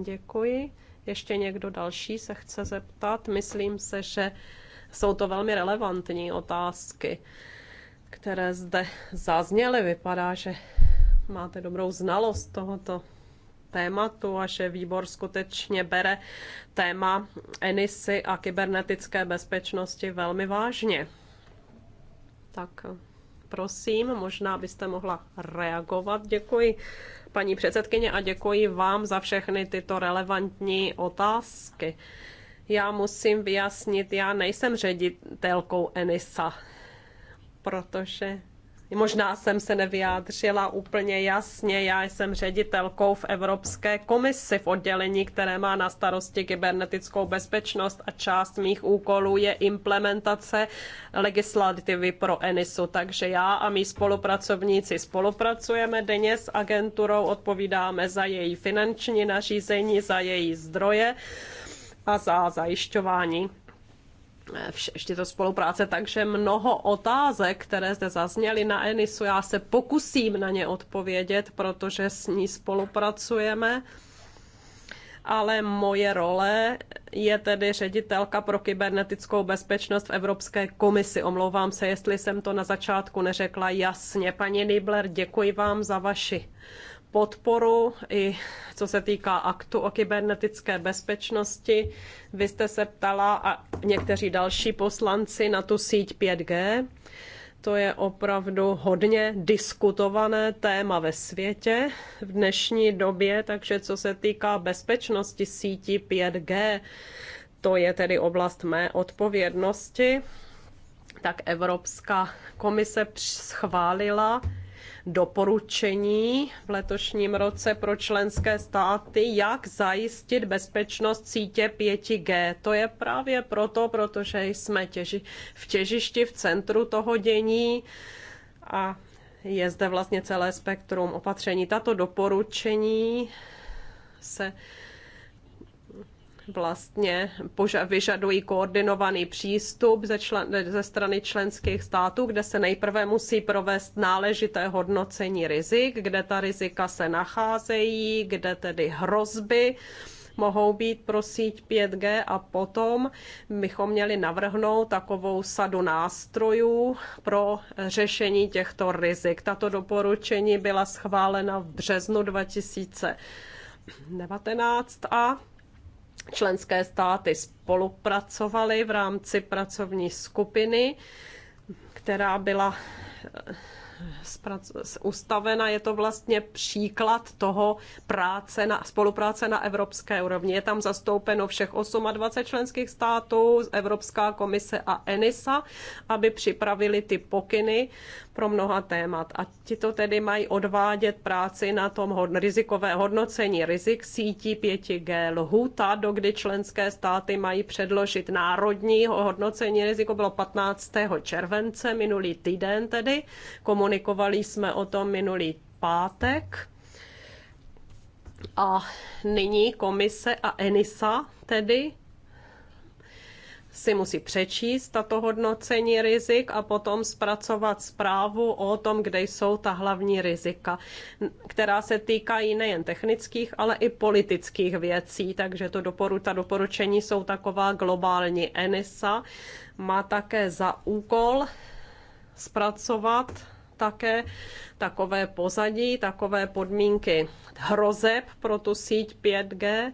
Děkuji. Ještě někdo další se chce zeptat? Myslím se, že jsou to velmi relevantní otázky, které zde zazněly. Vypadá, že máte dobrou znalost tohoto tématu a že výbor skutečně bere téma enisy a kybernetické bezpečnosti velmi vážně. Tak prosím, možná byste mohla reagovat. Děkuji paní předsedkyně a děkuji vám za všechny tyto relevantní otázky. Já musím vyjasnit, já nejsem ředitelkou Enisa, protože Možná jsem se nevyjádřila úplně jasně. Já jsem ředitelkou v Evropské komisi v oddělení, které má na starosti kybernetickou bezpečnost a část mých úkolů je implementace legislativy pro ENISu. Takže já a mý spolupracovníci spolupracujeme denně s agenturou, odpovídáme za její finanční nařízení, za její zdroje a za zajišťování ještě to spolupráce, takže mnoho otázek, které zde zazněly na Enisu, já se pokusím na ně odpovědět, protože s ní spolupracujeme ale moje role je tedy ředitelka pro kybernetickou bezpečnost v Evropské komisi. Omlouvám se, jestli jsem to na začátku neřekla jasně. Paní Nibler, děkuji vám za vaši podporu i co se týká aktu o kybernetické bezpečnosti. Vy jste se ptala a někteří další poslanci na tu síť 5G. To je opravdu hodně diskutované téma ve světě v dnešní době, takže co se týká bezpečnosti sítí 5G, to je tedy oblast mé odpovědnosti. Tak Evropská komise schválila doporučení v letošním roce pro členské státy, jak zajistit bezpečnost sítě 5G. To je právě proto, protože jsme těži, v těžišti, v centru toho dění a je zde vlastně celé spektrum opatření. Tato doporučení se vlastně vyžadují koordinovaný přístup ze, člen, ze strany členských států, kde se nejprve musí provést náležité hodnocení rizik, kde ta rizika se nacházejí, kde tedy hrozby mohou být pro síť 5G a potom bychom měli navrhnout takovou sadu nástrojů pro řešení těchto rizik. Tato doporučení byla schválena v březnu 2019 a Členské státy spolupracovaly v rámci pracovní skupiny, která byla eh, ustavena, je to vlastně příklad toho práce na, spolupráce na evropské úrovni. Je tam zastoupeno všech 28 členských států, Evropská komise a ENISA, aby připravili ty pokyny pro mnoha témat. A ti to tedy mají odvádět práci na tom hod- rizikové hodnocení rizik sítí 5G. do kdy členské státy mají předložit národní hodnocení riziko bylo 15. července, minulý týden tedy. Komunikovali jsme o tom minulý pátek. A nyní komise a ENISA tedy si musí přečíst tato hodnocení rizik a potom zpracovat zprávu o tom, kde jsou ta hlavní rizika, která se týkají nejen technických, ale i politických věcí. Takže to doporu, ta doporučení jsou taková globální. ENISA má také za úkol zpracovat také takové pozadí, takové podmínky hrozeb pro tu síť 5G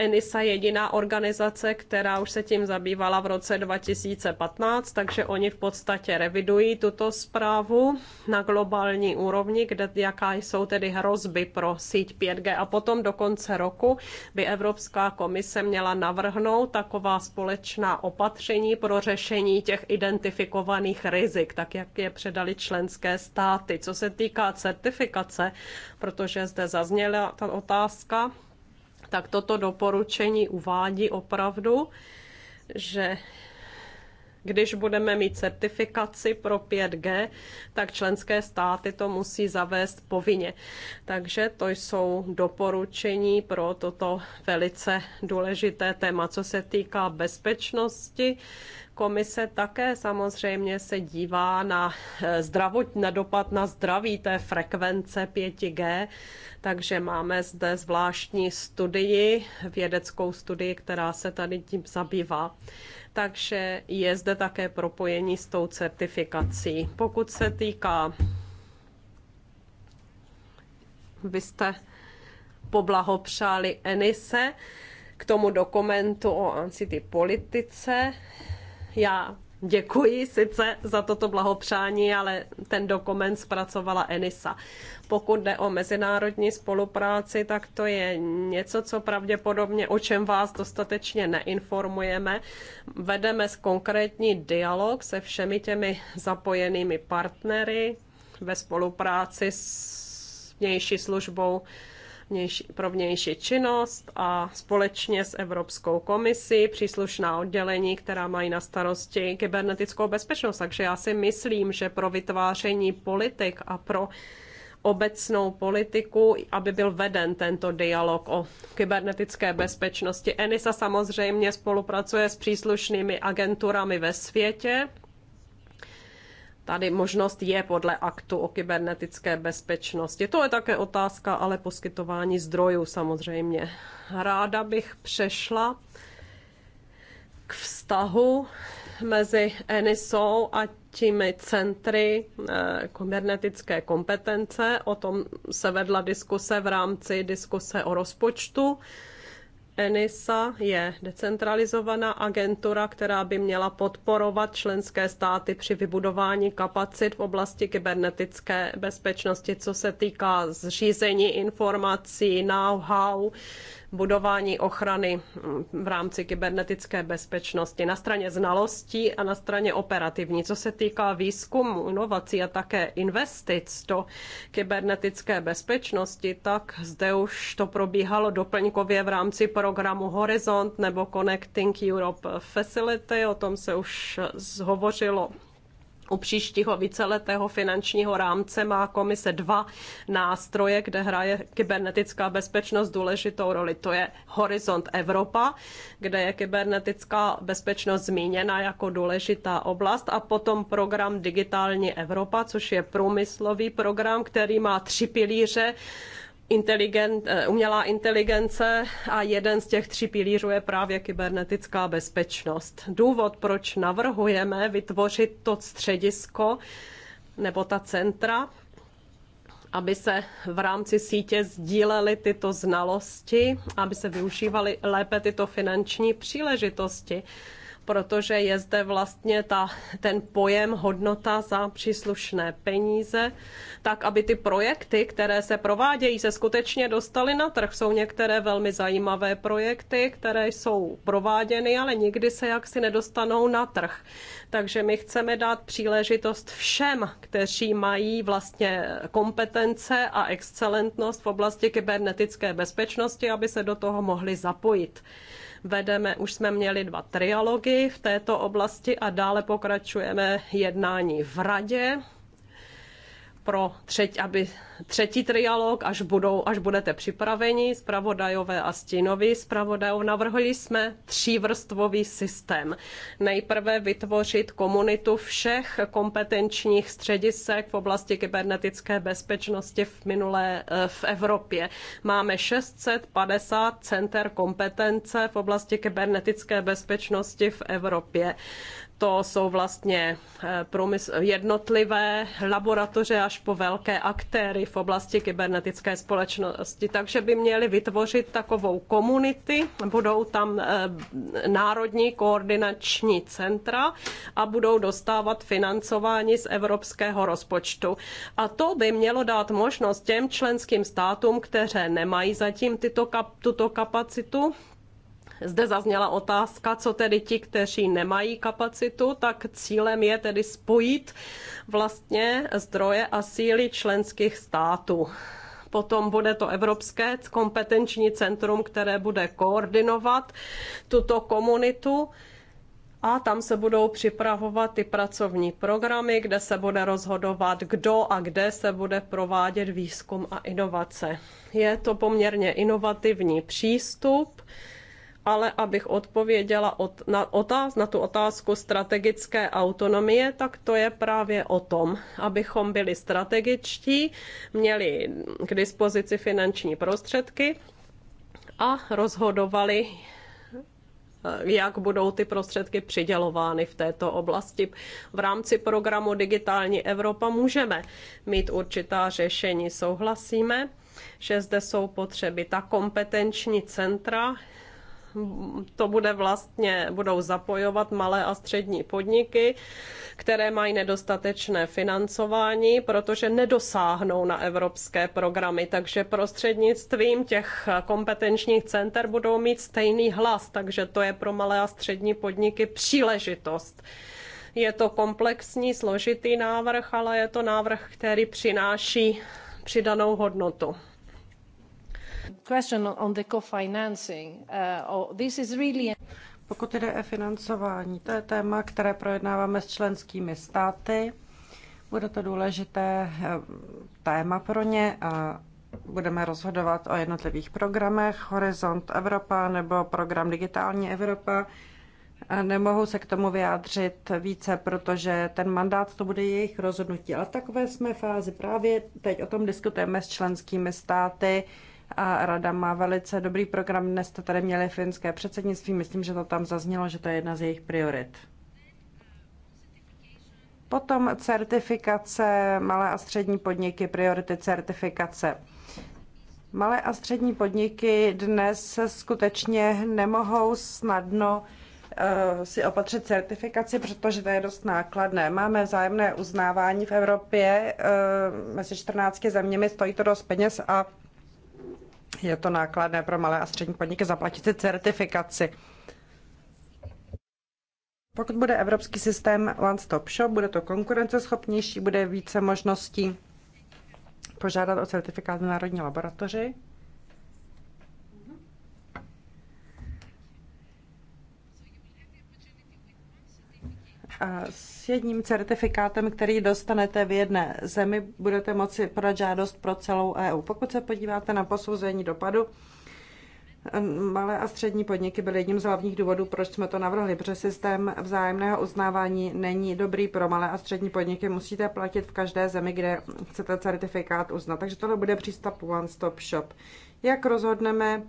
ENISA jediná organizace, která už se tím zabývala v roce 2015, takže oni v podstatě revidují tuto zprávu na globální úrovni, kde jaká jsou tedy hrozby pro síť 5G. A potom do konce roku by Evropská komise měla navrhnout taková společná opatření pro řešení těch identifikovaných rizik, tak jak je předali členské státy. Co se týká certifikace, protože zde zazněla ta otázka, tak toto doporučení uvádí opravdu, že když budeme mít certifikaci pro 5G, tak členské státy to musí zavést povinně. Takže to jsou doporučení pro toto velice důležité téma. Co se týká bezpečnosti, Komise také samozřejmě se dívá na, eh, zdravot, na dopad na zdraví té frekvence 5G, takže máme zde zvláštní studii, vědeckou studii, která se tady tím zabývá. Takže je zde také propojení s tou certifikací. Pokud se týká, vy jste poblahopřáli Enise, k tomu dokumentu o politice. Já děkuji sice za toto blahopřání, ale ten dokument zpracovala Enisa. Pokud jde o mezinárodní spolupráci, tak to je něco, co pravděpodobně, o čem vás dostatečně neinformujeme. Vedeme s konkrétní dialog se všemi těmi zapojenými partnery ve spolupráci s vnější službou pro vnější činnost a společně s Evropskou komisí příslušná oddělení, která mají na starosti kybernetickou bezpečnost. Takže já si myslím, že pro vytváření politik a pro obecnou politiku, aby byl veden tento dialog o kybernetické bezpečnosti. ENISA samozřejmě spolupracuje s příslušnými agenturami ve světě, Tady možnost je podle aktu o kybernetické bezpečnosti. To je také otázka, ale poskytování zdrojů samozřejmě. Ráda bych přešla k vztahu mezi NSO a těmi centry eh, kybernetické kompetence. O tom se vedla diskuse v rámci diskuse o rozpočtu. ENISA je decentralizovaná agentura, která by měla podporovat členské státy při vybudování kapacit v oblasti kybernetické bezpečnosti, co se týká zřízení informací, know-how, budování ochrany mm, v rámci kybernetické bezpečnosti na straně znalostí a na straně operativní. Co se týká výzkumu, inovací a také investic do kybernetické bezpečnosti, tak zde už to probíhalo doplňkově v rámci programu Horizont nebo Connecting Europe Facility. O tom se už hovořilo u příštího víceletého finančního rámce má komise dva nástroje, kde hraje kybernetická bezpečnost důležitou roli. To je Horizont Evropa, kde je kybernetická bezpečnost zmíněna jako důležitá oblast a potom program Digitální Evropa, což je průmyslový program, který má tři pilíře inteligent, eh, umělá inteligence a jeden z těch tří pilířů je právě kybernetická bezpečnost. Důvod, proč navrhujeme vytvořit to středisko nebo ta centra, aby se v rámci sítě sdílely tyto znalosti, aby se využívaly lépe tyto finanční příležitosti protože je zde vlastně ta, ten pojem hodnota za příslušné peníze, tak aby ty projekty, které se provádějí, se skutečně dostaly na trh. Jsou některé velmi zajímavé projekty, které jsou prováděny, ale nikdy se jaksi nedostanou na trh. Takže my chceme dát příležitost všem, kteří mají vlastně kompetence a excelentnost v oblasti kybernetické bezpečnosti, aby se do toho mohli zapojit. Vedeme, už jsme měli dva trialogy v této oblasti a dále pokračujeme jednání v radě pro třetí, aby třetí trialog, až, budou, až budete připraveni, zpravodajové a stínoví zpravodajů, navrhli jsme třívrstvový systém. Nejprve vytvořit komunitu všech kompetenčních středisek v oblasti kybernetické bezpečnosti v minulé eh, v Evropě. Máme 650 center kompetence v oblasti kybernetické bezpečnosti v Evropě to jsou vlastně eh, jednotlivé laboratoře až po velké aktéry v oblasti kybernetické společnosti. Takže by měli vytvořit takovou komunity, budou tam eh, národní koordinační centra a budou dostávat financování z evropského rozpočtu. A to by mělo dát možnost těm členským státům, které nemají zatím tyto tuto kapacitu, zde zazněla otázka, co tedy ti, kteří nemají kapacitu, tak cílem je tedy spojit vlastně zdroje a síly členských států. Potom bude to Evropské kompetenční centrum, které bude koordinovat tuto komunitu a tam se budou připravovat ty pracovní programy, kde se bude rozhodovat, kdo a kde se bude provádět výzkum a inovace. Je to poměrně inovativní přístup ale abych odpověděla od, na, otáz, na tu otázku strategické autonomie, tak to je právě o tom, abychom byli strategičtí, měli k dispozici finanční prostředky a rozhodovali eh, jak budou ty prostředky přidělovány v této oblasti. V rámci programu Digitální Evropa můžeme mít určitá řešení, souhlasíme, že zde jsou potřeby ta kompetenční centra, to bude vlastně, budou zapojovat malé a střední podniky, které mají nedostatečné financování, protože nedosáhnou na evropské programy. Takže prostřednictvím těch kompetenčních center budou mít stejný hlas, takže to je pro malé a střední podniky příležitost. Je to komplexní, složitý návrh, ale je to návrh, který přináší přidanou hodnotu question on the co-financing, uh, this is really... Pokud jde o financování, to je téma, které projednáváme s členskými státy. Bude to důležité eh, téma pro ně a budeme rozhodovat o jednotlivých programech Horizont Evropa nebo program Digitální Evropa. A nemohu se k tomu vyjádřit více, protože ten mandát to bude jejich rozhodnutí. Ale takové jsme fázi. Právě teď o tom diskutujeme s členskými státy a rada má velice dobrý program. Dnes to tady měli finské předsednictví, myslím, že to tam zaznělo, že to je jedna z jejich priorit. Potom certifikace, malé a střední podniky, priority certifikace. Malé a střední podniky dnes skutečně nemohou snadno eh, si opatřit certifikaci, protože to je dost nákladné. Máme vzájemné uznávání v Evropě eh, mezi 14 zeměmi, stojí to dost peněz a je to nákladné pro malé a střední podniky zaplatit si certifikaci. Pokud bude evropský systém One Stop Shop, bude to konkurenceschopnější, bude více možností požádat o certifikát v Národní laboratoři. S jedním certifikátem, který dostanete v jedné zemi, budete moci podat žádost pro celou EU. Pokud se podíváte na posouzení dopadu, Malé a střední podniky byly jedním z hlavních důvodů, proč jsme to navrhli, protože systém vzájemného uznávání není dobrý pro malé a střední podniky. Musíte platit v každé zemi, kde chcete certifikát uznat. Takže tohle bude přístup One Stop Shop. Jak rozhodneme,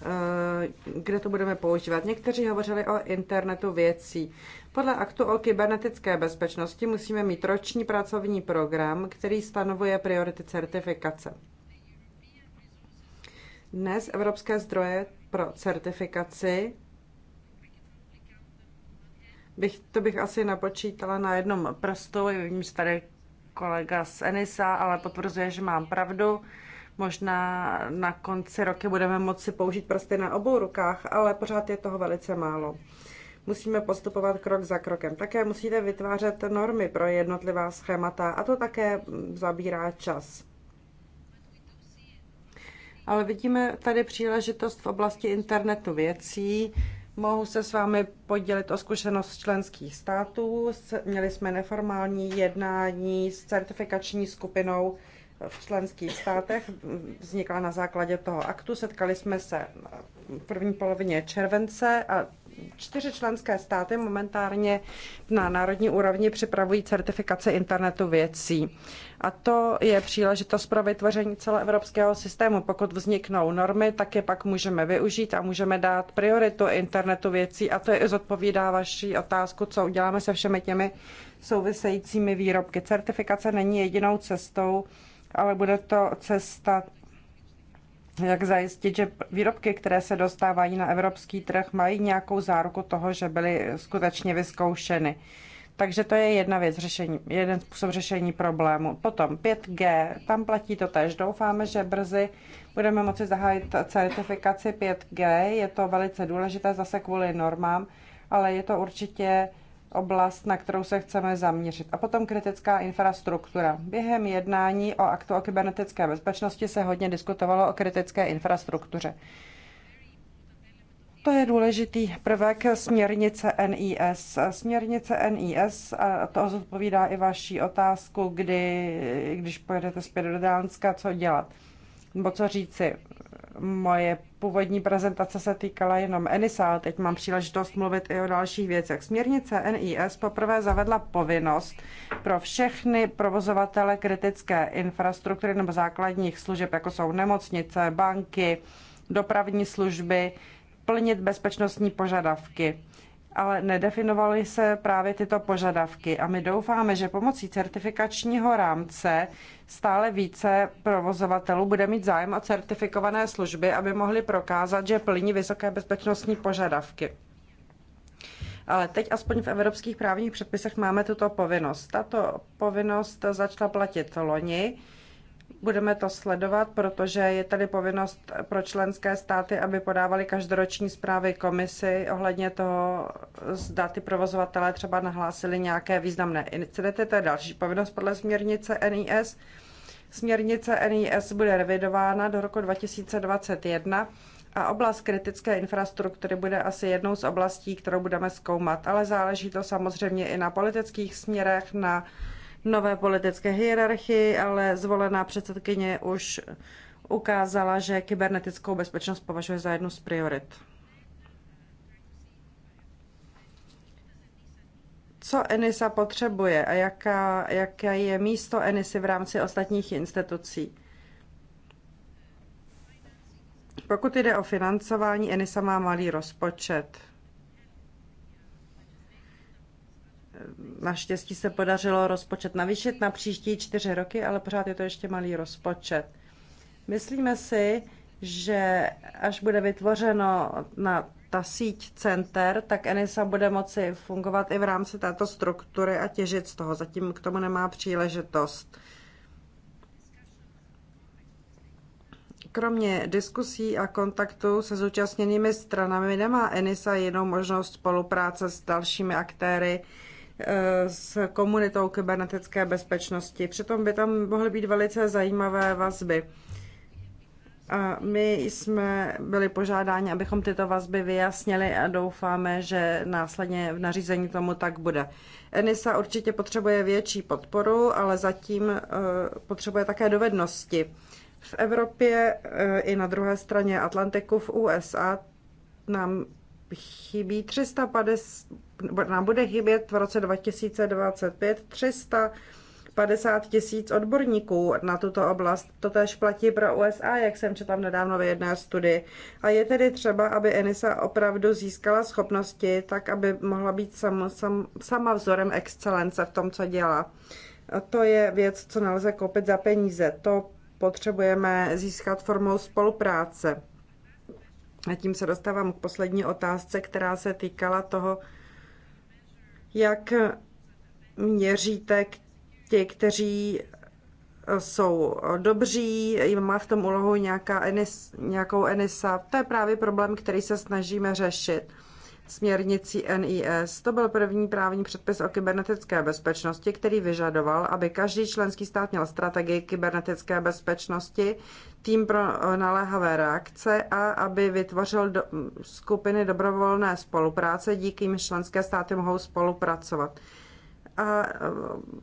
Eh, kde to budeme používat. Někteří hovořili o internetu věcí. Podle aktu o kybernetické bezpečnosti musíme mít roční pracovní program, který stanovuje priority certifikace. Dnes evropské zdroje pro certifikaci bych, to bych asi napočítala na jednom prstu, vím, že tady kolega z Enisa, ale potvrzuje, že mám pravdu. Možná na konci roku budeme moci použít prsty na obou rukách, ale pořád je toho velice málo. Musíme postupovat krok za krokem. Také musíte vytvářet normy pro jednotlivá schémata a to také zabírá čas. Ale vidíme tady příležitost v oblasti internetu věcí. Mohu se s vámi podělit o zkušenost členských států. Měli jsme neformální jednání s certifikační skupinou v členských státech vznikla na základě toho aktu. Setkali jsme se v první polovině července a čtyři členské státy momentárně na národní úrovni připravují certifikace internetu věcí. A to je příležitost pro vytvoření celoevropského systému. Pokud vzniknou normy, tak je pak můžeme využít a můžeme dát prioritu internetu věcí. A to je i zodpovídá vaší otázku, co uděláme se všemi těmi souvisejícími výrobky. Certifikace není jedinou cestou, ale bude to cesta, jak zajistit, že výrobky, které se dostávají na evropský trh, mají nějakou záruku toho, že byly skutečně vyzkoušeny. Takže to je jedna věc, řešení, jeden způsob řešení problému. Potom 5G, tam platí to tež. Doufáme, že brzy budeme moci zahájit certifikaci 5G. Je to velice důležité zase kvůli normám, ale je to určitě oblast, na kterou se chceme zaměřit. A potom kritická infrastruktura. Během jednání o aktu o kybernetické bezpečnosti se hodně diskutovalo o kritické infrastruktuře. To je důležitý prvek směrnice NIS. Směrnice NIS, a to zodpovídá i vaší otázku, kdy, když pojedete zpět do Dánska, co dělat nebo co říci. Moje původní prezentace se týkala jenom ENISA, ale teď mám příležitost mluvit i o dalších věcech. Směrnice NIS poprvé zavedla povinnost pro všechny provozovatele kritické infrastruktury nebo základních služeb, jako jsou nemocnice, banky, dopravní služby, plnit bezpečnostní požadavky ale nedefinovaly se právě tyto požadavky. A my doufáme, že pomocí certifikačního rámce stále více provozovatelů bude mít zájem o certifikované služby, aby mohli prokázat, že plní vysoké bezpečnostní požadavky. Ale teď aspoň v evropských právních předpisech máme tuto povinnost. Tato povinnost začala platit loni Budeme to sledovat, protože je tady povinnost pro členské státy, aby podávali každoroční zprávy komisi ohledně toho, zda ty provozovatelé třeba nahlásili nějaké významné incidenty. To je další povinnost podle směrnice NIS. Směrnice NIS bude revidována do roku 2021 a oblast kritické infrastruktury bude asi jednou z oblastí, kterou budeme zkoumat, ale záleží to samozřejmě i na politických směrech, na nové politické hierarchii, ale zvolená předsedkyně už ukázala, že kybernetickou bezpečnost považuje za jednu z priorit. Co ENISA potřebuje a jaká, jaké je místo ENISy v rámci ostatních institucí? Pokud jde o financování, ENISA má malý rozpočet. Naštěstí se podařilo rozpočet navýšit na příští čtyři roky, ale pořád je to ještě malý rozpočet. Myslíme si, že až bude vytvořeno na ta síť center, tak Enisa bude moci fungovat i v rámci této struktury a těžit z toho. Zatím k tomu nemá příležitost. Kromě diskusí a kontaktu se zúčastněnými stranami nemá Enisa jinou možnost spolupráce s dalšími aktéry Eh, s komunitou kybernetické bezpečnosti. Přitom by tam mohly být velice zajímavé vazby. A my jsme byli požádáni, abychom tyto vazby vyjasnili a doufáme, že následně v nařízení tomu tak bude. Enisa určitě potřebuje větší podporu, ale zatím eh, potřebuje také dovednosti. V Evropě eh, i na druhé straně Atlantiku v USA nám chybí 350, nám bude chybět v roce 2025 350 tisíc odborníků na tuto oblast. To tež platí pro USA, jak jsem četla nedávno v jedné studii. A je tedy třeba, aby Enisa opravdu získala schopnosti, tak aby mohla být sam, sam, sama vzorem excelence v tom, co dělá. A to je věc, co nelze koupit za peníze. To potřebujeme získat formou spolupráce. A tím se dostávám k poslední otázce, která se týkala toho, jak měříte ti, kteří jsou dobří, má v tom úlohu nějaká nějakou NSA. To je právě problém, který se snažíme řešit směrnicí NIS. To byl první právní předpis o kybernetické bezpečnosti, který vyžadoval, aby každý členský stát měl strategii kybernetické bezpečnosti, tým pro naléhavé reakce a aby vytvořil do, skupiny dobrovolné spolupráce, díky jim členské státy mohou spolupracovat. A e,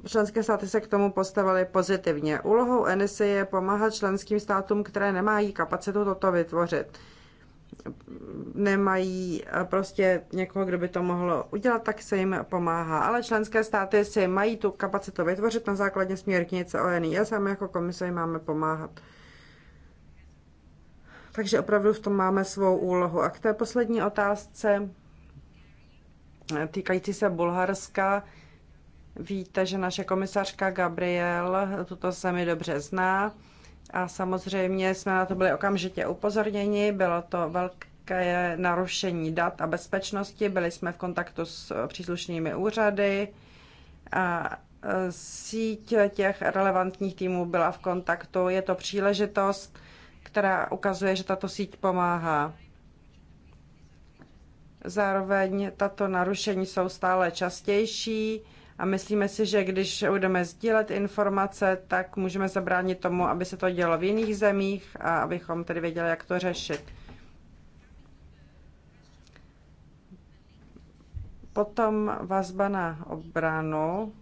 členské státy se k tomu postavily pozitivně. Úlohou NSA je pomáhat členským státům, které nemají kapacitu toto vytvořit nemají eh, prostě někoho, kdo by to mohl udělat, tak se jim pomáhá. Ale členské státy si mají tu kapacitu vytvořit na základě směrnice ONIS a my jako komise jim máme pomáhat. Takže opravdu v tom máme svou úlohu. A k té poslední otázce eh, týkající se Bulharska, víte, že naše komisařka Gabriel tuto zemi dobře zná a samozřejmě jsme na to byli okamžitě upozorněni, bylo to velké narušení dat a bezpečnosti, byli jsme v kontaktu s příslušnými úřady a e, síť těch relevantních týmů byla v kontaktu. Je to příležitost, která ukazuje, že tato síť pomáhá. Zároveň tato narušení jsou stále častější a myslíme si, že když budeme sdílet informace, tak můžeme zabránit tomu, aby se to dělo v jiných zemích a abychom tedy věděli, jak to řešit. Potom vazba na obranu.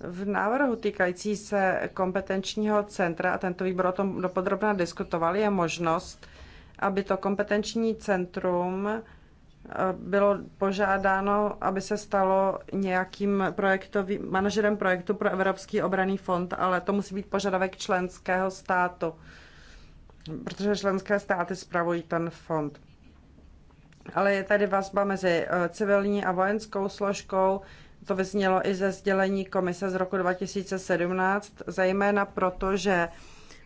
V návrhu týkající se kompetenčního centra, a tento výbor o tom dopodrobně diskutoval, je možnost, aby to kompetenční centrum bylo požádáno, aby se stalo nějakým projektovým, manažerem projektu pro Evropský obraný fond, ale to musí být požadavek členského státu, protože členské státy spravují ten fond. Ale je tady vazba mezi eh, civilní a vojenskou složkou, to vyznělo i ze sdělení komise z roku 2017, zejména proto, že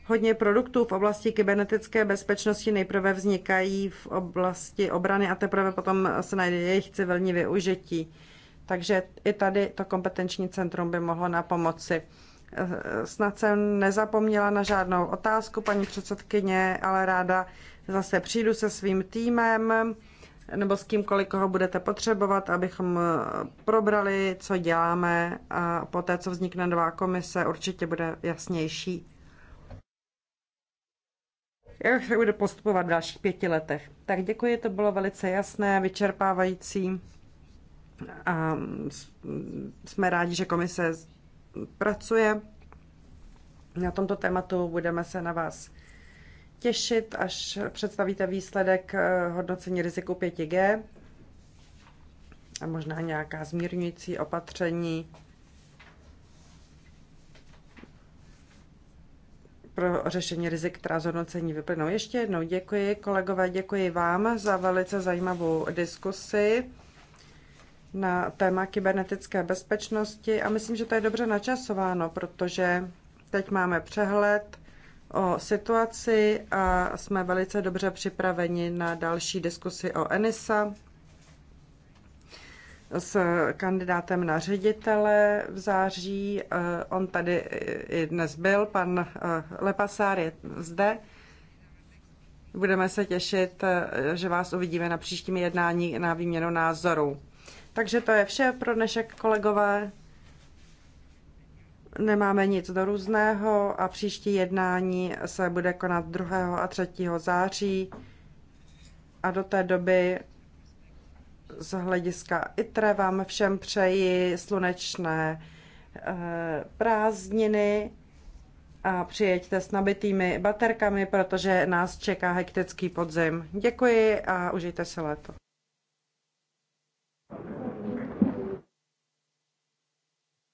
Hodně produktů v oblasti kybernetické bezpečnosti nejprve vznikají v oblasti obrany a teprve potom se najde jejich civilní využití. Takže i tady to kompetenční centrum by mohlo na pomoci. Eh, snad jsem nezapomněla na žádnou otázku, paní předsedkyně, ale ráda zase přijdu se svým týmem nebo s kýmkoliv, koho budete potřebovat, abychom eh, probrali, co děláme a poté, co vznikne nová komise, určitě bude jasnější jak se bude postupovat v dalších pěti letech. Tak děkuji, to bylo velice jasné, vyčerpávající a jsme rádi, že komise pracuje na tomto tématu. Budeme se na vás těšit, až představíte výsledek eh, hodnocení riziku 5G a možná nějaká zmírňující opatření pro řešení rizik, která zhodnocení vyplynou. Ještě jednou děkuji, kolegové, děkuji vám za velice zajímavou diskusi na téma kybernetické bezpečnosti a myslím, že to je dobře načasováno, protože teď máme přehled o situaci a jsme velice dobře připraveni na další diskusi o ENISA s kandidátem na ředitele v září. Eh, on tady i dnes byl, pan eh, Lepasár je zde. Budeme se těšit, eh, že vás uvidíme na příštím jednání na výměnu názorů. Takže to je vše pro dnešek, kolegové. Nemáme nic do různého a příští jednání se bude konat 2. a 3. září. A do té doby z hlediska ITRE vám všem přeji slunečné eh, prázdniny a přijeďte s nabitými baterkami, protože nás čeká hektický podzim. Děkuji a užijte si léto.